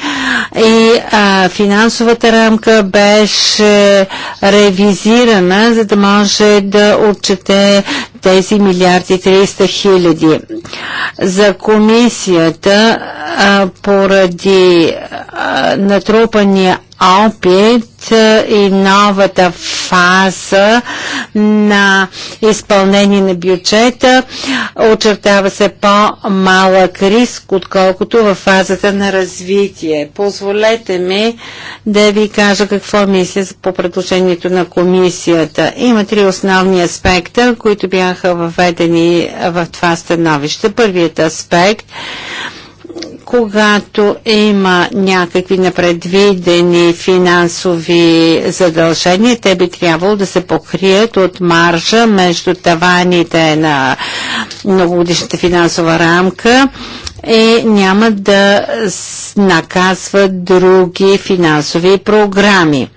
Speaker 1: и а, финансовата рамка беше ревизирана, за да може да отчете тези милиарди 300 хиляди. За комисията а, поради а, натрупания опит и новата фаза на изпълнение на бюджета. Очертава се по-малък риск, отколкото в фазата на развитие. Позволете ми да ви кажа какво мисля по предложението на комисията. Има три основни аспекта, които бяха въведени в това становище. Първият аспект – когато има някакви непредвидени финансови задължения, те би трябвало да се покрият от маржа между таваните на многогодишната финансова рамка и няма да наказват други финансови програми.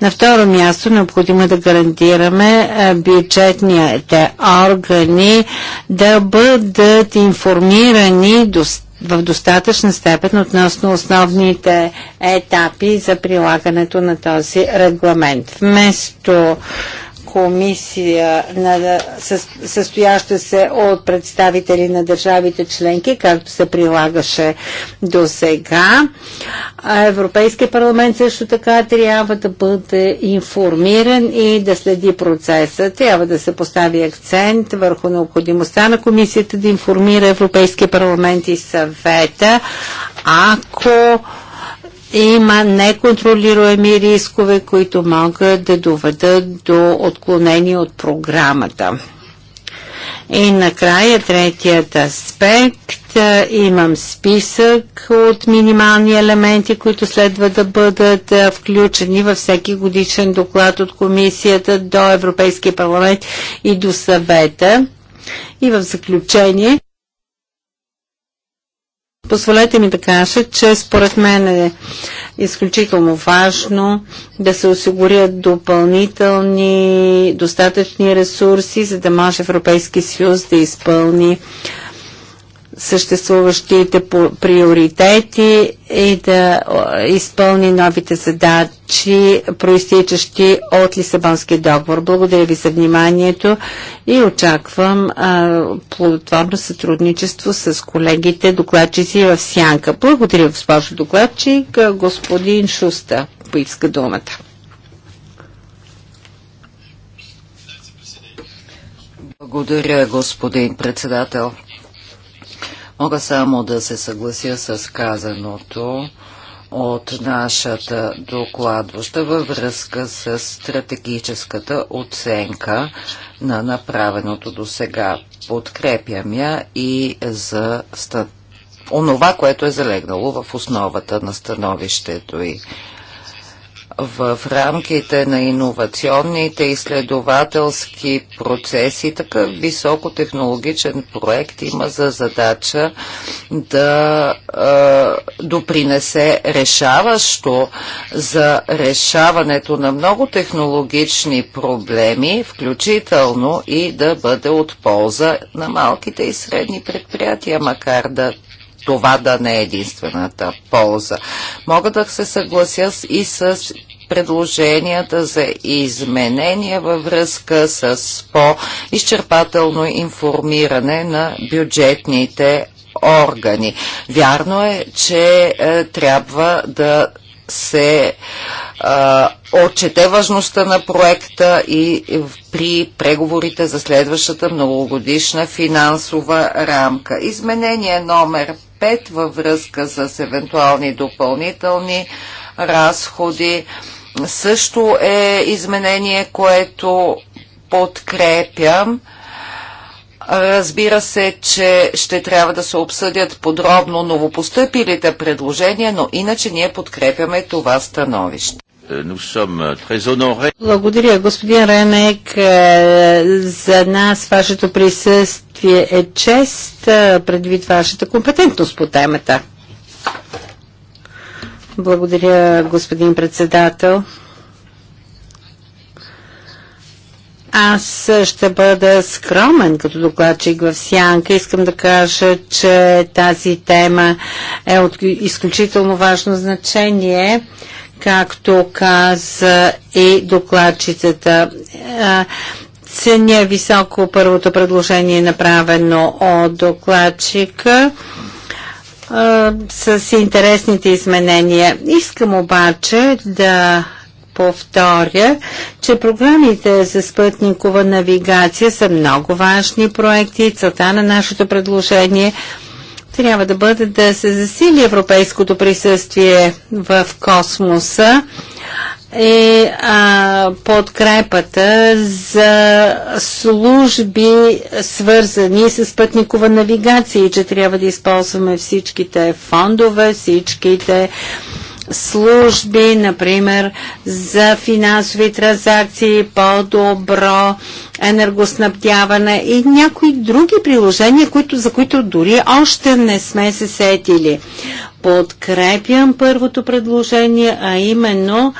Speaker 1: На второ място необходимо е да гарантираме е, бюджетните органи да бъдат информирани достатъчно в достатъчна степен относно основните етапи за прилагането на този регламент. Вместо комисия, на, със, състояща се от представители на държавите членки, както се прилагаше до сега. Европейския парламент също така трябва да бъде информиран и да следи процеса. Трябва да се постави акцент върху необходимостта на комисията да информира Европейския парламент и съвета, ако има неконтролируеми рискове, които могат да доведат до отклонение от програмата. И накрая третият аспект. Имам списък от минимални елементи, които следва да бъдат включени във всеки годишен доклад от комисията до Европейския парламент и до съвета. И в заключение Позволете ми да кажа, че според мен е изключително важно да се осигурят допълнителни, достатъчни ресурси, за да може Европейски съюз да изпълни съществуващите приоритети и да изпълни новите задачи, проистичащи от Лисабонския договор. Благодаря ви за вниманието и очаквам плодотворно сътрудничество с колегите докладчици в Сянка. Благодаря, госпожо докладчик. Господин Шуста поиска думата.
Speaker 2: Благодаря, господин председател. Мога само да се съглася с казаното от нашата докладваща във връзка с стратегическата оценка на направеното до сега. Подкрепям я и за ста... онова, което е залегнало в основата на становището й в рамките на иновационните изследователски процеси. Такъв високотехнологичен проект има за задача да е, допринесе решаващо за решаването на много технологични проблеми, включително и да бъде от полза на малките и средни предприятия, макар да това да не е единствената полза. Мога да се съглася и с предложенията за изменения във връзка с по-изчерпателно информиране на бюджетните органи. Вярно е, че е, трябва да се е, отчете важността на проекта и при преговорите за следващата многогодишна финансова рамка. Изменение номер 5 във връзка с евентуални допълнителни разходи. Също е изменение, което подкрепям. Разбира се, че ще трябва да се обсъдят подробно новопостъпилите предложения, но иначе ние подкрепяме това становище.
Speaker 1: Euh, Благодаря, господин Ренек. Е, за нас вашето присъствие е чест, е, предвид вашата компетентност по темата. Благодаря, господин председател. Аз ще бъда скромен като докладчик в Сянка. Искам да кажа, че тази тема е от изключително важно значение както каза и докладчицата. Ценя високо първото предложение, направено от докладчика с интересните изменения. Искам обаче да повторя, че програмите за спътникова навигация са много важни проекти. Целта на нашето предложение е трябва да бъде да се засили европейското присъствие в космоса и е, а, подкрепата за служби свързани с пътникова навигация и че трябва да използваме всичките фондове, всичките служби, например за финансови транзакции, по-добро енергоснабдяване и някои други приложения, които, за които дори още не сме се сетили. Подкрепям първото предложение, а именно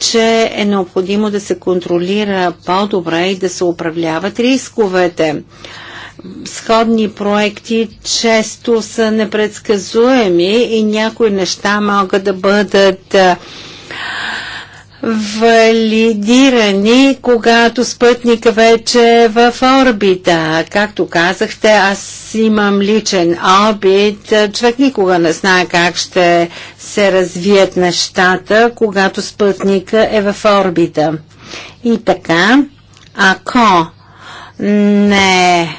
Speaker 1: че е необходимо да се контролира по-добре и да се управляват рисковете сходни проекти често са непредсказуеми и някои неща могат да бъдат валидирани, когато спътника вече е в орбита. Както казахте, аз имам личен опит. Човек никога не знае как ще се развият нещата, когато спътника е в орбита. И така, ако не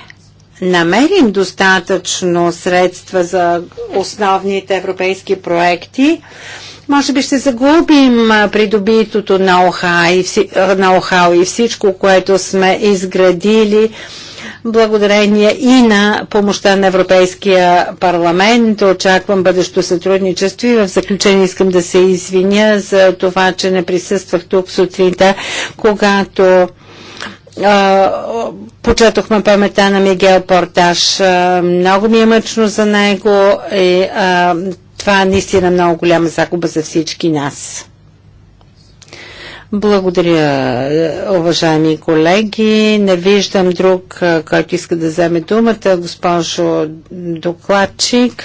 Speaker 1: намерим достатъчно средства за основните европейски проекти, може би ще загубим придобитото ноу-хау и, и всичко, което сме изградили благодарение и на помощта на Европейския парламент. Очаквам бъдещо сътрудничество и в заключение искам да се извиня за това, че не присъствах тук сутринта, когато почетохме памета на Мигел Порташ. Много ми е мъчно за него и а, това е наистина много голяма загуба за всички нас. Благодаря, уважаеми колеги. Не виждам друг, който иска да вземе думата. Госпожо докладчик.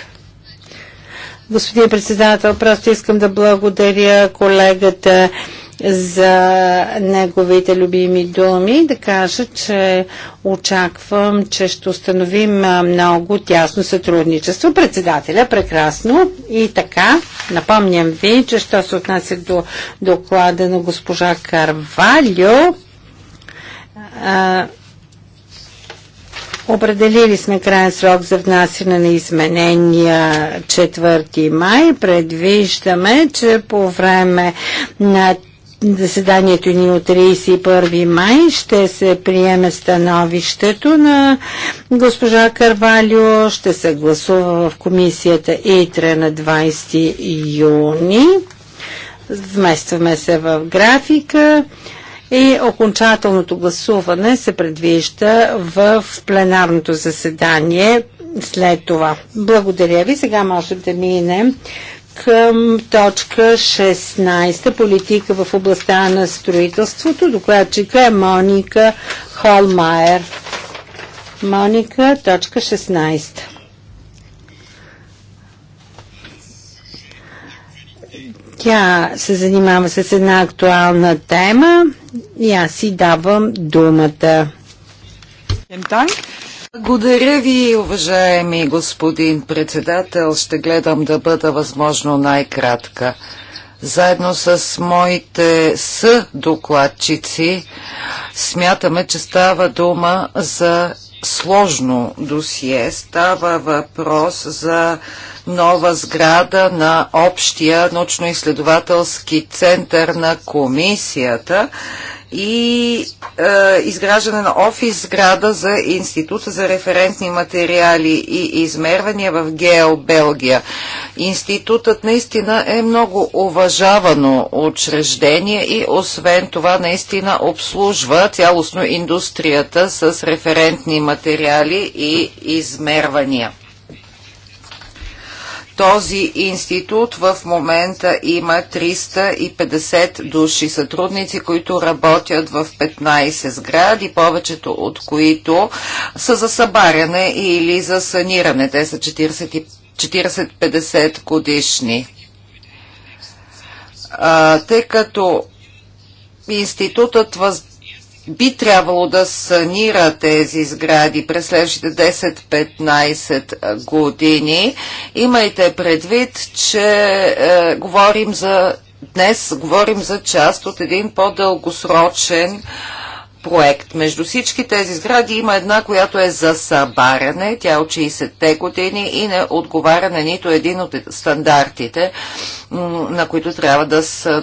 Speaker 1: Господин председател, просто искам да благодаря колегата за неговите любими думи, да кажа, че очаквам, че ще установим много тясно сътрудничество. Председателя, прекрасно. И така, напомням ви, че що се отнася до доклада на госпожа Карвалио, Определили сме крайен срок за внасяне на изменения 4 май. Предвиждаме, че по време на заседанието ни от 31 май ще се приеме становището на госпожа Карвалио, ще се гласува в комисията ИТРЕ на 20 юни. Вместваме се в графика и окончателното гласуване се предвижда в пленарното заседание след това. Благодаря ви. Сега може да минем към точка 16 политика в областта на строителството. Докладчика е Моника Холмайер. Моника, точка 16. Тя се занимава с една актуална тема и аз си давам думата.
Speaker 2: Благодаря ви, уважаеми господин председател. Ще гледам да бъда възможно най-кратка. Заедно с моите съдокладчици смятаме, че става дума за сложно досие. Става въпрос за нова сграда на общия научно-изследователски център на комисията и е, изграждане на офис сграда за Института за референтни материали и измервания в ГЕО Белгия. Институтът наистина е много уважавано учреждение и освен това наистина обслужва цялостно индустрията с референтни материали и измервания този институт в момента има 350 души сътрудници, които работят в 15 сгради, повечето от които са за събаряне или за саниране. Те са 40-50 годишни. А, тъй като институтът въз би трябвало да санира тези сгради през следващите 10-15 години. Имайте предвид, че е, говорим за днес говорим за част от един по-дългосрочен проект. Между всички тези сгради има една, която е за събаряне. Тя е от 60-те години и не отговаря на нито един от стандартите, на които трябва да са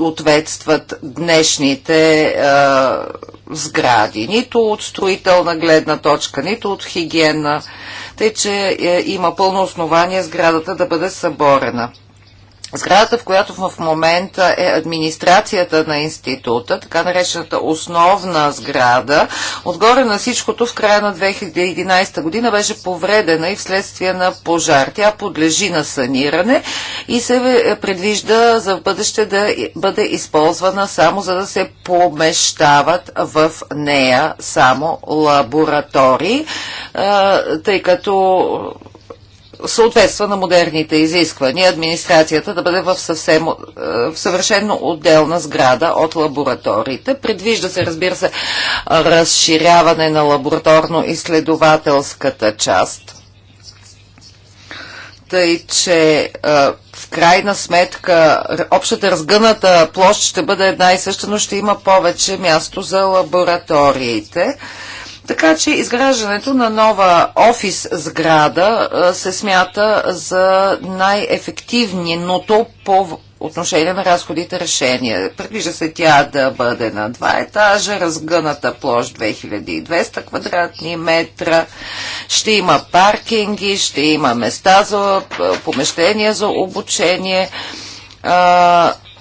Speaker 2: ответстват днешните а, сгради. Нито от строителна гледна точка, нито от хигиена. Тъй, че е, има пълно основание сградата да бъде съборена. Сградата, в която в момента е администрацията на института, така наречената основна сграда, отгоре на всичкото в края на 2011 година беше повредена и вследствие на пожар. Тя подлежи на саниране и се е, е, предвижда за бъдеще да бъде използвана само за да се помещават в нея само лаборатории, тъй като съответства на модерните изисквания администрацията да бъде в съвсем е, в съвършенно отделна сграда от лабораториите. Предвижда се, разбира се, разширяване на лабораторно-изследователската част. Тъй, че е, в крайна сметка общата разгъната площ ще бъде една и съща, но ще има повече място за лабораториите. Така че изграждането на нова офис сграда се смята за най-ефективното по отношение на разходите решение. Предвижда се тя да бъде на два етажа, разгъната площ 2200 квадратни метра, ще има паркинги, ще има места за помещения за обучение,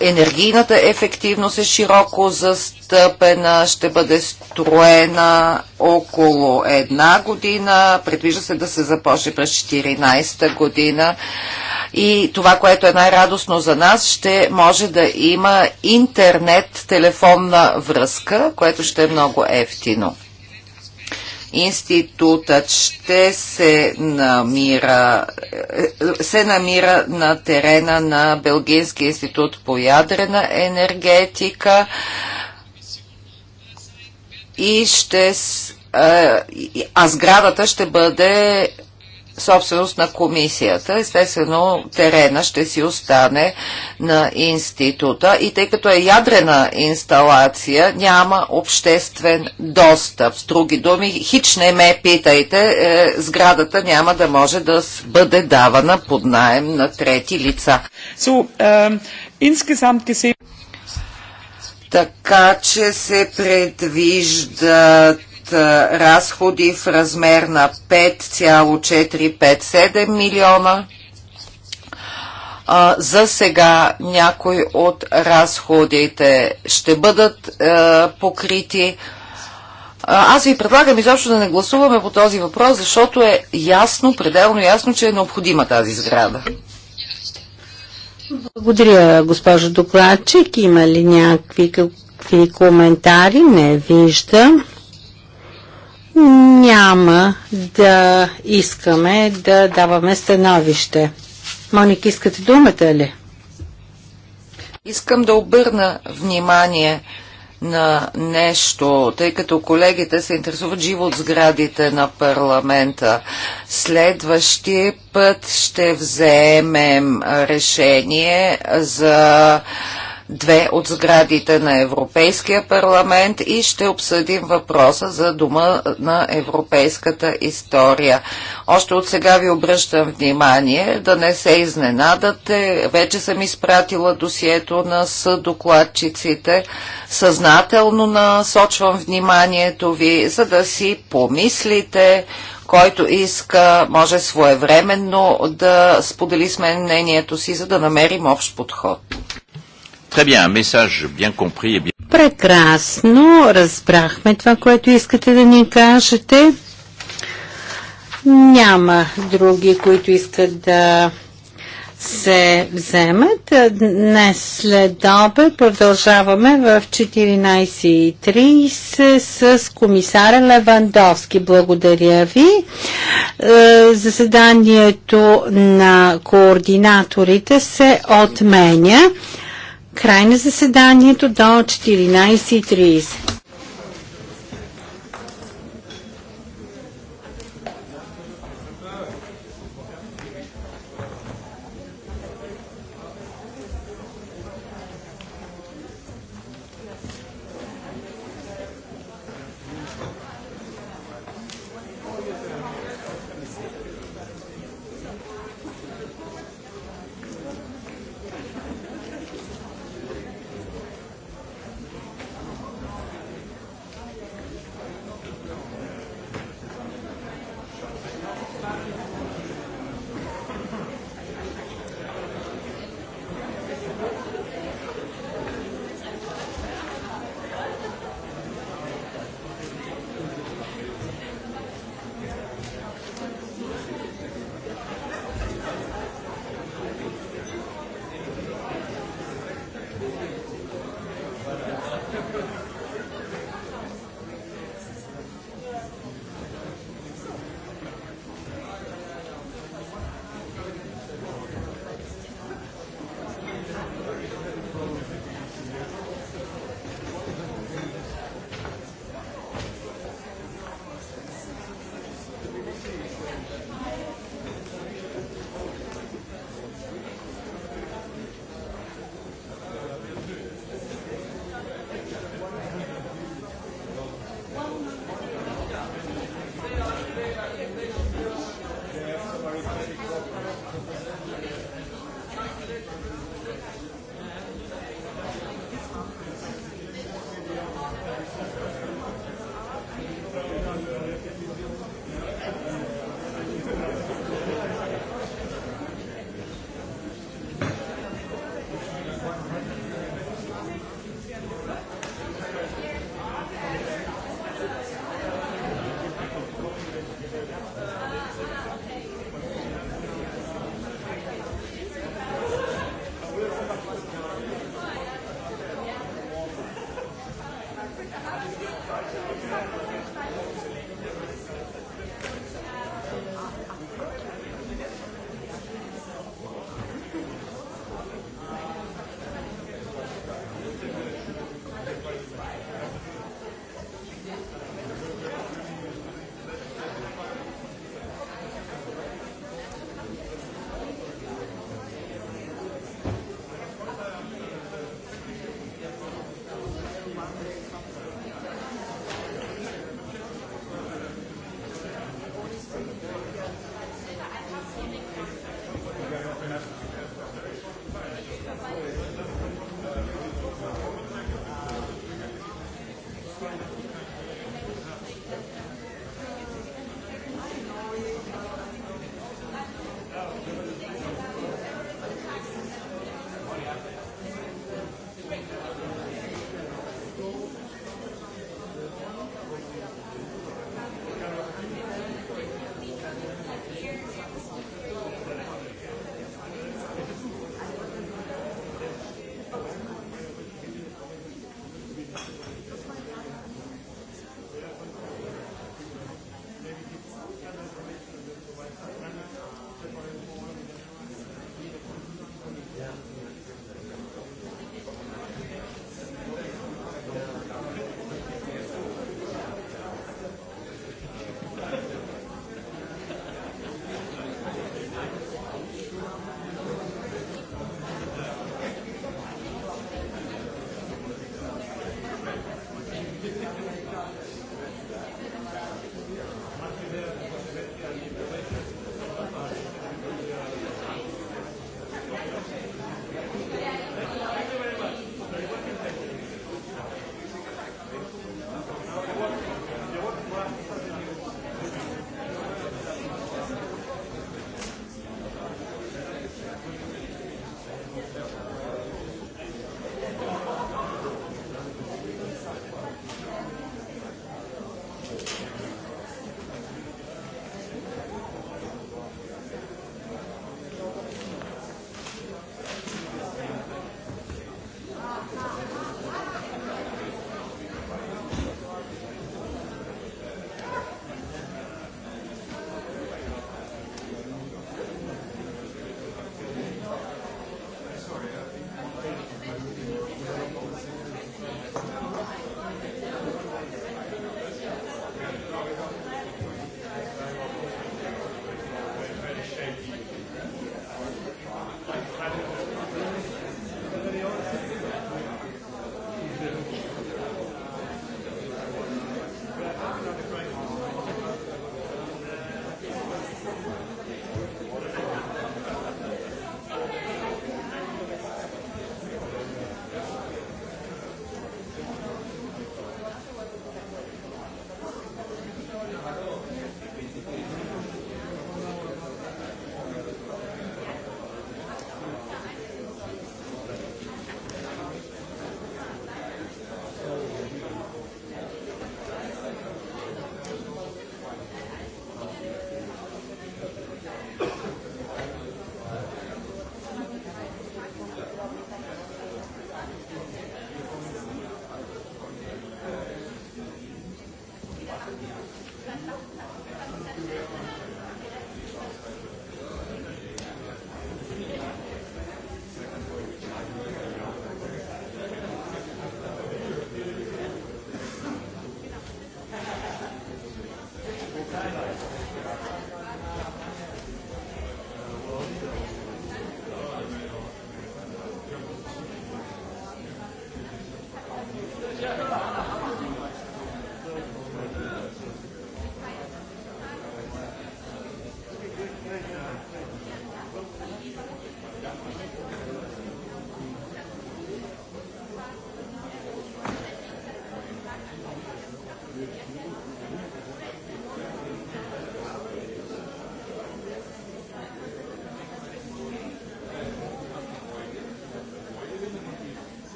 Speaker 2: енергийната ефективност е широко застъпена, ще бъде строена около една година, предвижда се да се започне през 14-та година и това, което е най-радостно за нас, ще може да има интернет телефонна връзка, което ще е много ефтино институтът ще се намира, е, се намира на терена на Белгийски институт по ядрена енергетика и ще е, а сградата ще бъде собственост на комисията. Естествено, терена ще си остане на института и тъй като е ядрена инсталация, няма обществен достъп. С други думи, хич не ме питайте, е, сградата няма да може да бъде давана под найем на трети лица. So, um, Така че се предвиждат разходи в размер на 5,457 милиона. за сега някои от разходите ще бъдат покрити. аз ви предлагам изобщо да не гласуваме по този въпрос, защото е ясно, пределно ясно, че е необходима тази сграда.
Speaker 1: Благодаря, госпожо докладчик. Има ли някакви коментари? Не виждам няма да искаме да даваме становище. Моник, искате думата ли?
Speaker 2: Искам да обърна внимание на нещо, тъй като колегите се интересуват живо от сградите на парламента. Следващия път ще вземем решение за две от сградите на Европейския парламент и ще обсъдим въпроса за Дома на европейската история. Още от сега ви обръщам внимание да не се изненадате. Вече съм изпратила досието на съдокладчиците. Съзнателно насочвам вниманието ви, за да си помислите, който иска, може своевременно да сподели с мен мнението си, за да намерим общ подход.
Speaker 1: Très bien, message bien compris et bien... Прекрасно, разбрахме това, което искате да ни кажете. Няма други, които искат да се вземат. Днес след обед продължаваме в 14.30 с комисаря Левандовски. Благодаря ви. Е, заседанието на координаторите се отменя. Край на заседанието до 14.30.